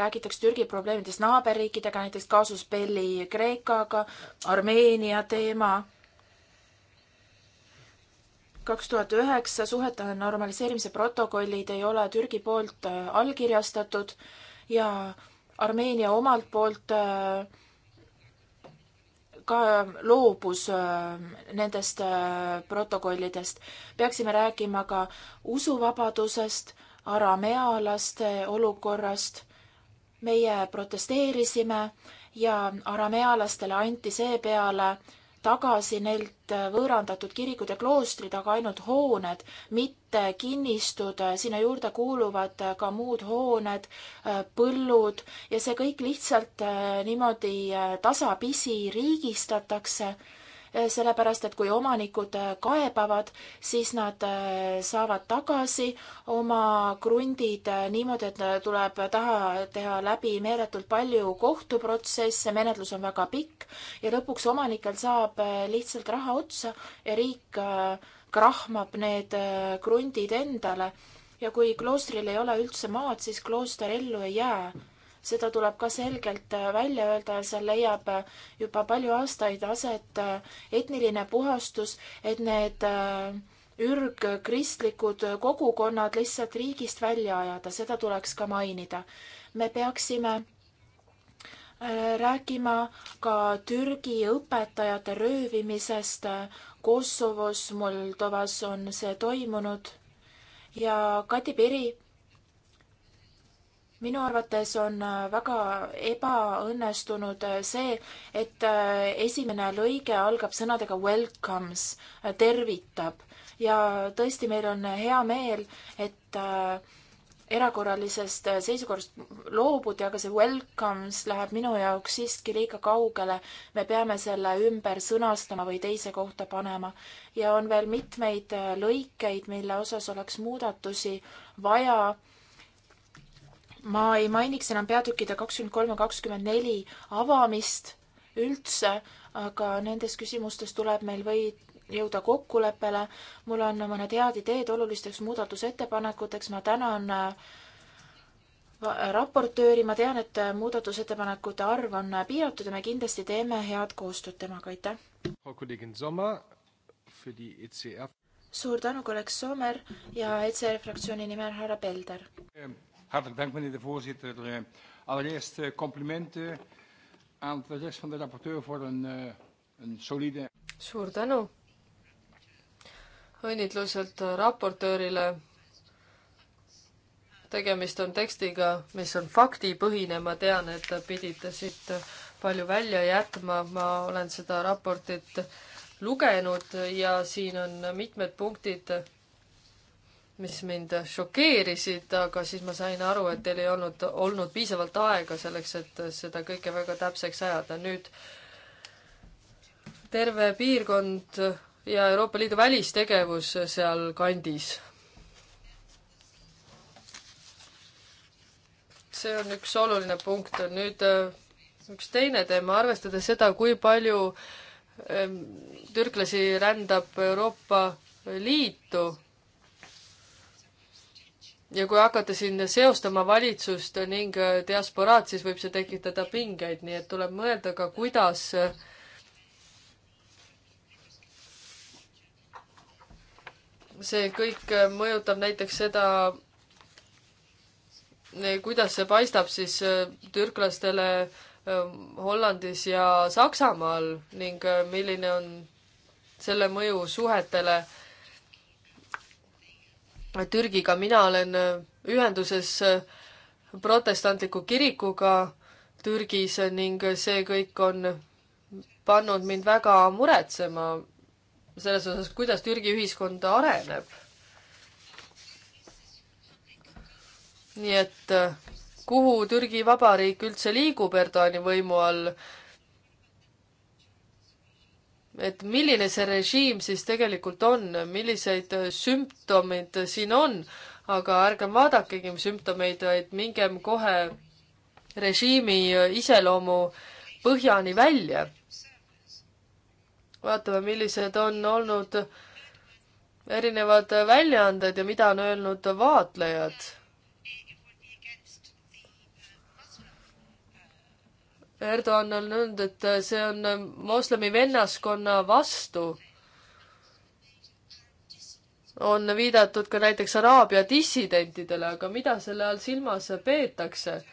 räägitakse Türgi probleemidest naaberriikidega, näiteks kaasus Belli Kreekaga, Armeenia teema kaks tuhat üheksa suhete normaliseerimise protokollid ei ole Türgi poolt äh, allkirjastatud ja Armeenia omalt poolt äh, ka loobus äh, nendest protokollidest. peaksime rääkima ka usuvabadusest, aramealaste olukorrast. meie protesteerisime ja aramealastele anti seepeale tagasi neilt võõrandatud kirikud ja kloostrid, aga ainult hooned, mitte kinnistud, sinna juurde kuuluvad ka muud hooned, põllud ja see kõik lihtsalt eh, niimoodi eh, tasapisi riigistatakse Eh, sellepärast et kui omanikud eh, kaebavad, siis nad eh, saavad tagasi oma krundid niimoodi, et tuleb taha teha läbi meeletult palju kohtuprotsesse, menetlus on väga pikk ja lõpuks omanikel saab lihtsalt raha otsa ja riik krahmab need krundid endale ja kui kloostril ei ole üldse maad, siis klooster ellu ei jää seda tuleb ka selgelt äh, välja öelda ja seal leiab äh, juba palju aastaid aset äh, etniline puhastus, et need ürgkristlikud kogukonnad lihtsalt riigist välja ajada, seda tuleks ka mainida. me peaksime rääkima ka Türgi õpetajate röövimisest Kosovos, Moldovas on see toimunud ja Kati Piri minu arvates on äh, väga ebaõnnestunud äh, see, et äh, esimene lõige algab sõnadega welcomes, tervitab ja tõesti, meil on hea meel, et erakorralisest seisukorrast loobuti, aga see welcomes läheb minu jaoks siiski liiga kaugele. me peame selle ümber sõnastama või teise kohta panema ja on veel mitmeid lõikeid, mille osas oleks muudatusi vaja ma ei mainiks enam peatükkide kakskümmend kolm ja kakskümmend neli avamist üldse, aga nendes küsimustes tuleb meil või jõuda kokkuleppele. mul on mõned head ideed olulisteks muudatusettepanekuteks, ma tänan äh, raportööri, ma tean, et äh, muudatusettepanekute arv on äh, piiratud ja me kindlasti teeme head koostööd temaga, aitäh. E suur tänu, kolleeg Sommer ja ECR fraktsiooni nimel härra Pelder. Ähm, Hartelijk dank, meneer de voorzitter. Eh, allereerst eh, complimenten aan de rest van de rapporteur voor een, eh, een solide... suur tänu! õnnitlused raportöörile. tegemist on tekstiga, mis on faktipõhine, ma tean, et pidite siit palju välja jätma, ma olen seda raportit lugenud ja siin on mitmed punktid, mis mind šokeerisid, aga siis ma sain aru, et teil ei olnud olnud piisavalt aega selleks, et seda kõike väga täpseks ajada. nüüd terve piirkond ja Euroopa Liidu välistegevus seal kandis. see on üks oluline punkt. nüüd üks teine teema, arvestades seda, kui palju türklasi rändab Euroopa Liitu ja kui hakata siin seostama valitsust ning äh, diasporaad, siis võib see tekitada pingeid, nii et tuleb mõelda ka, kuidas äh, see kõik äh, mõjutab näiteks seda, kuidas see paistab siis türklastele ähm, Hollandis ja Saksamaal ning milline on selle mõju suhetele äh, Türgiga, mina olen äh, ühenduses äh, protestantliku kirikuga Türgis ning see kõik on pannud mind väga muretsema selles osas, kuidas Türgi ühiskond areneb. nii et äh, kuhu Türgi Vabariik üldse liigub Erdoğani võimu all et milline see režiim siis tegelikult on, milliseid sümptomeid siin on, aga ärgem vaadakegi sümptomeid, vaid mingem kohe režiimi iseloomu põhjani välja. vaatame, millised on olnud erinevad väljaanded ja mida on öelnud vaatlejad Erdoğan on öelnud, et see on moslemi vennaskonna vastu. on viidatud ka näiteks araabia dissidentidele, aga mida selle all silmas peetakse?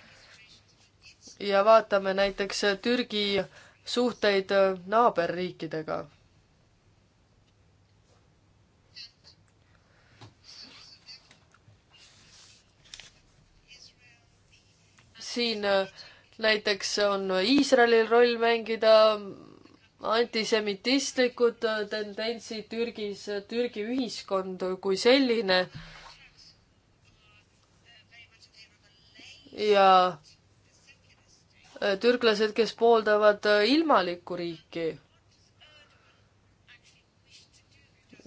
ja vaatame näiteks Türgi suhteid naaberriikidega. siin äh, näiteks on Iisraelil roll mängida, antisemitistlikud tendentsid Türgis, Türgi ühiskond kui selline. ja türklased, kes pooldavad ilmalikku riiki.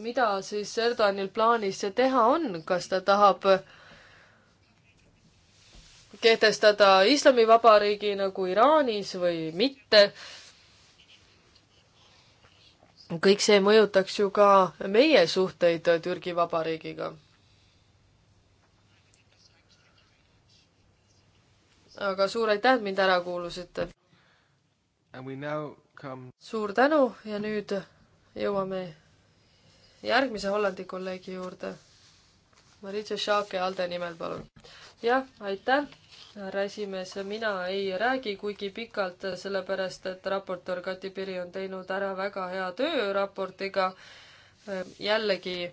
mida siis Erdoganil plaanis teha on, kas ta tahab äh, kehtestada islamivabariigi nagu Iraanis või mitte. kõik see mõjutaks ju ka meie suhteid Türgi Vabariigiga. aga suur aitäh, et mind ära kuulusite! Come... suur tänu ja nüüd jõuame järgmise Hollandi kolleegi juurde. Maritša Šaake Alde nimel, palun. jah, aitäh härra esimees, mina ei räägi kuigi pikalt, sellepärast et raportöör Kati Piri on teinud ära väga hea töö raportiga. jällegi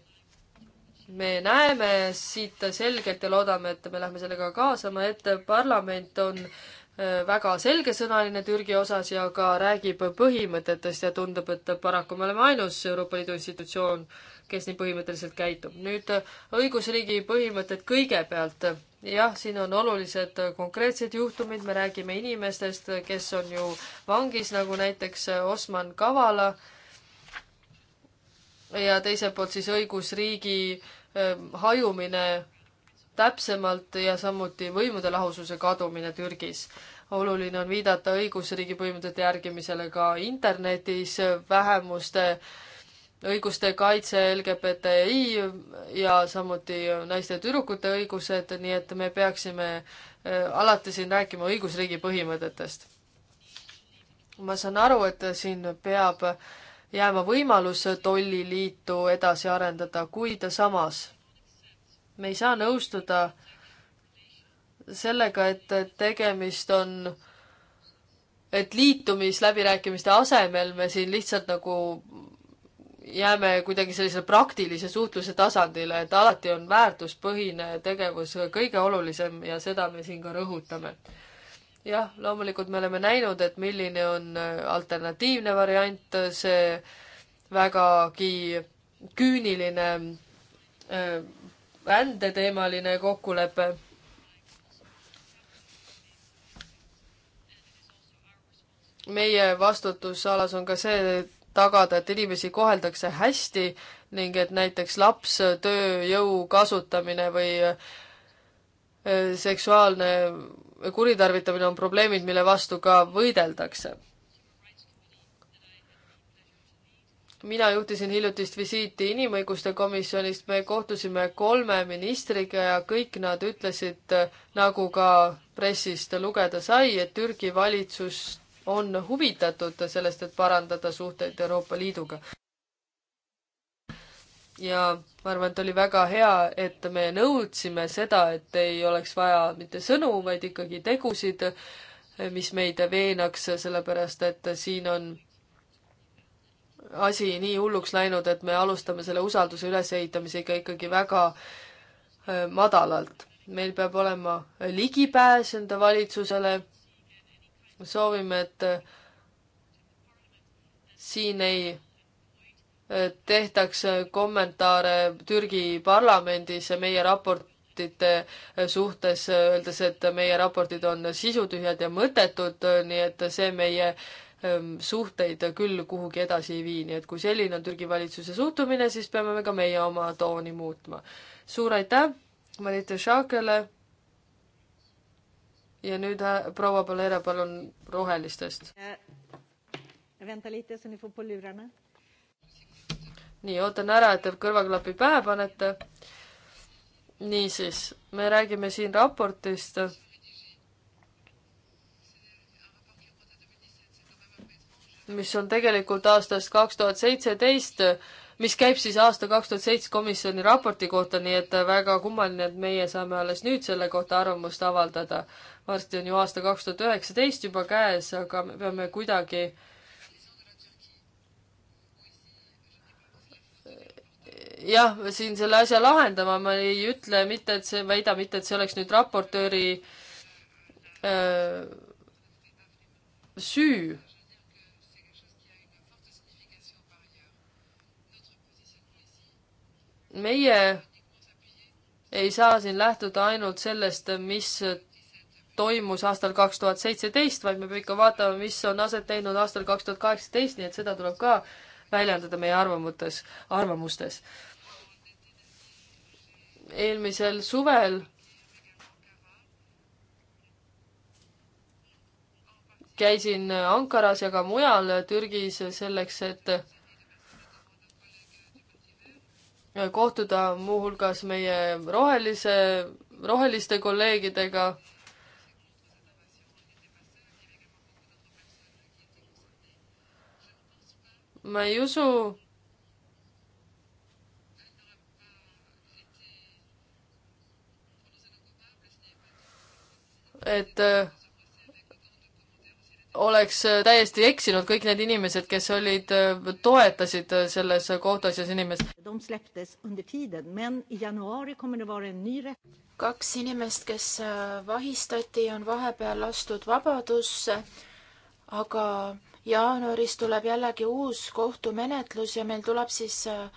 me näeme siit selgelt ja loodame, et me lähme sellega kaasama, et parlament on äh, väga selgesõnaline Türgi osas ja ka räägib põhimõtetest ja tundub, et paraku me oleme ainus Euroopa Liidu institutsioon, kes nii põhimõtteliselt käitub. nüüd õigusriigi põhimõtted kõigepealt jah, siin on olulised äh, konkreetsed juhtumid, me räägime inimestest, kes on ju vangis, nagu näiteks äh, Osman Kavala. ja teiselt poolt siis õigusriigi ähm, hajumine täpsemalt ja samuti võimude lahususe kadumine Türgis. oluline on viidata õigusriigi põhimõtete järgimisele ka internetis äh, vähemuste äh, õiguste kaitse, LGBTI ja samuti naiste ja tüdrukute õigused, nii et me peaksime äh, alati siin rääkima õigusriigi põhimõtetest. ma saan aru, et siin peab jääma võimalus tolliliitu edasi arendada, kuid samas me ei saa nõustuda sellega, et tegemist on et liitumisläbirääkimiste asemel me siin lihtsalt nagu jääme kuidagi sellisele praktilise suhtluse tasandile, et alati on väärtuspõhine tegevus kõige olulisem ja seda me siin ka rõhutame. jah, loomulikult me oleme näinud, et milline on alternatiivne variant, see vägagi küüniline äh, rändeteemaline kokkulepe meie vastutusalas on ka see, tagada, et inimesi koheldakse hästi ning et näiteks laps, tööjõu kasutamine või äh, seksuaalne kuritarvitamine on probleemid, mille vastu ka võideldakse. mina juhtisin hiljutist visiiti Inimõiguste Komisjonist, me kohtusime kolme ministriga ja kõik nad ütlesid, äh, nagu ka pressist lugeda sai, et Türgi valitsus on huvitatud sellest, et parandada suhteid Euroopa Liiduga. ja ma arvan, et oli väga hea, et me nõudsime seda, et ei oleks vaja mitte sõnu, vaid ikkagi tegusid, mis meid veenaks, sellepärast et siin on asi nii hulluks läinud, et me alustame selle usalduse ülesehitamisega ikkagi väga äh, madalalt. meil peab olema ligipääs enda valitsusele soovime, et äh, siin ei äh, tehtaks äh, kommentaare Türgi parlamendis meie raportite suhtes, öeldes, et meie raportid on sisutühjad ja mõttetud, nii et see meie ähm, suhteid küll kuhugi edasi ei vii, nii et kui selline on Türgi valitsuse suhtumine, siis peame me ka meie oma tooni muutma. suur aitäh Marita Šakele ja nüüd äh, proua Palera, palun rohelistest. nii, ootan ära, et te kõrvaklapi pähe panete. niisiis, me räägime siin raportist. mis on tegelikult aastast kaks tuhat seitseteist mis käib siis aasta kaks tuhat seitse komisjoni raporti kohta, nii et väga kummaline, et meie saame alles nüüd selle kohta arvamust avaldada varsti on ju aasta kaks tuhat üheksateist juba käes, aga me peame kuidagi jah, siin selle asja lahendama, ma ei ütle mitte, et see, väida mitte, et see oleks nüüd raportööri öö, süü meie ei saa siin lähtuda ainult sellest, mis toimus aastal kaks tuhat seitseteist, vaid me peame ikka vaatama, mis on aset leidnud aastal kaks tuhat kaheksateist, nii et seda tuleb ka väljendada meie arvamutes, arvamustes. eelmisel suvel käisin Ankaras ja ka mujal Türgis selleks, et kohtuda muuhulgas meie rohelise, roheliste kolleegidega. ma ei usu, et äh, oleks äh, täiesti eksinud kõik need inimesed, kes olid, äh, toetasid selles kohtuasjas inimest. kaks inimest, kes vahistati, on vahepeal lastud vabadusse, aga jaanuaris tuleb jällegi uus kohtumenetlus ja meil tuleb siis äh,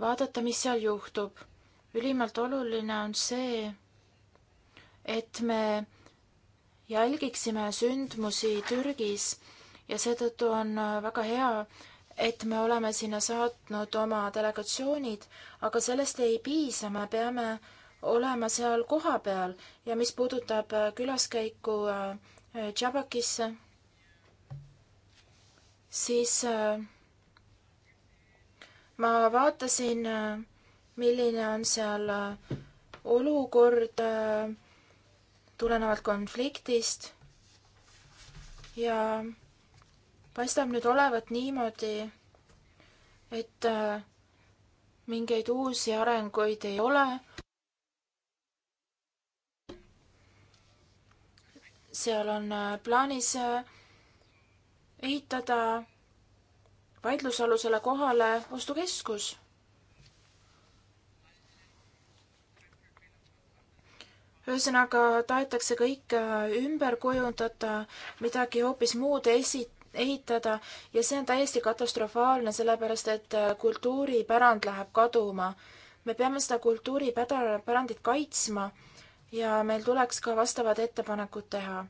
vaadata, mis seal juhtub. ülimalt oluline on see, et me jälgiksime sündmusi Türgis ja seetõttu on äh, väga hea, et me oleme sinna saatnud oma delegatsioonid, aga sellest ei piisa, me peame olema seal kohapeal ja mis puudutab äh, külaskäiku Džabakisse äh,, siis äh, ma vaatasin, äh, milline on seal äh, olukord tulenevalt konfliktist ja paistab nüüd olevat niimoodi, et mingeid uusi arenguid ei ole. seal on plaanis ehitada vaidlusalusele kohale ostukeskus. ühesõnaga, tahetakse kõik äh, ümber kujundada, midagi hoopis muud esi-, ehitada ja see on täiesti katastrofaalne, sellepärast et äh, kultuuripärand läheb kaduma. me peame seda kultuuripärandit kaitsma ja meil tuleks ka vastavad ettepanekud teha.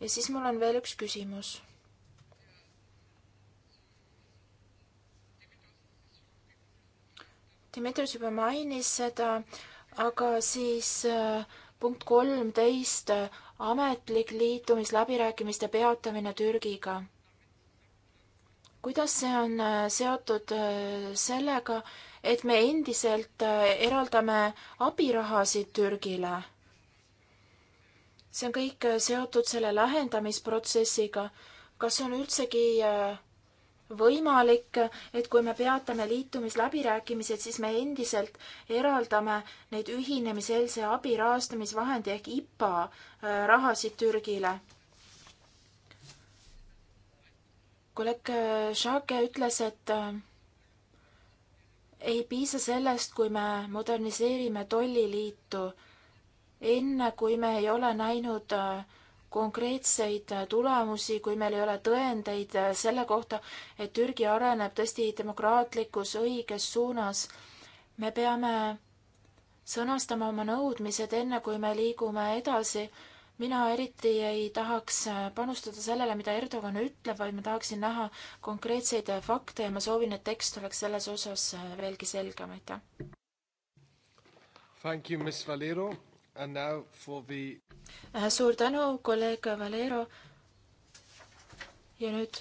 ja siis mul on veel üks küsimus Dmitri juba mainis seda, aga siis äh, punkt kolmteist, äh, ametlik liitumisläbirääkimiste peatamine Türgiga. kuidas see on äh, seotud sellega, et me endiselt eraldame abirahasid Türgile? see on kõik seotud selle lähendamisprotsessiga. kas on üldsegi äh, võimalik, et kui me peatame liitumisläbirääkimised, siis me endiselt eraldame neid ühinemiseelse abi rahastamisvahendi ehk IPA äh, rahasid Türgile. kolleeg Šake äh, ütles, et äh, ei piisa sellest, kui me moderniseerime tolliliitu, enne kui me ei ole näinud äh, konkreetseid tulemusi, kui meil ei ole tõendeid selle kohta, et Türgi areneb tõesti demokraatlikus õiges suunas. me peame sõnastama oma nõudmised, enne kui me liigume edasi. mina eriti ei tahaks panustada sellele, mida Erdogan ütleb, vaid ma tahaksin näha konkreetseid fakte ja ma soovin, et tekst oleks selles osas veelgi selgem, aitäh. Thank you, Miss Valero. The... Äh, suur tänu, kolleeg Valero. ja nüüd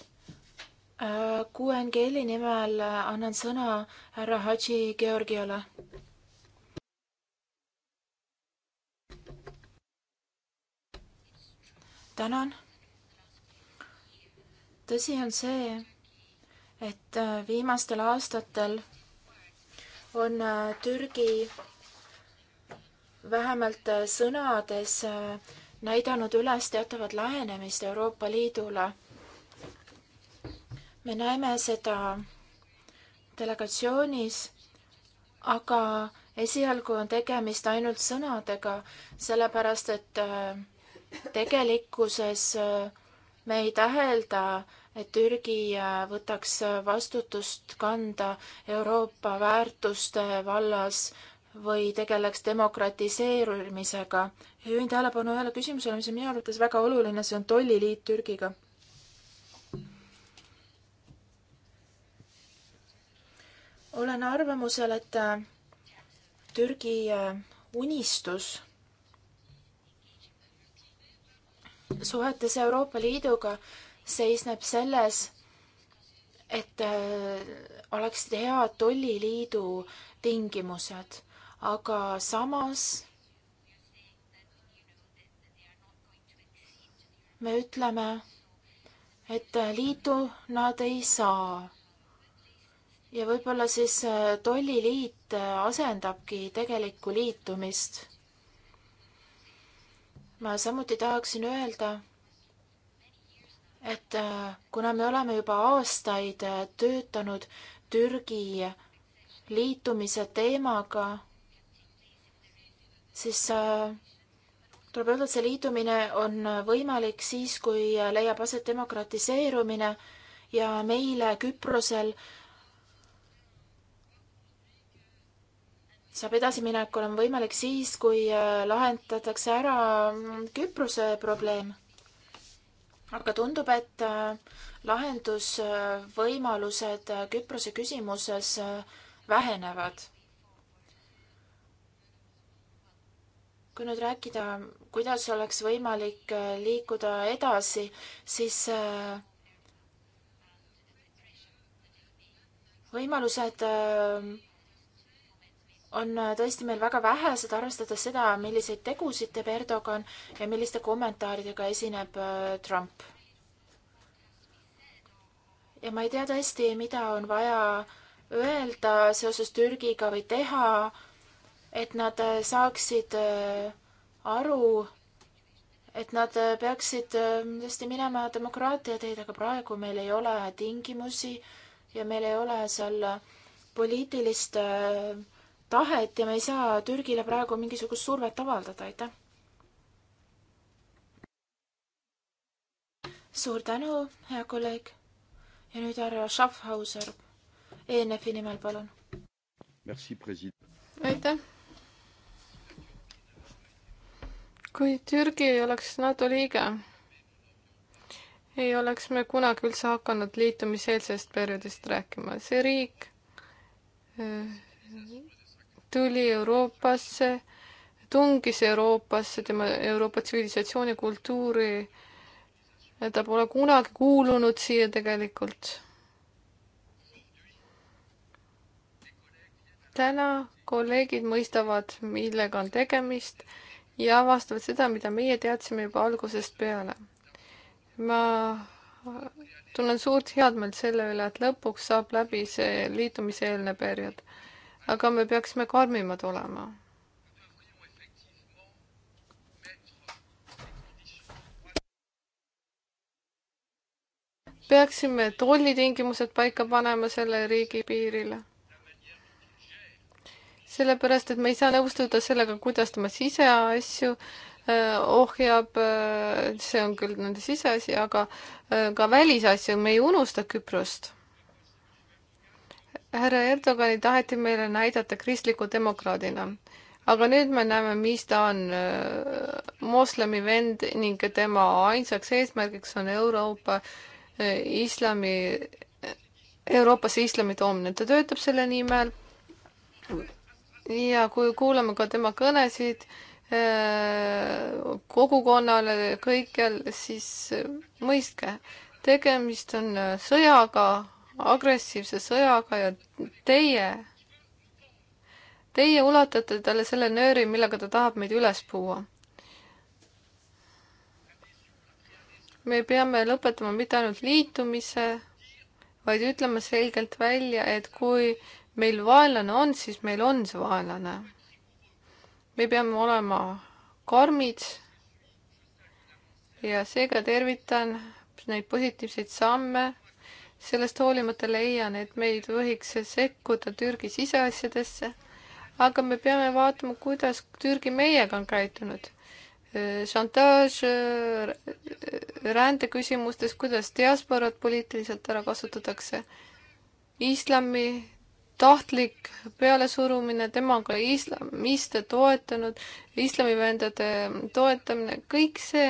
QNGL-i äh, nimel äh, annan sõna härra Hadži Georgiale. tänan. tõsi on see, et viimastel aastatel on Türgi vähemalt äh, sõnades äh, näidanud üles teatavat lähenemist Euroopa Liidule. me näeme seda delegatsioonis, aga esialgu on tegemist ainult sõnadega, sellepärast et äh, tegelikkuses me ei tähelda, et Türgi võtaks vastutust kanda Euroopa väärtuste vallas või tegeleks demokratiseerumisega. juhin tähelepanu ühele küsimusele, mis on minu arvates väga oluline, see on tolliliit Türgiga. olen arvamusel, et äh, Türgi äh, unistus suhetes Euroopa Liiduga seisneb selles, et äh, oleksid head tolliliidu tingimused aga samas me ütleme, et liitu nad ei saa. ja võib-olla siis äh, tolliliit äh, asendabki tegelikku liitumist. ma samuti tahaksin öelda, et äh, kuna me oleme juba aastaid töötanud Türgi liitumise teemaga, siis äh, tuleb öelda, et see liitumine on võimalik siis, kui leiab aset demokratiseerumine ja meile Küprosel saab edasiminekul on võimalik siis, kui äh, lahendatakse ära mm, Küprose probleem. aga tundub, et äh, lahendusvõimalused Küprose küsimuses vähenevad kui nüüd rääkida, kuidas oleks võimalik äh, liikuda edasi, siis äh, võimalused äh, on tõesti meil väga vähesed, arvestades seda, milliseid tegusid teeb Erdogan ja milliste kommentaaridega esineb Trump. ja ma ei tea tõesti, mida on vaja öelda seoses Türgiga või teha et nad äh, saaksid äh, aru, et nad äh, peaksid tõesti minema demokraatia teed, aga praegu meil ei ole tingimusi ja meil ei ole seal poliitilist tahet ja me ei saa Türgile praegu mingisugust survet avaldada, aitäh. suur tänu, hea kolleeg. ja nüüd härra Schaffhauser ENF-i nimel, palun. aitäh kui Türgi ei oleks NATO liige, ei oleks me kunagi üldse hakanud liitumiseelsest perioodist rääkima. see riik eh, tuli Euroopasse, tungis Euroopasse, tema Euroopa tsivilisatsiooni kultuuri, ta pole kunagi kuulunud siia tegelikult. täna kolleegid mõistavad, millega on tegemist ja avastavad seda, mida meie teadsime juba algusest peale. ma tunnen suurt headmeelt selle üle, et lõpuks saab läbi see liitumiseelne periood. aga me peaksime karmimad olema peaksime tollitingimused paika panema selle riigi piirile sellepärast et me ei saa nõustuda sellega, kuidas tema siseasju äh, ohjab, äh, see on küll nende siseasi, aga äh, ka välisasju, me ei unusta Küprost. härra Erdogani taheti meile näidata kristliku demokraadina, aga nüüd me näeme, mis ta on, moslemi vend ning tema ainsaks eesmärgiks on Euroopa islami, Euroopasse islami toomine, ta töötab selle nimel ja kui kuulame ka tema kõnesid äh, kogukonnale kõikjal, siis mõistke, tegemist on sõjaga, agressiivse sõjaga ja teie, teie ulatate talle selle nööri, millega ta tahab meid üles puua. me peame lõpetama mitte ainult liitumise, vaid ütlema selgelt välja, et kui meil vaenlane on, siis meil on see vaenlane. me peame olema karmid. ja seega tervitan neid positiivseid samme. sellest hoolimata leian, et me ei tohiks sekkuda Türgi siseasjadesse. aga me peame vaatama, kuidas Türgi meiega on käitunud. šantaaž rändeküsimustes, kuidas diasporat poliitiliselt ära kasutatakse. islami tahtlik pealesurumine, temaga islamiste toetanud, islamivendade toetamine, kõik see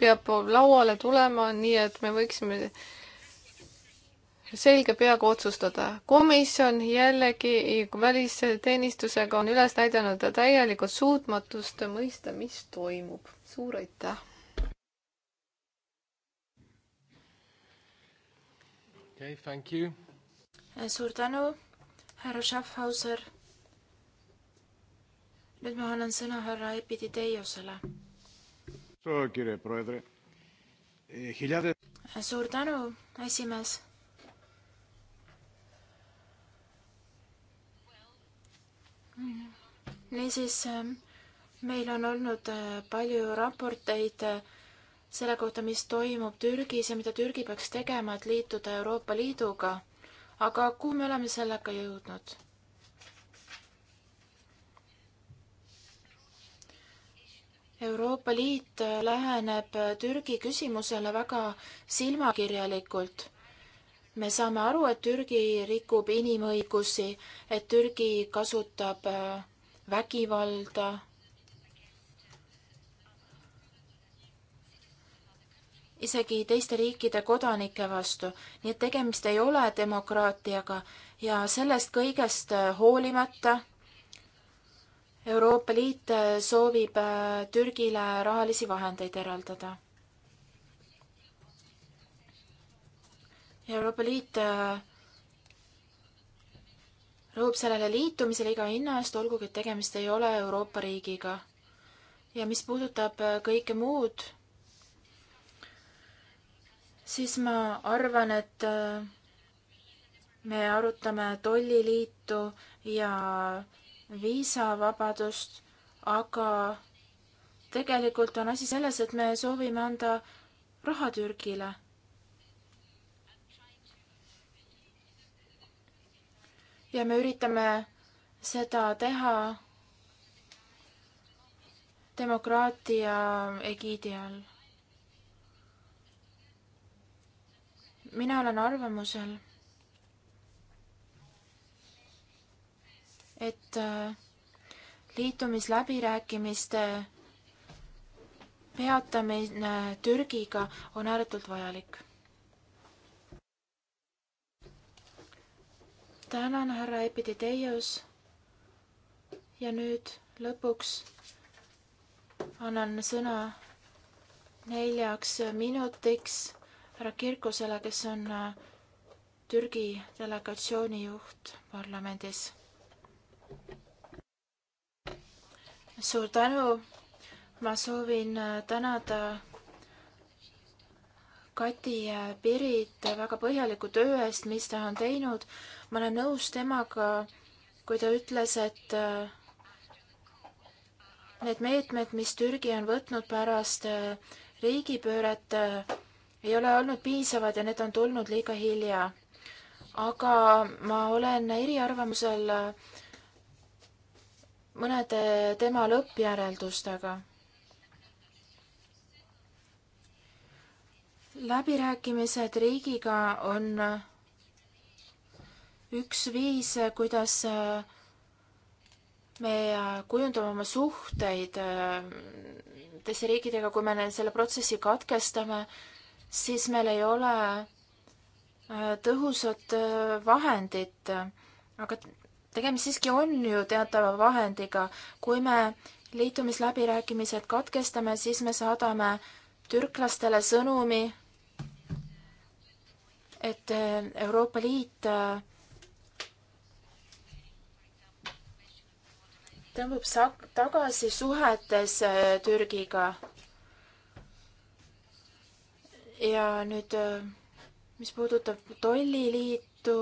peab lauale tulema, nii et me võiksime selge peaga otsustada. komisjon jällegi välisteenistusega on üles näidanud täielikult suutmatust mõista, mis toimub. suur aitäh! okei okay,, thank you! suur tänu! härra Schaffhauser. nüüd ma annan sõna härra Epiditeiosele. suur tänu, eh, esimees niisiis, meil on olnud eh, palju raporteid eh, selle kohta, mis toimub Türgis ja mida Türgi peaks tegema, et liituda Euroopa Liiduga aga kuhu me oleme sellega jõudnud? Euroopa Liit läheneb Türgi küsimusele väga silmakirjalikult. me saame aru, et Türgi rikub inimõigusi, et Türgi kasutab äh, vägivalda isegi teiste riikide kodanike vastu. nii et tegemist ei ole demokraatiaga ja sellest kõigest äh, hoolimata Euroopa Liit äh, soovib äh, Türgile rahalisi vahendeid eraldada. Euroopa Liit rõhub sellele liitumisele iga hinna eest, olgugi et tegemist ei ole Euroopa riigiga. ja mis puudutab kõike muud, siis ma arvan, et äh, me arutame tolliliitu ja viisavabadust, aga tegelikult on asi selles, et me soovime anda raha Türgile. ja me üritame seda teha demokraatia egiidi all mina olen arvamusel, et äh, liitumisläbirääkimiste peatamine Türgiga on ääretult vajalik. tänan, härra Epideteios. ja nüüd lõpuks annan sõna neljaks minutiks härra Kirkusele, kes on äh, Türgi delegatsiooni juht parlamendis. suur tänu. ma soovin äh, tänada Kati äh, Pirit väga põhjaliku töö eest, mis ta on teinud. ma olen nõus temaga, kui ta ütles, et need meetmed, mis Türgi on võtnud pärast riigipööret, ei ole olnud piisavad ja need on tulnud liiga hilja. aga ma olen eriarvamusel mõnede tema lõppjäreldustega. läbirääkimised riigiga on üks viis, kuidas me kujundame oma suhteid teiste riikidega, kui me selle protsessi katkestame siis meil ei ole äh, tõhusat äh, vahendit, aga tegemist siiski on ju teatava vahendiga. kui me liitumisläbirääkimised katkestame, siis me saadame türklastele sõnumi, et äh, Euroopa Liit tõmbub tagasi suhetes Türgiga ja nüüd, äh, mis puudutab tolliliitu,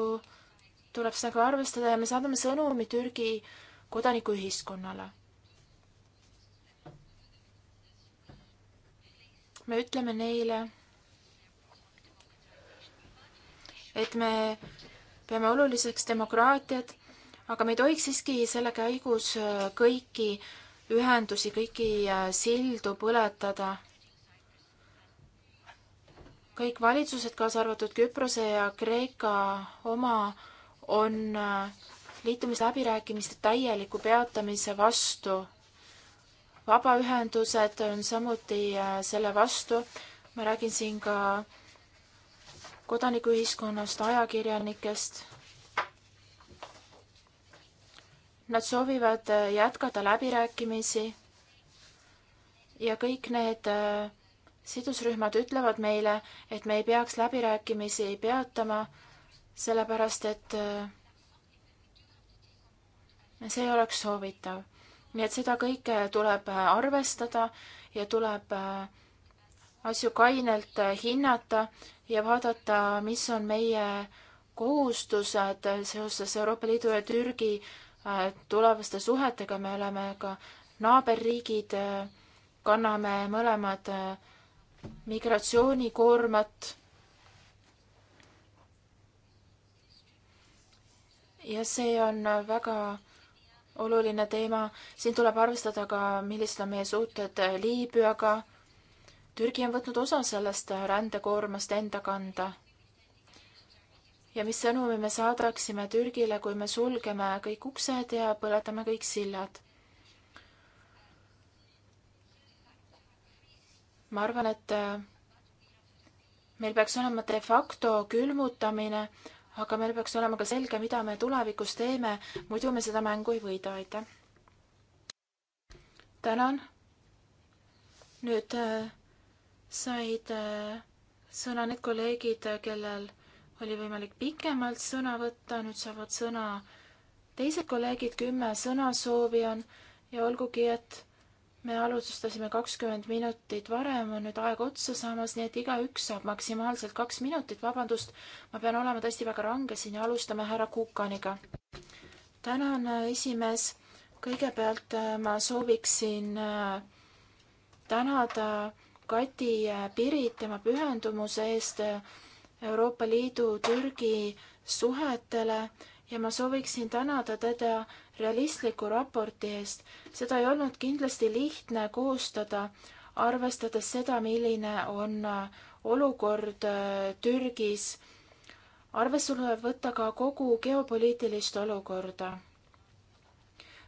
tuleb sellega arvestada ja me saadame sõnumi Türgi kodanikuühiskonnale me ütleme neile, et me peame oluliseks demokraatiat, aga me ei tohiks siiski selle käigus äh, kõiki ühendusi, kõiki äh, sildu põletada kõik valitsused, kaasa arvatud Küprose ja Kreeka oma, on äh, liitumisläbirääkimiste täieliku peatamise vastu. vabaühendused on samuti äh, selle vastu. ma räägin siin ka kodanikuühiskonnast, ajakirjanikest. Nad soovivad äh, jätkata läbirääkimisi ja kõik need äh, sidusrühmad ütlevad meile, et me ei peaks läbirääkimisi peatama, sellepärast et äh, see ei oleks soovitav. nii et seda kõike tuleb äh, arvestada ja tuleb äh, asju kainelt hinnata ja vaadata, mis on meie kohustused seoses Euroopa Liidu ja Türgi tulevaste suhetega, me oleme ka naaberriigid, kanname mõlemad äh, migratsioonikoormat. ja see on väga oluline teema, siin tuleb arvestada ka, millised on meie suhted Liibüaga. Türgi on võtnud osa sellest rändekoormast enda kanda. ja mis sõnumi me saadaksime Türgile, kui me sulgeme kõik uksed ja põletame kõik sillad? ma arvan, et äh, meil peaks olema de facto külmutamine, aga meil peaks olema ka selge, mida me tulevikus teeme, muidu me seda mängu ei võida, aitäh. tänan. nüüd äh, said äh, sõna need kolleegid, äh, kellel oli võimalik pikemalt sõna võtta, nüüd saavad sõna teised kolleegid, kümme sõnasoovi on ja olgugi, et me alustasime kakskümmend minutit varem, on nüüd aeg otsa saamas, nii et igaüks saab maksimaalselt kaks minutit, vabandust, ma pean olema tõesti väga range siin ja alustame härra Kukaniga. tänan, äh, esimees. kõigepealt äh, ma sooviksin äh, tänada Kati Pirit tema pühendumuse eest Euroopa Liidu-Türgi suhetele ja ma sooviksin tänada teda realistliku raporti eest. seda ei olnud kindlasti lihtne koostada, arvestades seda, milline on äh, olukord äh, Türgis. arvesse tuleb võtta ka kogu geopoliitilist olukorda.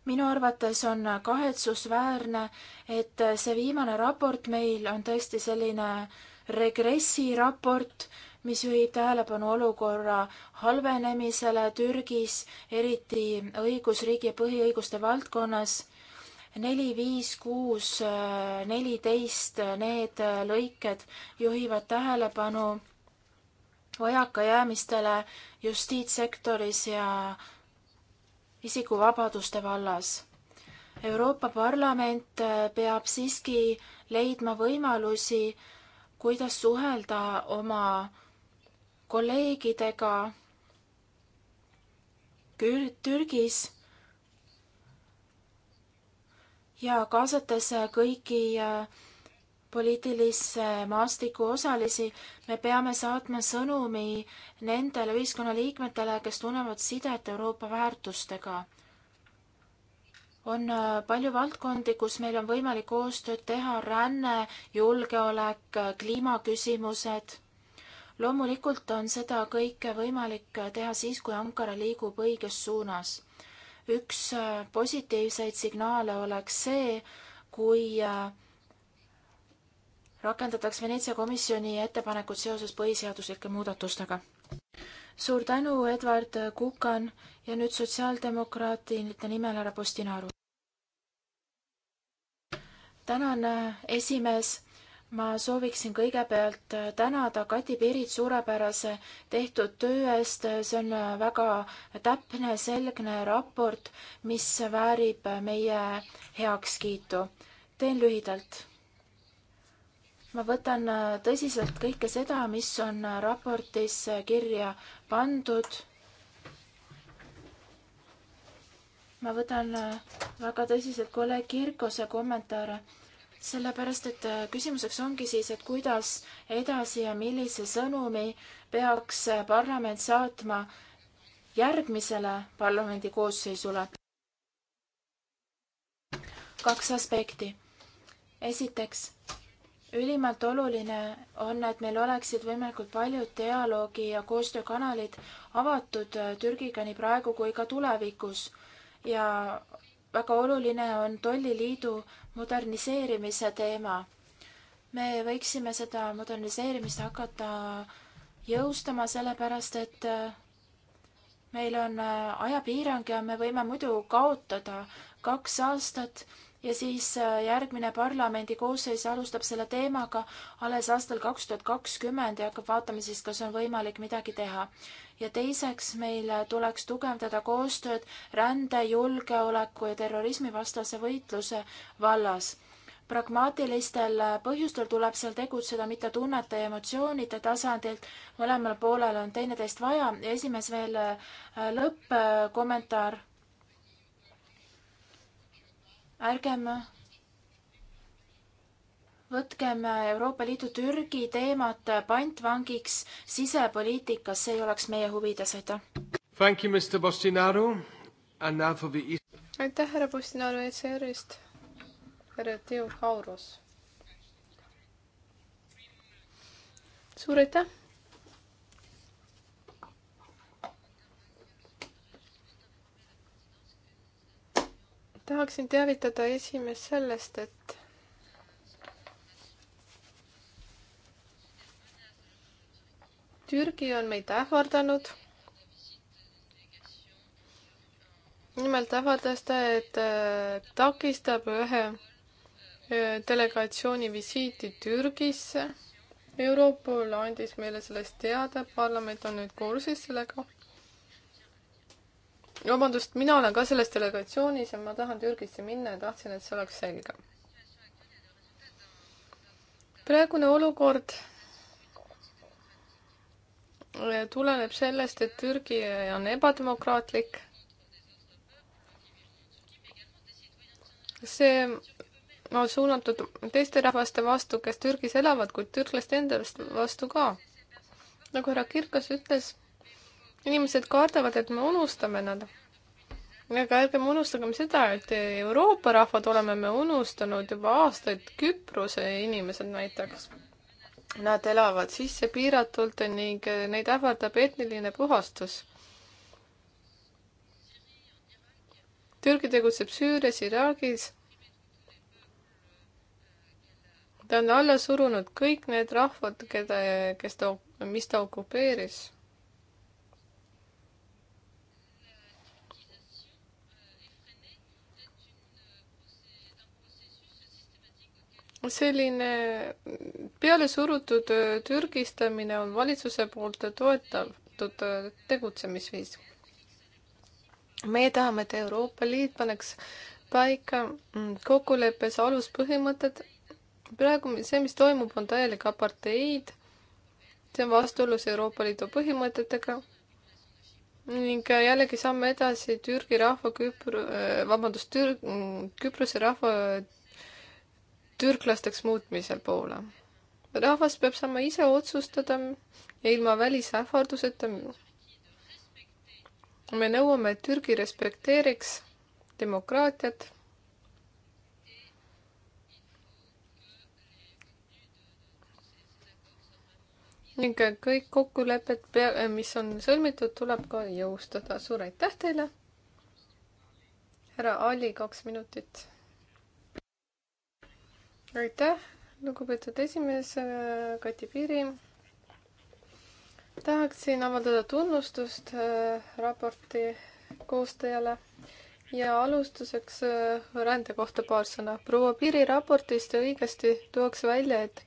minu arvates on äh, kahetsusväärne, et see viimane raport meil on tõesti selline regressiraport, mis juhib tähelepanu olukorra halvenemisele Türgis, eriti õigusriigi ja põhiõiguste valdkonnas. neli, viis, kuus, neliteist, need lõiked juhivad tähelepanu vajakajäämistele justiitssektoris ja isikuvabaduste vallas Euroopa Parlament peab siiski leidma võimalusi, kuidas suhelda oma kolleegidega Türgis ja kaasates kõiki äh, poliitilise maastiku osalisi, me peame saatma sõnumi nendele ühiskonnaliikmetele, kes tunnevad sidet Euroopa väärtustega. on äh, palju valdkondi, kus meil on võimalik koostööd teha, ränne, julgeolek, kliimaküsimused loomulikult on seda kõike võimalik teha siis, kui Ankara liigub õiges suunas. üks äh, positiivseid signaale oleks see, kui äh, rakendataks Veneetsia komisjoni ettepanekud seoses põhiseaduslike muudatustega. suur tänu, Edward Kukan ja nüüd sotsiaaldemokraatide nimel härra Postinaru. tänan, äh, esimees ma sooviksin kõigepealt tänada Kati Pirit suurepärase tehtud töö eest, see on väga täpne, selgne raport, mis väärib meie heakskiitu. teen lühidalt. ma võtan tõsiselt kõike seda, mis on raportis kirja pandud. ma võtan väga tõsiselt kolleeg Kirkose kommentaare sellepärast et äh, küsimuseks ongi siis, et kuidas edasi ja millise sõnumi peaks äh, parlament saatma järgmisele parlamendi koosseisule. kaks aspekti. esiteks, ülimalt oluline on, et meil oleksid võimalikult paljud dialoogi ja koostöökanalid avatud äh, Türgiga nii praegu kui ka tulevikus ja väga oluline on tolliliidu moderniseerimise teema. me võiksime seda moderniseerimist hakata jõustama, sellepärast et äh, meil on äh, ajapiirang ja me võime muidu kaotada kaks aastat ja siis äh, järgmine parlamendi koosseis alustab selle teemaga alles aastal kaks tuhat kakskümmend ja hakkab vaatama siis, kas on võimalik midagi teha. ja teiseks, meil äh, tuleks tugevdada koostööd rände, julgeoleku ja terrorismivastase võitluse vallas pragmaatilistel äh, põhjustel tuleb seal tegutseda mitte tunnete ja emotsioonide tasandilt, mõlemal poolel on teineteist vaja ja esimees veel lõppkommentaar ärgem võtkem Euroopa Liidu Türgi teemat pantvangiks sisepoliitikas, see ei oleks meie huvides, aitäh. aitäh, härra Postinaru ECR-ist. härra Teo Kauros. suur aitäh tahaksin teavitada esimees sellest, et Türgi on meid ähvardanud. nimelt ähvardas ta, et äh, takistab ühe äh, delegatsiooni visiiti Türgisse. Europol andis meile sellest teada, parlament on nüüd kursis sellega vabandust, mina olen ka selles delegatsioonis ja ma tahan Türgisse minna ja tahtsin, et see oleks selge. praegune olukord eh, tuleneb sellest, et Türgi on ebademokraatlik. see on suunatud teiste rahvaste vastu, kes Türgis elavad, kuid türklaste enda vastu ka. nagu härra Kirkas ütles inimesed kardavad, et me unustame nad. aga ärgem unustagem seda, et Euroopa rahvad oleme me unustanud juba aastaid, Küprose inimesed näiteks. Nad elavad sisse piiratult ning neid ähvardab etniline puhastus. Türgi tegutseb Süürias, Iraagis ta on alla surunud kõik need rahvad, keda, kes ta, mis ta okupeeris. selline pealesurutud äh, türgistamine on valitsuse poolt toetatud äh, tegutsemisviis. meie tahame, et Euroopa Liit paneks paika mm, kokkuleppes aluspõhimõtted. praegu see, mis toimub, on täielik aparteid. see on vastuolus Euroopa Liidu põhimõtetega ning äh, jällegi samme edasi Türgi rahva Küpro-, vabandust, Tür-, mm, Küprose rahva türklasteks muutmise poole. rahvas peab saama ise otsustada ja ilma välisähvarduseta. me nõuame, et Türgi respekteeriks demokraatiat. ning kõik kokkulepped, mis on sõlmitud, tuleb ka jõustada. suur aitäh teile! härra Ali, kaks minutit aitäh, lugupeetud esimees äh, Kati Piiri. tahaksin avaldada tunnustust äh, raporti koostajale ja alustuseks äh, rände kohta paar sõna. proua Piiri raportist õigesti tuuakse välja, et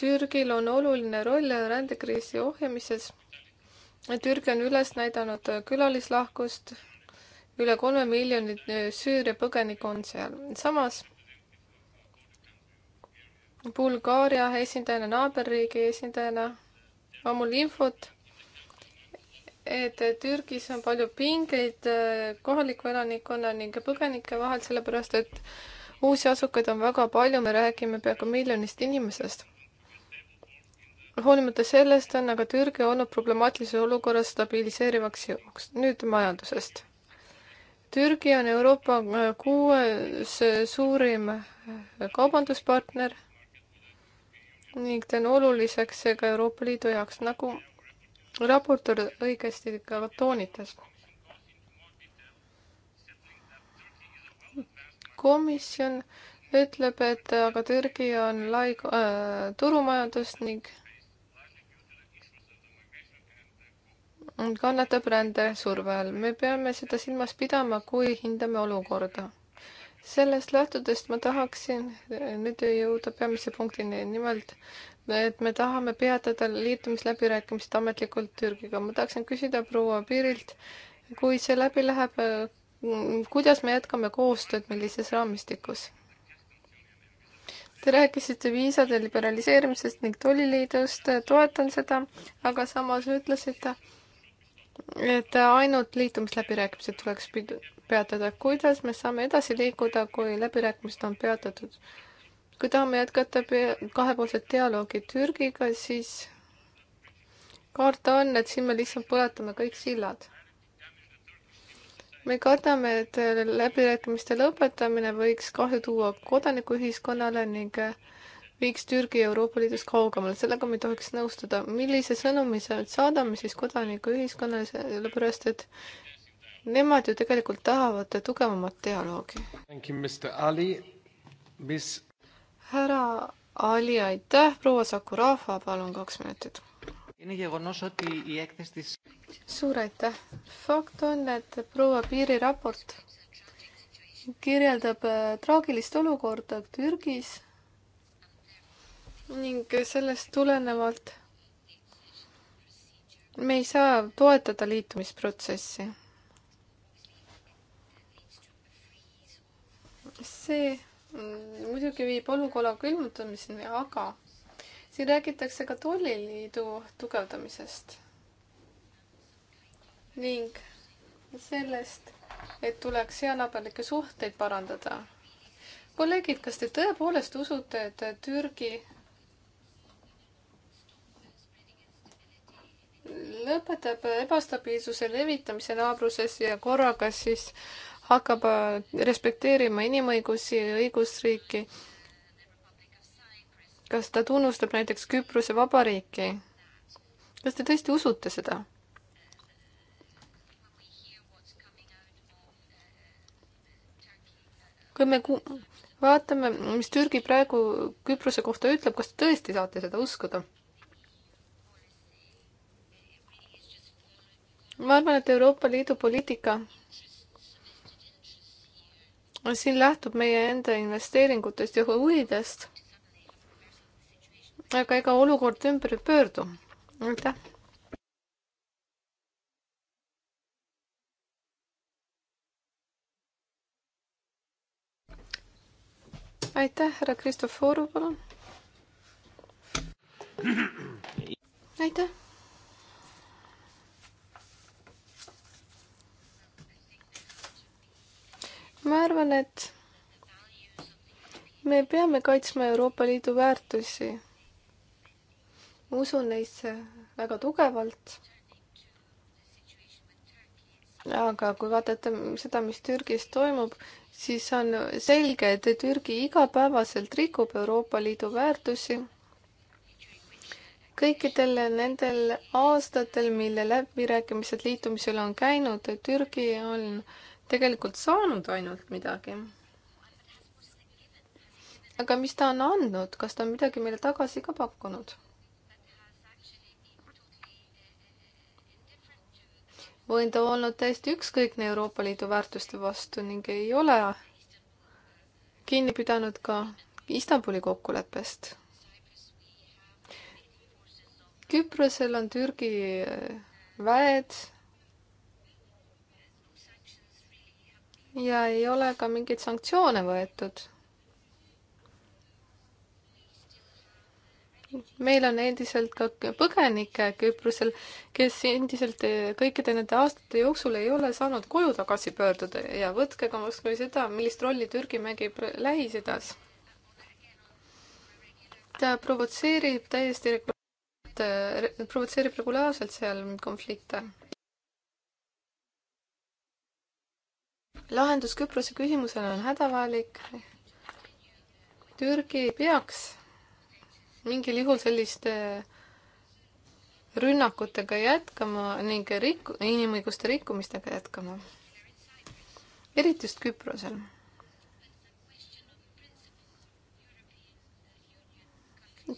Türgil on oluline roll rändekriisi ohjamises. Türgi on üles näidanud külalislahkust, üle kolme miljoni Süüria põgeniku on seal. samas Bulgaaria esindajana, naaberriigi esindajana on mul infot, et Türgis on palju pingeid eh, kohaliku elanikkonna ning põgenike vahel, sellepärast et uusi asukaid on väga palju, me räägime peaaegu miljonist inimesest. hoolimata sellest on aga Türgi olnud problemaatilise olukorra stabiliseerivaks jõuks. nüüd majandusest. Türgi on Euroopa eh, kuues eh, suurim kaubanduspartner ning teen oluliseks ka Euroopa Liidu jaoks, nagu raportöör õigesti ka toonitas. komisjon ütleb, et aga Türgi on lai äh, turumajandus ning kannatab rändesurve all. me peame seda silmas pidama, kui hindame olukorda sellest lähtudest ma tahaksin nüüd jõuda peamise punktini, nimelt et me tahame peatada liitumisläbirääkimised ametlikult Türgiga. ma tahaksin küsida proua Piirilt, kui see läbi läheb, kuidas me jätkame koostööd, millises raamistikus? Te rääkisite viisade liberaliseerimisest ning tolliliidust, toetan seda, aga samas ütlesite, et et ainult liitumisläbirääkimised tuleks peatada. kuidas me saame edasi liikuda, kui läbirääkimised on peatatud? kui tahame jätkata kahepoolset dialoogi Türgiga, siis karta on, et siin me lihtsalt põletame kõik sillad. me kardame, et läbirääkimiste lõpetamine võiks kahju tuua kodanikuühiskonnale ning viiks Türgi Euroopa Liidust kaugemale, sellega me ei tohiks nõustuda. millise sõnumi saadame siis kodanikuühiskonnale, sellepärast et nemad ju tegelikult tahavad tugevamat dialoogi. Miss... härra Ali, aitäh, proua Sakurafa, palun kaks minutit. suur aitäh. fakt on, et proua Piiri raport kirjeldab äh, traagilist olukorda Türgis ning sellest tulenevalt me ei saa toetada liitumisprotsessi. see muidugi viib olukorra külmutamiseni, aga siin räägitakse ka tolliliidu tugevdamisest ning sellest, et tuleks heanabalikke suhteid parandada. kolleegid, kas te tõepoolest usute, et Türgi lõpetab ebastabiilsuse levitamise naabruses ja korraga siis hakkab äh, respekteerima inimõigusi ja õigusriiki. kas ta tunnustab näiteks Küprose Vabariiki? kas te tõesti usute seda? kui me ku-, vaatame, mis Türgi praegu Küprose kohta ütleb, kas te tõesti saate seda uskuda? ma arvan, et Euroopa Liidu poliitika siin lähtub meie enda investeeringutest ja huvidest. aga ega olukord ümber ei pöördu. aitäh. aitäh, härra Kristoforu, palun. aitäh ma arvan, et me peame kaitsma Euroopa Liidu väärtusi. ma usun neisse väga tugevalt. aga kui vaadata seda, mis Türgis toimub, siis on selge, et Türgi igapäevaselt rikub Euroopa Liidu väärtusi. kõikidel nendel aastatel, mille läbirääkimised liitumisel on käinud, Türgi on äh, tegelikult saanud ainult midagi. aga mis ta on andnud, kas ta on midagi meile tagasi ka pakkunud? või on ta olnud täiesti ükskõikne Euroopa Liidu väärtuste vastu ning ei ole kinni pidanud ka Istanbuli kokkuleppest. Küprosel on Türgi väed ja ei ole ka mingeid sanktsioone võetud. meil on endiselt ka põgenikke Küprosel, kes endiselt kõikide nende aastate jooksul ei ole saanud koju tagasi pöörduda ja võtke ka muidugi seda, millist rolli Türgi mängib Lähis-Idas. ta provotseerib täiesti regulaarselt, provotseerib regulaarselt seal konflikte lahendus Küprose küsimusele on hädavajalik. Türgi ei peaks mingil juhul selliste rünnakutega jätkama ning rikku-, inimõiguste rikkumistega jätkama. eriti just Küprosel.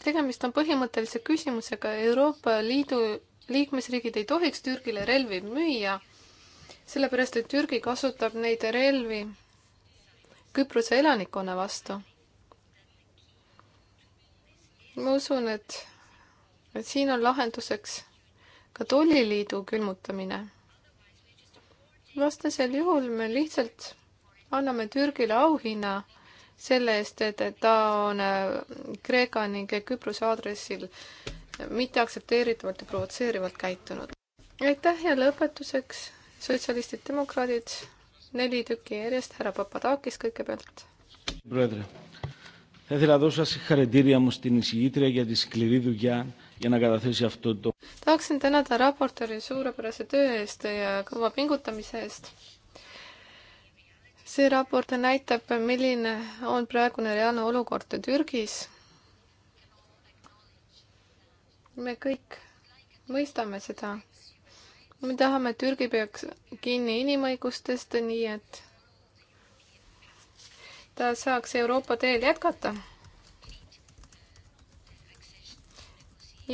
tegemist on põhimõttelise küsimusega, Euroopa Liidu liikmesriigid ei tohiks Türgile relvi müüa sellepärast, et Türgi kasutab neid relvi Küprose elanikkonna vastu. ma usun, et, et siin on lahenduseks ka tolliliidu külmutamine. vastasel juhul me lihtsalt anname Türgile auhinna selle eest, et ta on äh, Kreeka ning Küprose aadressil mitteaktsepteeritavalt ja provotseerivalt käitunud. aitäh ja lõpetuseks sotsialistid, demokraadid, neli tükki järjest, härra Papadakis kõigepealt. Θα ήθελα να δώσω συγχαρητήρια μου στην εισηγήτρια για τη σκληρή δουλειά για να καταθέσει αυτό το... Tahaksin tänada raportööri suurepärase töö eest ja kõva pingutamise eest. See raport näitab, milline on praegune reaalne olukord Türgis. Me kõik mõistame seda me tahame, et Türgi peaks kinni inimõigustest, nii et ta saaks Euroopa teel jätkata.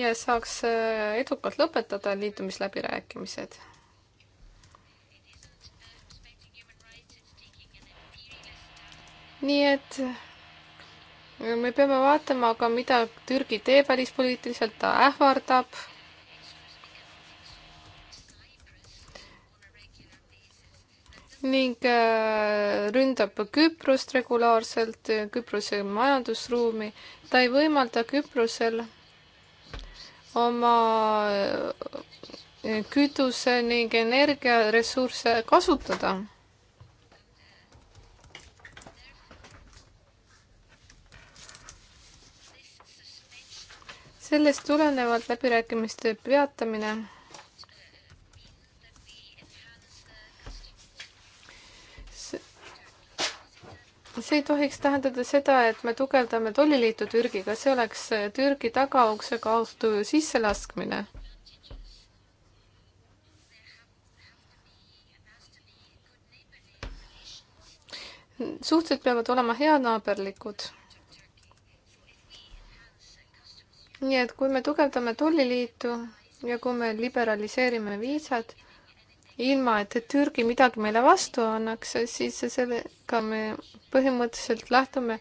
ja saaks äh, edukalt lõpetada liitumisläbirääkimised nii et äh, me peame vaatama ka, mida Türgi teeb välispoliitiliselt, ta ähvardab ning äh, ründab Küprost regulaarselt, Küprose majandusruumi. ta ei võimalda Küprosel oma äh, kütuse ning energiaressursse kasutada sellest tulenevalt läbirääkimiste peatamine see ei tohiks tähendada seda, et me tugevdame tolliliitu Türgiga, see oleks Türgi tagaukse kaudu sisselaskmine. suhted peavad olema heanaaberlikud. nii et kui me tugevdame tolliliitu ja kui me liberaliseerime viisad, ilma, et Türgi midagi meile vastu annaks, siis sellega me põhimõtteliselt lähtume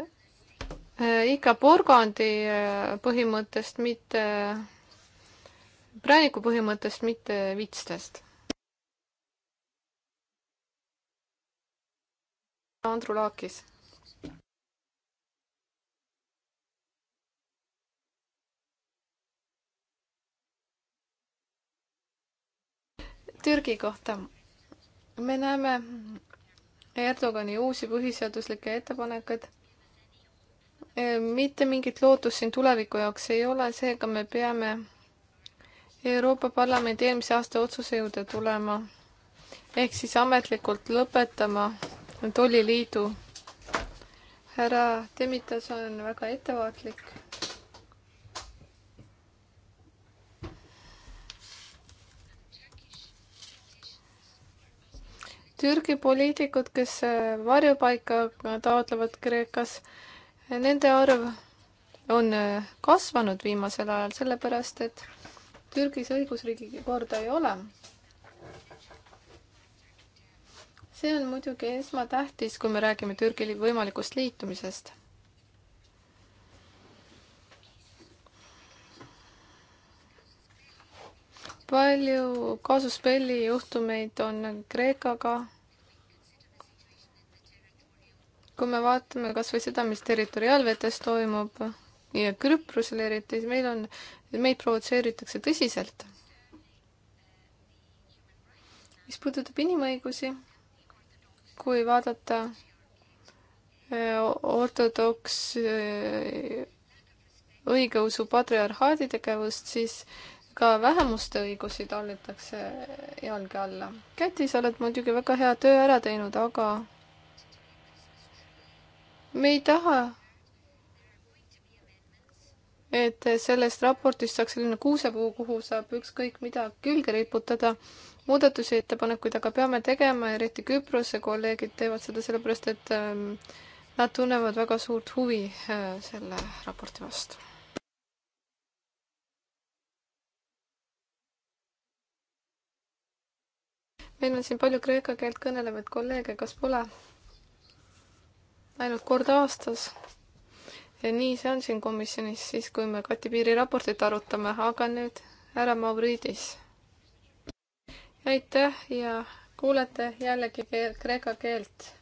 äh, ikka porgandi äh, põhimõttest, mitte prääniku põhimõttest, mitte vitstest. Andrulaakis Türgi kohta. me näeme Erdogani uusi põhiseaduslikke ettepanekuid. E, mitte mingit lootust siin tuleviku jaoks ei ole, seega me peame Euroopa Parlamendi eelmise aasta otsuse juurde tulema ehk siis ametlikult lõpetama tolliliidu. härra Demitas on väga ettevaatlik Türgi poliitikud, kes äh, varjupaika äh, taotlevad Kreekas, nende arv on äh, kasvanud viimasel ajal, sellepärast et Türgis õigusriigi korda ei ole. see on muidugi esmatähtis, kui me räägime Türgi võimalikust liitumisest. palju kaasuspelli juhtumeid on Kreekaga. kui me vaatame kas või seda, mis territoriaalvetes toimub ja Küprosel eriti, siis meil on, meid provotseeritakse tõsiselt. mis puudutab inimõigusi, kui vaadata ortodoks õigeusu patriarhaadi tegevust, siis ka vähemuste õigusi tallitakse jalge alla. Käti, sa oled muidugi väga hea töö ära teinud, aga me ei taha, et sellest raportist saaks selline kuusepuu, kuhu saab ükskõik mida külge riputada. muudatusi, ettepanekuid aga peame tegema, eriti Küprose kolleegid teevad seda sellepärast, et ähm, nad tunnevad väga suurt huvi äh, selle raporti vastu meil on siin palju kreeka keelt kõnelevaid kolleege, kas pole? ainult kord aastas. nii see on siin komisjonis, siis kui me Kati Piiri raportit arutame, aga nüüd härra Mauridis. aitäh ja kuulete jällegi keel, kreeka keelt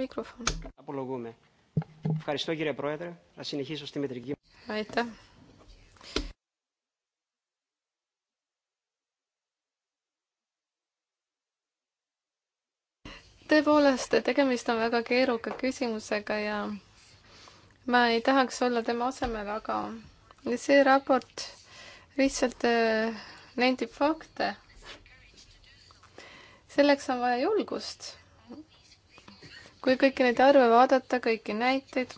Mikrofon. Απολογούμε aitäh. tõepoolest, tegemist on väga keeruka küsimusega ja ma ei tahaks olla tema asemel, aga see raport lihtsalt äh, nendib fakte. selleks on vaja julgust kui kõiki neid arve vaadata, kõiki näiteid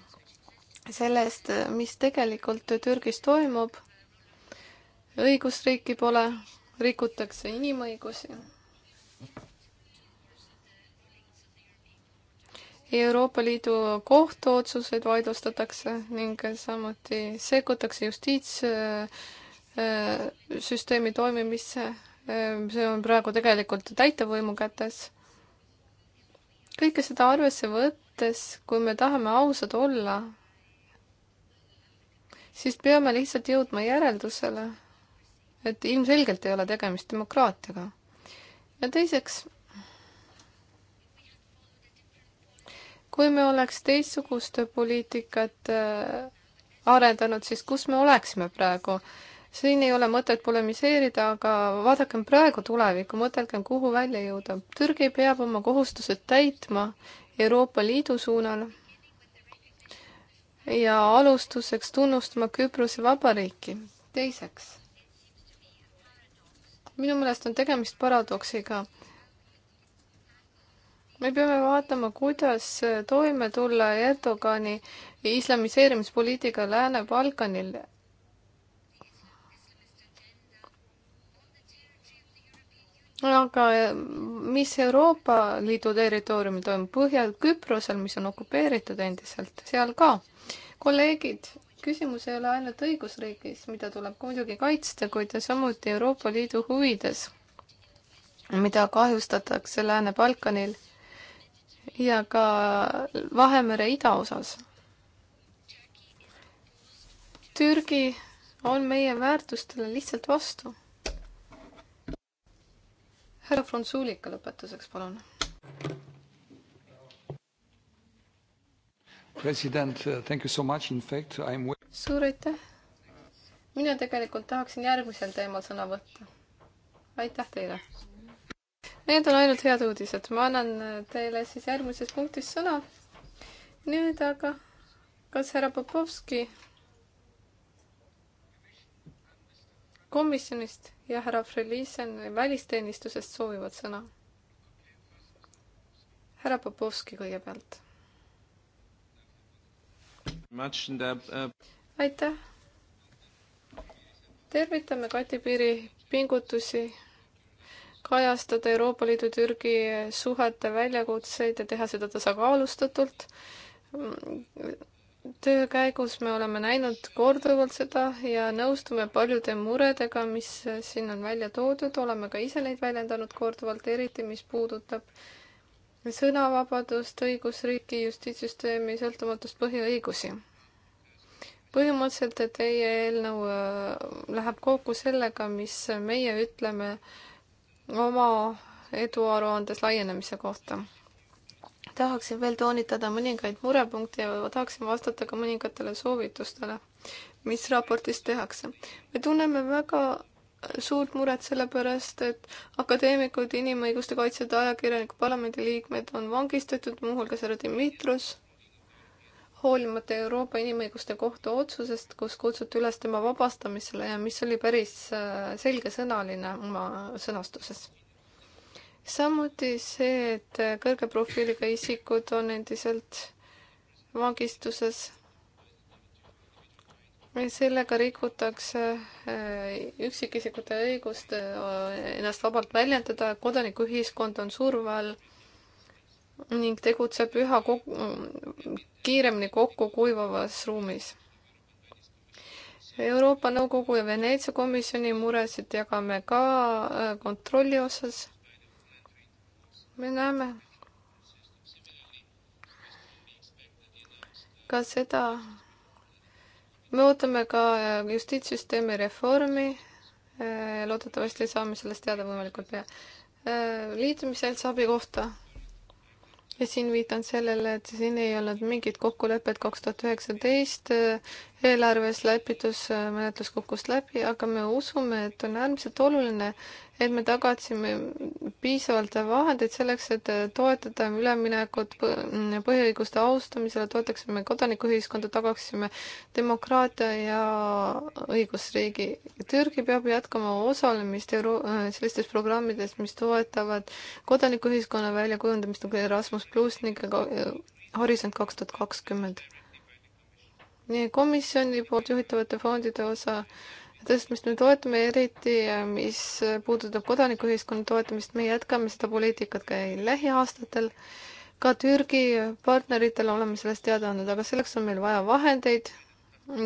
sellest, mis tegelikult Türgis toimub, õigusriiki pole, rikutakse inimõigusi. Euroopa Liidu kohtuotsuseid vaidlustatakse ning samuti sekkutakse justiitssüsteemi toimimisse. see on praegu tegelikult täitevvõimu kätes kõike seda arvesse võttes, kui me tahame ausad olla, siis peame lihtsalt jõudma järeldusele, et ilmselgelt ei ole tegemist demokraatiaga. ja teiseks, kui me oleks teistsugust poliitikat äh, arendanud, siis kus me oleksime praegu äh, siin ei ole mõtet polemiseerida, aga vaadakem praegu tulevikku, mõtelgem, kuhu välja jõuda. Türgi peab oma kohustused täitma Euroopa Liidu suunal ja alustuseks tunnustama Küprose Vabariiki. teiseks, minu meelest on tegemist paradoksiga me peame vaatama, kuidas toime tulla Erdogani islamiseerimispoliitika Lääne-Balkanil. aga mis Euroopa Liidu territooriumil toimub, Põhja-Küprosel, mis on okupeeritud endiselt, seal ka. kolleegid, küsimus ei ole ainult õigusriigis, mida tuleb muidugi kaitsta, kuid samuti Euroopa Liidu huvides, mida kahjustatakse Lääne-Balkanil ja ka Vahemere idaosas. Türgi on meie väärtustele lihtsalt vastu härra Fronsulika lõpetuseks, palun. president, uh, thank you so much, in fact I am. suur aitäh. mina tegelikult tahaksin järgmisel teemal sõna võtta. aitäh teile. Need on ainult head uudised, ma annan uh, teile siis järgmises punktis sõna. nüüd aga, kas härra Popovski komisjonist ja härra Freliisen välisteenistusest soovivad sõna. härra Popovski kõigepealt. aitäh. tervitame Kati Piiri pingutusi kajastada Euroopa Liidu Türgi suhete väljakutseid ja teha seda tasakaalustatult töö käigus me oleme näinud korduvalt seda ja nõustume paljude muredega, mis siin on välja toodud, oleme ka ise neid väljendanud korduvalt, eriti mis puudutab sõnavabadust, õigusriiki, justiitssüsteemi, sõltumatust, põhiõigusi. põhimõtteliselt teie eelnõu äh, läheb kokku sellega, mis meie ütleme oma eduaruandes laienemise kohta tahaksin veel toonitada mõningaid murepunkte ja tahaksin vastata ka mõningatele soovitustele, mis raportis tehakse. me tunneme väga suurt muret selle pärast, et akadeemikud, inimõiguste kaitsjad, ajakirjanikud, parlamendiliikmed on vangistatud, muuhulgas härra Dimitrus, hoolimata Euroopa Inimõiguste Kohtu otsusest, kus kutsuti üles tema vabastamisele ja mis oli päris äh, selgesõnaline oma sõnastuses samuti see, et kõrge profiiliga isikud on endiselt vangistuses. sellega rikutakse äh, üksikisikute õigust äh, ennast vabalt väljendada, kodanikuühiskond on surve all ning tegutseb üha kogu, kiiremini kokku kuivavas ruumis. Euroopa Nõukogu ja Veneetsia komisjoni muresid jagame ka äh, kontrolli osas me näeme ka seda, me ootame ka justiitssüsteemi reformi. loodetavasti saame sellest teada võimalikult pea. Äh, liitumiseelse abi kohta. ja siin viitan sellele, et siin ei olnud mingit kokkulepet kaks tuhat üheksateist äh, eelarves läbitusmenetlus kukkus läbi, aga me usume, et on äärmiselt oluline, et me tagasime piisavalt vahendeid selleks, et toetada üleminekut põhiõiguste austamisele, toetaksime kodanikuühiskonda, tagaksime demokraatia ja õigusriigi. Türgi peab jätkama osalemist euro-, sellistes programmides, mis toetavad kodanikuühiskonna väljakujundamist nagu Erasmus pluss ning Horisont kaks tuhat kakskümmend komisjoni poolt juhitavate fondide osa tõstmist me toetame eriti, mis puudutab kodanikuühiskonna toetamist, me jätkame seda poliitikat ka lähiaastatel. ka Türgi partneritele oleme sellest teada andnud, aga selleks on meil vaja vahendeid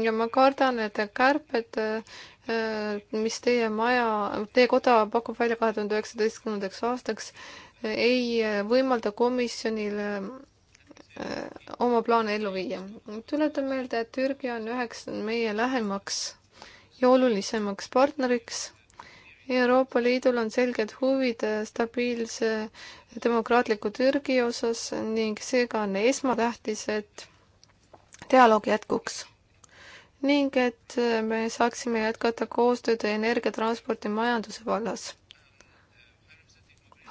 ja ma kardan, et kärped, äh, mis teie maja, teie koda pakub välja kahe tuhande üheksateistkümnendaks aastaks, ei võimalda komisjonil oma plaane ellu viia. tuletan meelde, et Türgi on üheks meie lähemaks ja olulisemaks partneriks. Euroopa Liidul on selged huvid stabiilse demokraatliku Türgi osas ning seega on esmatähtis, et dialoog jätkuks ning et me saaksime jätkata koostööd energia, transpordi, majanduse vallas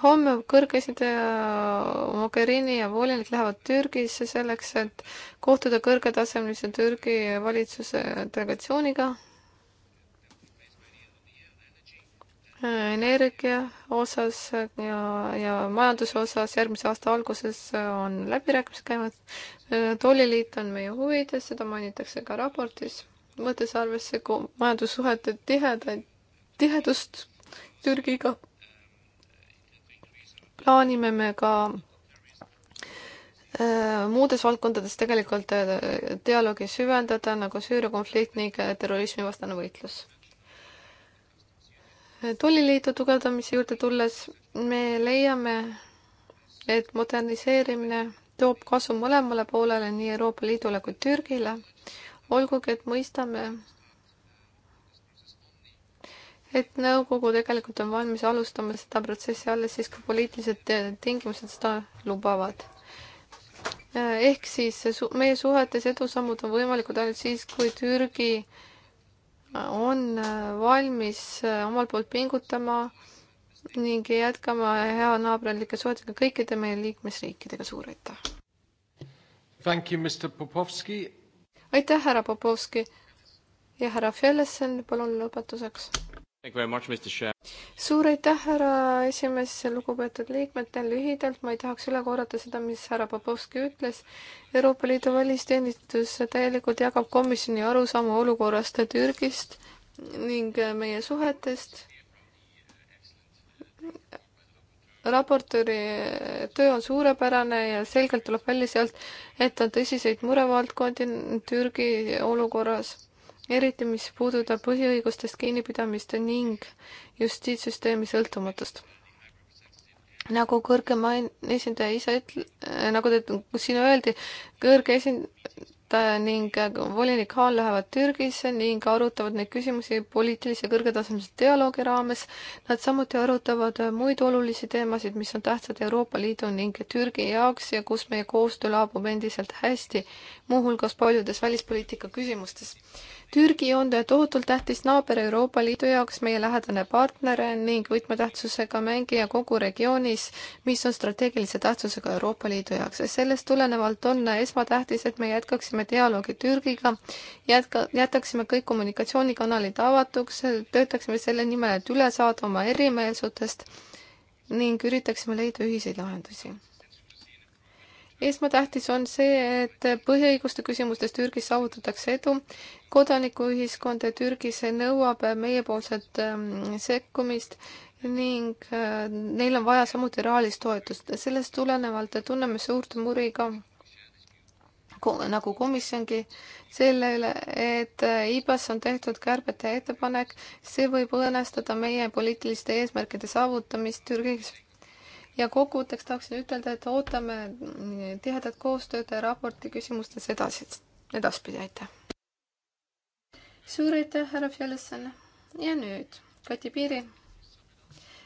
homme kõrgesindaja äh, Mogherini ja volinik lähevad Türgisse selleks, et kohtuda kõrgetasemelise Türgi valitsuse delegatsiooniga. Äh, energia osas ja, ja majanduse osas järgmise aasta alguses äh, on läbirääkimised käimas. tolliliit on meie huvides, seda mainitakse ka raportis, võttes arvesse majandussuhete tihedaid, tihedust Türgiga plaanime me ka äh, muudes valdkondades tegelikult äh, dialoogi süvendada, nagu Süüria konflikt ning äh, terrorismivastane võitlus. tolliliidu tugevdamise juurde tulles me leiame, et moderniseerimine toob kasu mõlemale poolele, nii Euroopa Liidule kui Türgile, olgugi et mõistame, et nõukogu tegelikult on valmis alustama seda protsessi alles siis, kui poliitilised tingimused seda lubavad. ehk siis meie suhetes edusammud on võimalikud ainult siis, kui Türgi on valmis omalt poolt pingutama ning jätkama heanaaberlike suhetega kõikide meie liikmesriikidega, suur aitäh! Thank you, Mr Popovski! aitäh, härra Popovski! ja härra Fjellesen, palun lõpetuseks! suur aitäh, härra esimees, lugupeetud liikmetel, lühidalt, ma ei tahaks üle korrata seda, mis härra Popovski ütles. Euroopa Liidu välisteenistus täielikult jagab komisjoni arusaama olukorrast Türgist ning meie suhetest. raportööri töö on suurepärane ja selgelt tuleb välja sealt, et on tõsiseid murevaldkondi Türgi olukorras eriti mis puudutab põhiõigustest kinnipidamist ning justiitssüsteemi sõltumatust. nagu kõrgema esindaja ise ütle-, äh, nagu te, siin öeldi, kõrge esindaja ning äh, volinik Haan lähevad Türgisse ning arutavad neid küsimusi poliitilise kõrgetasemelise dialoogi raames. Nad samuti arutavad äh, muid olulisi teemasid, mis on tähtsad Euroopa Liidu ning Türgi jaoks ja kus meie koostöö laabub endiselt hästi, muuhulgas paljudes välispoliitika küsimustes Türgi on tohutult tähtis naaber Euroopa Liidu jaoks, meie lähedane partner ning võtmetähtsusega mängija kogu regioonis, mis on strateegilise tähtsusega Euroopa Liidu jaoks. sellest tulenevalt on esmatähtis, et me jätkaksime dialoogi Türgiga, jätka, jätaksime kõik kommunikatsioonikanalid avatuks, töötaksime selle nimel, et üle saada oma erimeelsutest ning üritaksime leida ühiseid lahendusi esmatähtis on see, et põhiõiguste küsimustes Türgis saavutatakse edu. kodanikuühiskond Türgis nõuab meiepoolset ähm, sekkumist ning äh, neil on vaja samuti rahalist toetust. sellest tulenevalt tunneme suurt muri ka nagu komisjongi selle üle, et äh, IBAS on tehtud kärbete ettepanek, see võib õõnestada meie poliitiliste eesmärkide saavutamist Türgis ja kokkuvõtteks tahaksin ütelda, et ootame tihedat koostööd raporti küsimustes edasi, edaspidi, aitäh. suur aitäh, härra Fjellson. ja nüüd Kati Piiri.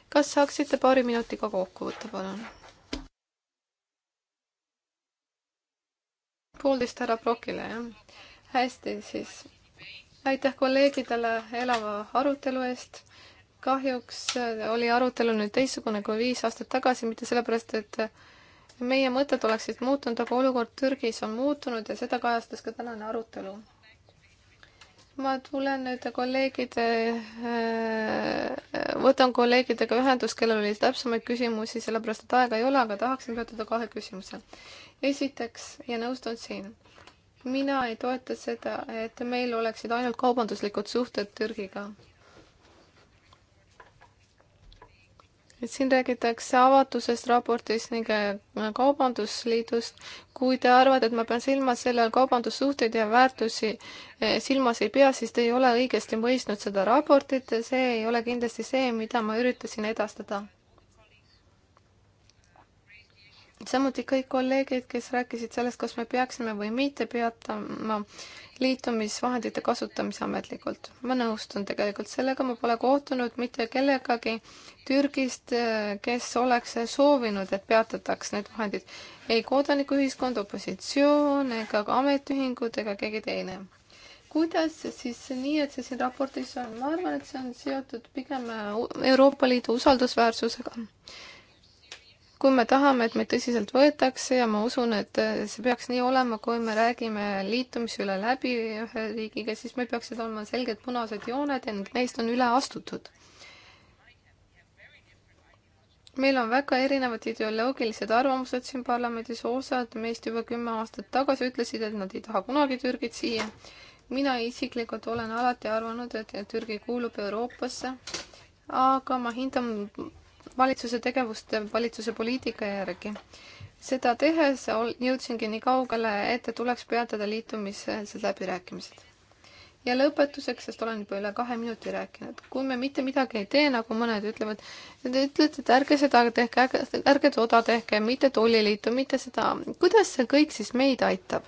kas saaksite paari minutiga kokku võtta, palun? poolteist härra Brokile, jah? hästi, siis aitäh kolleegidele elava arutelu eest kahjuks äh, oli arutelu nüüd teistsugune kui viis aastat tagasi, mitte sellepärast, et äh, meie mõtted oleksid muutunud, aga olukord Türgis on muutunud ja seda kajastas ka tänane arutelu. ma tulen nüüd kolleegide, äh, võtan kolleegidega ühendust, kellel oli täpsemaid küsimusi, sellepärast et aega ei ole, aga tahaksin peatuda kahe küsimuse. esiteks, ja nõustun siin, mina ei toeta seda, et meil oleksid ainult kaubanduslikud suhted Türgiga et siin räägitakse avatusest raportist ning äh, kaubandusliidust. kui te arvate, et ma pean silmas selle all kaubandussuhteid ja väärtusi äh, silmas ei pea, siis te ei ole õigesti mõistnud seda raportit ja see ei ole kindlasti see, mida ma üritasin edastada samuti kõik kolleegid, kes rääkisid sellest, kas me peaksime või mitte peatama liitumisvahendite kasutamise ametlikult. ma nõustun tegelikult sellega, ma pole kohtunud mitte kellegagi Türgist, kes oleks soovinud, et peatataks need vahendid. ei kodanikuühiskond, opositsioon ega ka ametiühingud ega keegi teine. kuidas siis nii, et see siin raportis on? ma arvan, et see on seotud pigem Euroopa Liidu usaldusväärsusega kui me tahame, et meid tõsiselt võetakse ja ma usun, et äh, see peaks nii olema, kui me räägime liitumise üle läbi ühe riigiga, siis meil peaksid olema selged punased jooned ja neist on üle astutud. meil on väga erinevad ideoloogilised arvamused siin parlamendis, osad meist juba kümme aastat tagasi ütlesid, et nad ei taha kunagi Türgit siia. mina isiklikult olen alati arvanud, et Türgi kuulub Euroopasse, aga ma hindan valitsuse tegevust valitsuse poliitika järgi. seda tehes jõudsingi nii kaugele, et tuleks peatada liitumiseelsed läbirääkimised. ja lõpetuseks, sest olen juba üle kahe minuti rääkinud, kui me mitte midagi ei tee, nagu mõned ütlevad, te ütlete, et ärge seda tehke, ärge, ärge toda tehke, mitte tolliliitu, mitte seda, kuidas see kõik siis meid aitab?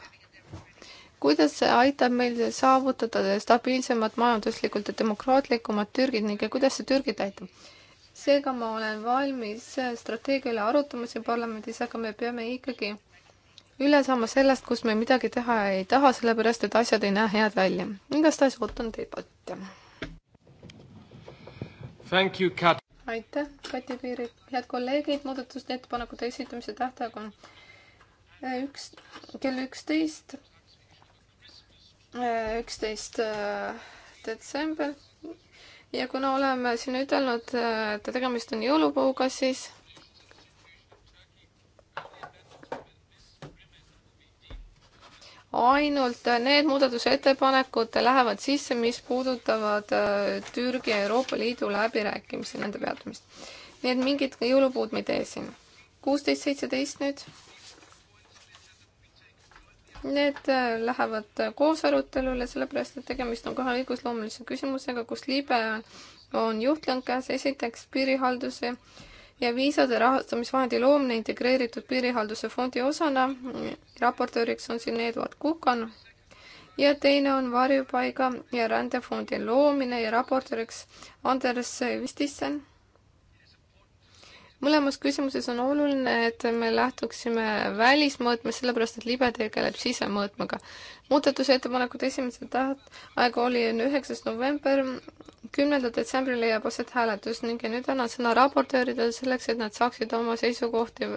kuidas see aitab meil saavutada stabiilsemat majanduslikult ja demokraatlikumat Türgit ning kuidas see Türgit aitab? seega ma olen valmis strateegia üle arutama siin parlamendis, aga me peame ikkagi üle saama sellest, kus me midagi teha ei taha, sellepärast et asjad ei näe head välja. igastahes ootan debatte. aitäh, Kati Piirik. head kolleegid, muudatuste ettepanekute esitamise tähtaeg on äh, üks, kell üksteist, äh, üksteist äh, detsember ja kuna oleme siin ütelnud, et tegemist on jõulupuuga, siis ainult need muudatusettepanekud lähevad sisse, mis puudutavad äh, Türgi ja Euroopa Liidu läbirääkimisi, nende peatumist. nii et mingit jõulupuud me ei tee siin. kuusteist, seitseteist nüüd Need äh, lähevad äh, koos arutelule, sellepärast et tegemist on kahe õigusloomulise küsimusega, kus libe on juhtlõng käes, esiteks piirihalduse ja viisade rahastamisvahendi loomine integreeritud piirihalduse fondi osana. raportööriks on siin Eduard Kukan ja teine on varjupaiga ja rändefondi loomine ja raportööriks Anders Vistisen mõlemas küsimuses on oluline, et me lähtuksime välismõõtmest, sellepärast et libe tegeleb sisemõõtmega. muudatusettepanekute esimese tähtaeg oli üheksas november, kümnendal detsembril leiab aset hääletus ning nüüd annan sõna raportööridele selleks, et nad saaksid oma seisukohti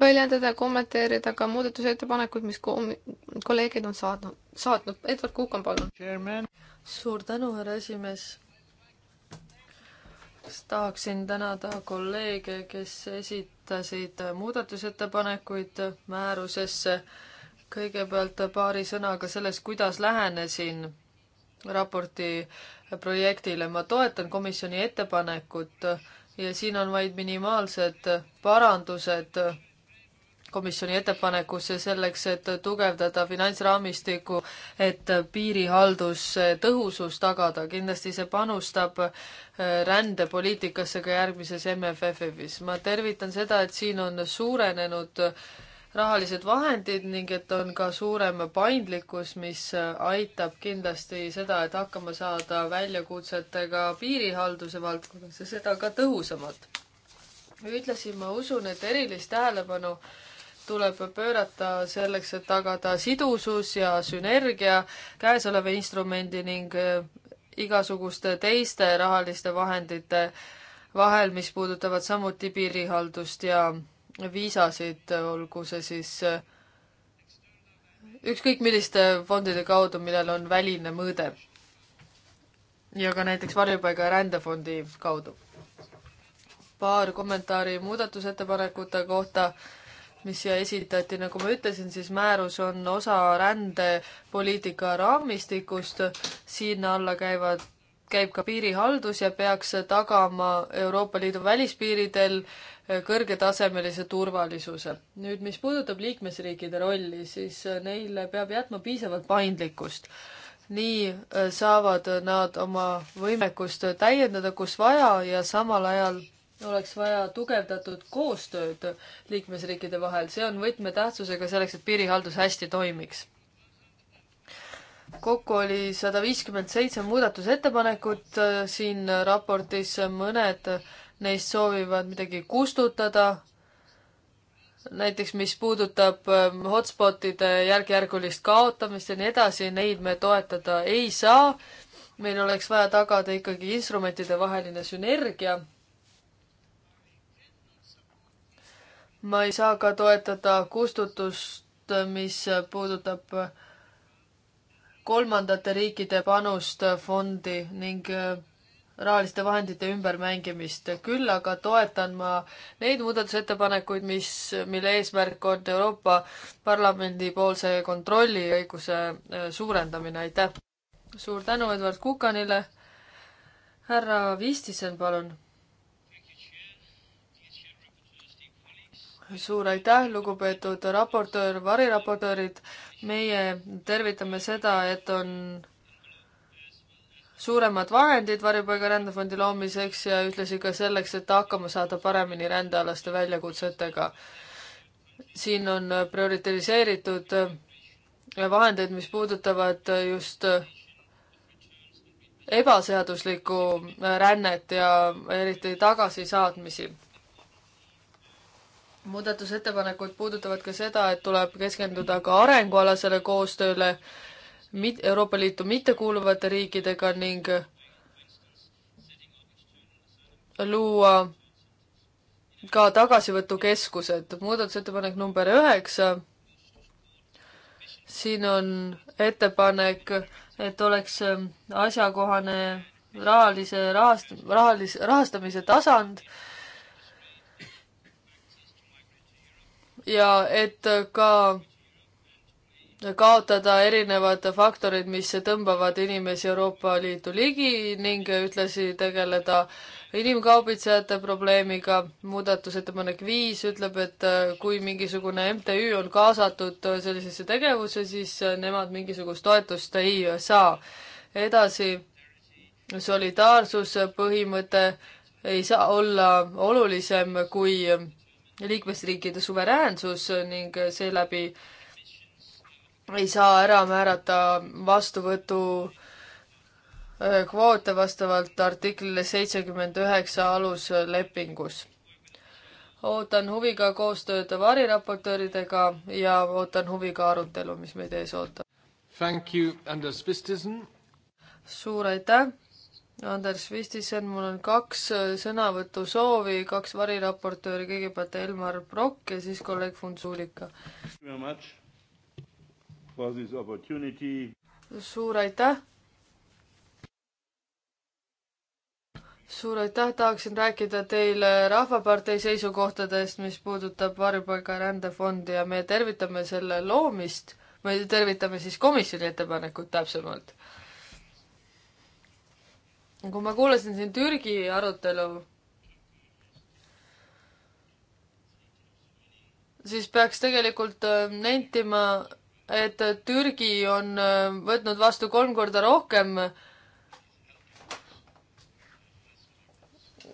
väljendada ja kommenteerida ka muudatusettepanekuid, mis kolleegid on saatnud, saatnud. Edward Kukan, palun. suur tänu, härra esimees siis tahaksin tänada kolleege, kes esitasid muudatusettepanekuid määrusesse. kõigepealt paari sõnaga sellest, kuidas lähenesin raporti projektile. ma toetan komisjoni ettepanekut ja siin on vaid minimaalsed parandused komisjoni ettepanekusse selleks, et tugevdada finantsraamistikku, et piirihalduse eh, tõhusus tagada. kindlasti see panustab eh, rändepoliitikasse ka järgmises MFF-is. ma tervitan seda, et siin on suurenenud eh, rahalised vahendid ning et on ka suurem paindlikkus, mis aitab kindlasti seda, et hakkama saada väljakutsetega piirihalduse valdkonnas ja seda ka tõhusamalt. ühtlasi ma usun, et erilist tähelepanu äh, tuleb pöörata selleks, et tagada sidusus ja sünergia käesoleva instrumendi ning äh, igasuguste teiste rahaliste vahendite vahel, mis puudutavad samuti piirihaldust ja viisasid, olgu see siis äh, ükskõik milliste fondide kaudu, millel on väline mõõde. ja ka näiteks varjupaiga ja rändefondi kaudu. paar kommentaari muudatusettepanekute kohta mis siia esitati, nagu ma ütlesin, siis määrus on osa rändepoliitika raamistikust, sinna alla käivad, käib ka piirihaldus ja peaks tagama Euroopa Liidu välispiiridel kõrgetasemelise turvalisuse. nüüd, mis puudutab liikmesriikide rolli, siis neile peab jätma piisavalt paindlikkust. nii äh, saavad nad oma võimekust täiendada, kus vaja ja samal ajal oleks vaja tugevdatud koostööd liikmesriikide vahel, see on võtmetähtsusega selleks, et piirihaldus hästi toimiks. kokku oli sada viiskümmend seitse muudatusettepanekut äh, siin raportis, mõned neist soovivad midagi kustutada, näiteks mis puudutab ähm, hotspotide järk-järgulist kaotamist ja nii edasi, neid me toetada ei saa. meil oleks vaja tagada ikkagi instrumentide vaheline sünergia ma ei saa ka toetada kustutust, mis puudutab kolmandate riikide panust fondi ning äh, rahaliste vahendite ümbermängimist, küll aga toetan ma neid muudatusettepanekuid, mis, mille eesmärk on Euroopa Parlamendi poolse kontrolli õiguse äh, suurendamine, aitäh! suur tänu Edward Kukanile, härra Vistisen, palun! suur aitäh, lugupeetud raportöör, variraportöörid. meie tervitame seda, et on suuremad vahendid varjupaiga rändefondi loomiseks ja ühtlasi ka selleks, et hakkama saada paremini rändealaste väljakutsetega. siin on prioritiseeritud vahendeid, mis puudutavad just ebaseaduslikku rännet ja eriti tagasisaatmisi muudatusettepanekud puudutavad ka seda, et tuleb keskenduda ka arengualasele koostööle mit-, Euroopa Liitu mittekuuluvate riikidega ning luua ka tagasivõtukeskused. muudatusettepanek number üheksa, siin on ettepanek, et oleks asjakohane rahalise rahast-, rahalis-, rahastamise tasand, ja et ka kaotada erinevad faktorid, mis tõmbavad inimesi Euroopa Liitu ligi ning ühtlasi tegeleda inimkaubitsejate probleemiga. muudatusettepanek viis ütleb, et kui mingisugune MTÜ on kaasatud sellisesse tegevusse, siis nemad mingisugust toetust ei saa. edasi, solidaarsuse põhimõte ei saa olla olulisem kui liikmesriikide suveräänsus ning seeläbi ei saa ära määrata vastuvõtu äh, kvoote vastavalt artiklile seitsekümmend üheksa aluslepingus. ootan huviga koostööd variraportööridega ja ootan huviga arutelu, mis meid ees ootab. Thank you, Anders Vistisen. suur aitäh Anders Vistisen, mul on kaks äh, sõnavõtusoovi, kaks variraportööri, kõigepealt Elmar Brokk ja siis kolleeg Funtsulika. suur aitäh! suur aitäh, tahaksin rääkida teile Rahvapartei seisukohtadest, mis puudutab varjupaiga rändefondi ja me tervitame selle loomist, me tervitame siis komisjoni ettepanekut täpsemalt kui ma kuulasin siin Türgi arutelu, siis peaks tegelikult äh, nentima, et Türgi on äh, võtnud vastu kolm korda rohkem,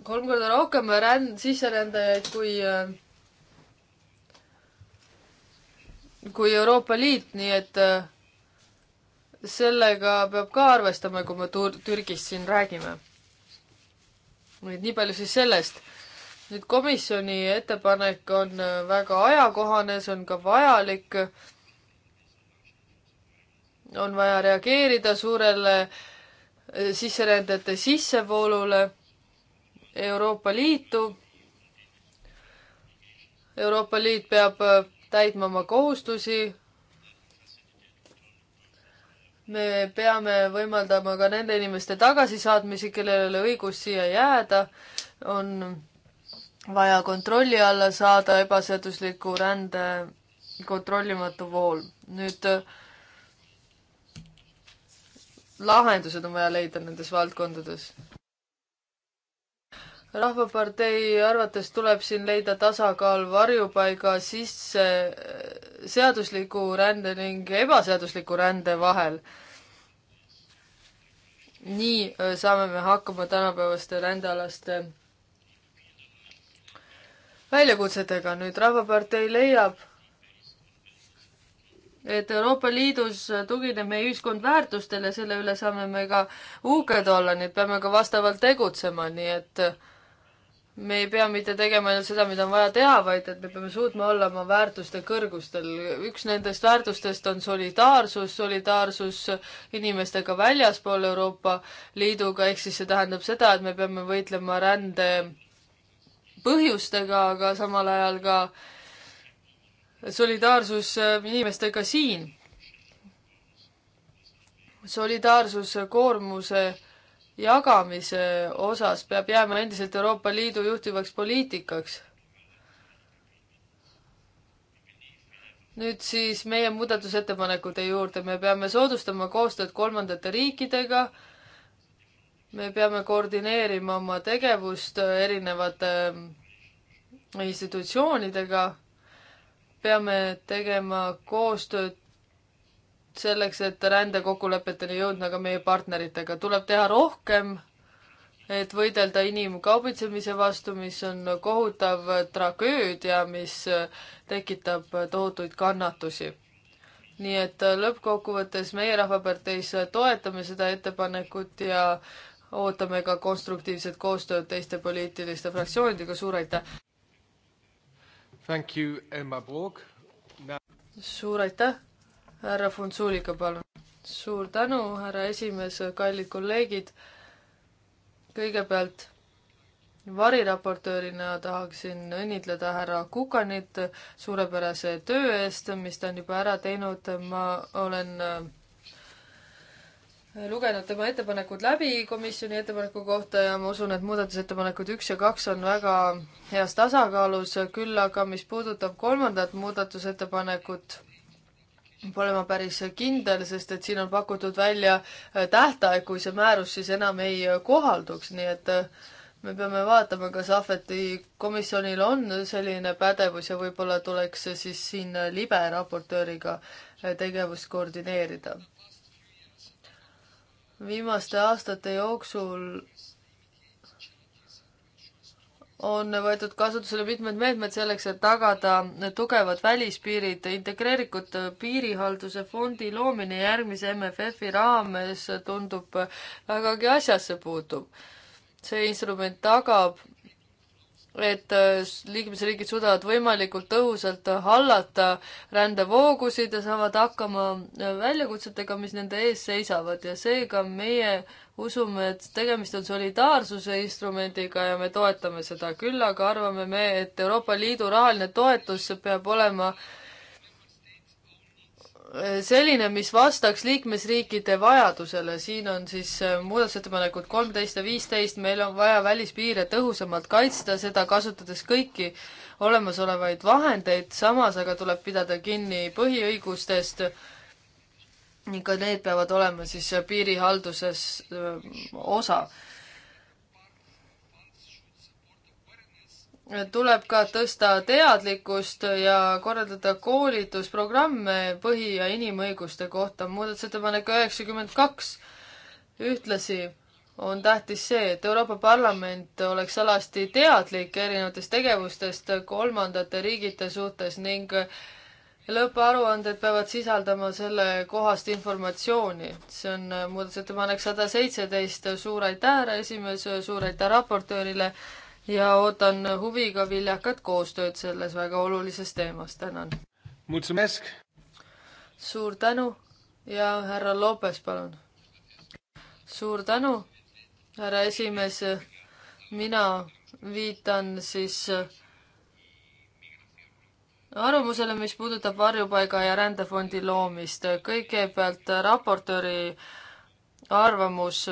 kolm korda rohkem ränd-, sisserändajaid kui, äh, kui Euroopa Liit, nii et äh, sellega peab ka arvestama, kui me tur-, Türgist siin räägime. nüüd nii palju siis sellest. nüüd komisjoni ettepanek on äh, väga ajakohane, see on ka vajalik. on vaja reageerida suurele äh, sisserändajate sissevoolule Euroopa Liitu. Euroopa Liit peab äh, täitma oma kohustusi me peame võimaldama ka nende inimeste tagasisaatmisi, kellel ei ole õigust siia jääda, on vaja kontrolli alla saada ebaseadusliku rände kontrollimatu vool. nüüd lahendused on vaja leida nendes valdkondades rahvapartei arvates tuleb siin leida tasakaal varjupaiga sisse seadusliku rände ning ebaseadusliku rände vahel. nii saame me hakkama tänapäevaste rändealaste väljakutsetega. nüüd Rahvapartei leiab, et Euroopa Liidus tugineb meie ühiskond väärtustele, selle üle saame me ka uhked olla, nii et peame ka vastavalt tegutsema, nii et äh, me ei pea mitte tegema ainult seda, mida on vaja teha, vaid et me peame suutma olla oma väärtuste kõrgustel. üks nendest väärtustest on solidaarsus, solidaarsus inimestega väljaspool Euroopa Liiduga, ehk siis see tähendab seda, et me peame võitlema rände põhjustega, aga samal ajal ka solidaarsus äh, inimestega siin. solidaarsus koormuse jagamise osas peab jääma endiselt Euroopa Liidu juhtivaks poliitikaks. nüüd siis meie muudatusettepanekute juurde, me peame soodustama koostööd kolmandate riikidega, me peame koordineerima oma tegevust erinevate ähm, institutsioonidega, peame tegema koostööd selleks, et rändekokkulepeteni jõudma ka meie partneritega, tuleb teha rohkem, et võidelda inimkaubitsemise vastu, mis on kohutav tragöödia, mis tekitab tohutuid kannatusi. nii et lõppkokkuvõttes meie Rahvaparteis toetame seda ettepanekut ja ootame ka konstruktiivset koostööd teiste poliitiliste fraktsioonidega, suur aitäh! Thank you, Emma Borg Now.... suur aitäh! härra Funtsuliga, palun. suur tänu, härra esimees, kallid kolleegid. kõigepealt variraportöörina tahaksin õnnitleda härra Kukanit suurepärase töö eest, mis ta on juba ära teinud. ma olen äh, lugenud tema ettepanekud läbi komisjoni ettepaneku kohta ja ma usun, et muudatusettepanekud üks ja kaks on väga heas tasakaalus, küll aga mis puudutab kolmandat muudatusettepanekut, Pole ma päris kindel, sest et siin on pakutud välja äh, tähtaeg, kui see määrus siis enam ei äh, kohalduks, nii et äh, me peame vaatama, kas Ahveti komisjonil on selline pädevus ja võib-olla tuleks siis siin libe raportööriga tegevust koordineerida. viimaste aastate jooksul on võetud kasutusele mitmed meetmed selleks, et tagada tugevad välispiirid. integreeritud piirihalduse fondi loomine järgmise MFF-i raames tundub vägagi asjasse puutuv. see instrument tagab, et liikmesriigid suudavad võimalikult tõhusalt hallata rändevoogusid ja saavad hakkama väljakutsetega, mis nende ees seisavad ja seega meie usume, et tegemist on solidaarsuse instrumendiga ja me toetame seda, küll aga arvame me, et Euroopa Liidu rahaline toetus peab olema äh, selline, mis vastaks liikmesriikide vajadusele, siin on siis äh, muudatusettepanekud kolmteist ja viisteist, meil on vaja välispiire tõhusamalt kaitsta, seda kasutades kõiki olemasolevaid vahendeid, samas aga tuleb pidada kinni põhiõigustest ka need peavad olema siis äh, piirihalduses äh, osa. tuleb ka tõsta teadlikkust ja korraldada koolitusprogramme põhi- ja inimõiguste kohta. muudatusettepanek üheksakümmend kaks. ühtlasi on tähtis see, et Euroopa Parlament oleks alasti teadlik erinevatest tegevustest kolmandate riigite suhtes ning äh, lõpparuanded peavad sisaldama sellekohast informatsiooni. see on äh, muudatusettepanek sada seitseteist, suur aitäh, härra esimees, suur aitäh raportöörile ja ootan huviga viljakat koostööd selles väga olulises teemas, tänan. suur tänu ja härra Lopes, palun. suur tänu, härra esimees, mina viitan siis äh, arvamusele, mis puudutab varjupaiga ja rändefondi loomist. kõigepealt raportööri arvamus.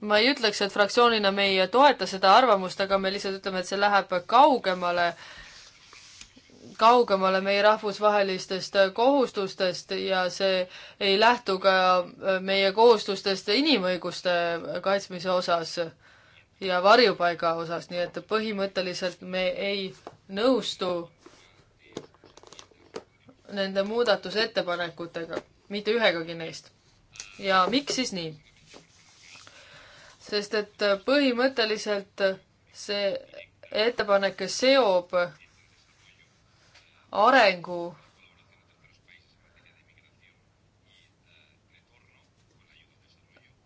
ma ei ütleks, et fraktsioonina me ei toeta seda arvamust, aga me lihtsalt ütleme, et see läheb kaugemale, kaugemale meie rahvusvahelistest kohustustest ja see ei lähtu ka meie kohustustest inimõiguste kaitsmise osas ja varjupaiga osas, nii et põhimõtteliselt me ei nõustu nende muudatusettepanekutega, mitte ühegagi neist. ja miks siis nii? sest et põhimõtteliselt see ettepanek seob arengu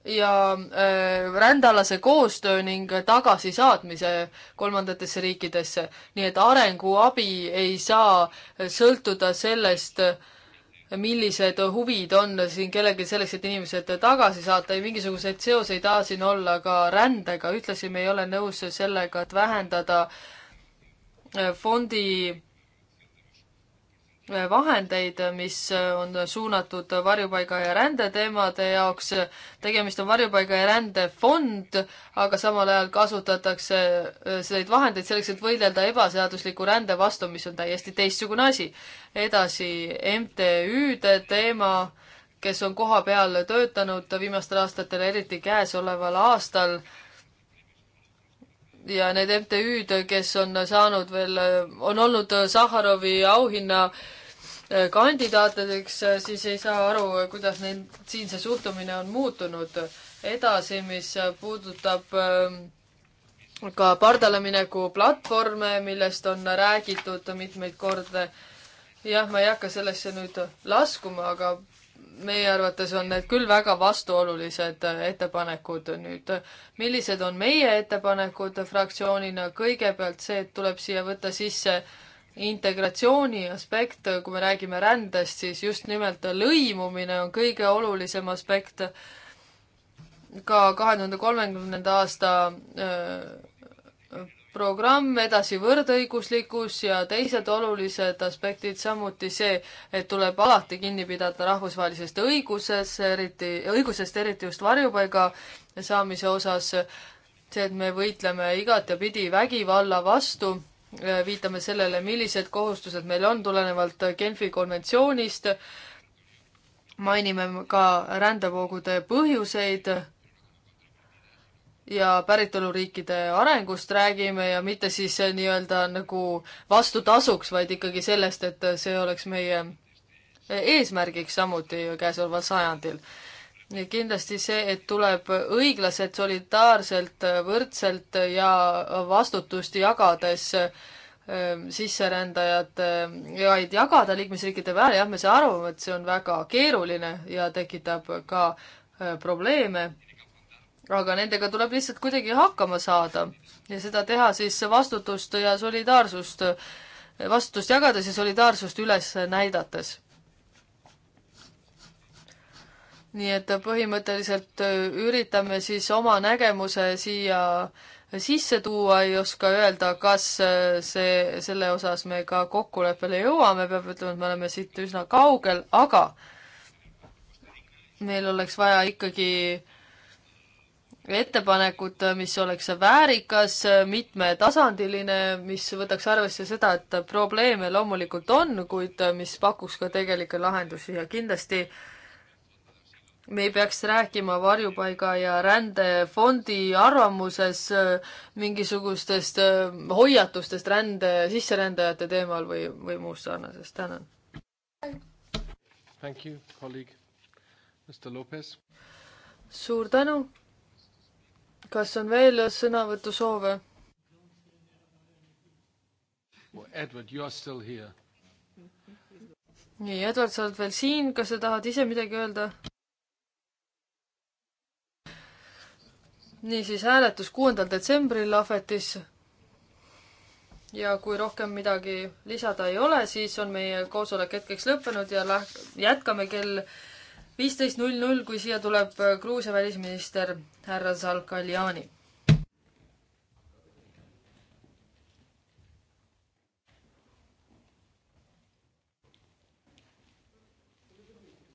ja äh, rändealase koostöö ning tagasisaatmise kolmandatesse riikidesse. nii et arenguabi ei saa sõltuda sellest, millised huvid on siin kellelgi selleks, et inimesed tagasi saata, ei mingisuguseid seoseid ei taha siin olla ka rändega, ühtlasi me ei ole nõus sellega, et vähendada äh, fondi vahendeid, mis on suunatud varjupaiga ja rände teemade jaoks. tegemist on varjupaiga ja rändefond, aga samal ajal kasutatakse äh, neid vahendeid selleks, et võidelda ebaseadusliku rände vastu, mis on täiesti teistsugune asi. edasi MTÜ-de teema, kes on koha peal töötanud viimastel aastatel, eriti käesoleval aastal ja need MTÜ-d, kes on saanud veel, on olnud Sahharovi auhinna äh, kandidaatideks, äh, siis ei saa aru, kuidas neil siin see suhtumine on muutunud. edasi, mis puudutab ähm, ka pardale mineku platvorme, millest on räägitud mitmeid kordi. jah, ma ei hakka sellesse nüüd laskuma, aga meie arvates on need küll väga vastuolulised äh, ettepanekud nüüd. millised on meie ettepanekud fraktsioonina, kõigepealt see, et tuleb siia võtta sisse integratsiooni aspekt, kui me räägime rändest, siis just nimelt lõimumine on kõige olulisem aspekt ka kahe tuhande kolmekümnenda aasta öö, äh, programm, edasi võrdõiguslikkus ja teised olulised aspektid, samuti see, et tuleb alati kinni pidada rahvusvahelisest õiguses, eriti, õigusest, eriti just varjupaiga saamise osas, see, et me võitleme igatepidi vägivalla vastu, viitame sellele, millised kohustused meil on tulenevalt Genfi konventsioonist, mainime ka rändevoogude põhjuseid ja päritoluriikide arengust räägime ja mitte siis nii-öelda nagu vastutasuks, vaid ikkagi sellest, et see oleks meie eesmärgiks samuti käesoleval sajandil. kindlasti see, et tuleb õiglaselt, solidaarselt, võrdselt ja vastutust jagades ähm, sisserändajate jaid jagada liikmesriikide peale, jah, me saame aru, et see on väga keeruline ja tekitab ka äh, probleeme aga nendega tuleb lihtsalt kuidagi hakkama saada ja seda teha siis vastutust ja solidaarsust, vastutust jagades ja solidaarsust üles näidates. nii et põhimõtteliselt äh, üritame siis oma nägemuse siia sisse tuua, ei oska öelda, kas äh, see, selle osas me ka kokkuleppele jõuame, peab ütlema, et me oleme siit üsna kaugel, aga meil oleks vaja ikkagi äh, ettepanekut, mis oleks väärikas, mitmetasandiline, mis võtaks arvesse seda, et probleeme loomulikult on, kuid mis pakuks ka tegelikke lahendusi ja kindlasti me ei peaks rääkima varjupaiga ja rändefondi arvamuses mingisugustest hoiatustest rände, sisserändajate teemal või, või muust sarnasest. tänan. Thank you, kolleeg. Mr Lopez. suur tänu kas on veel sõnavõtusoove? Edward, you are still here. nii, Edward, sa oled veel siin, kas sa tahad ise midagi öelda? niisiis, hääletus kuuendal detsembril Ahvetis. ja kui rohkem midagi lisada ei ole, siis on meie koosolek hetkeks lõppenud ja läh-, jätkame kell viisteist null null, kui siia tuleb äh, Gruusia välisminister härra Zalkaljani.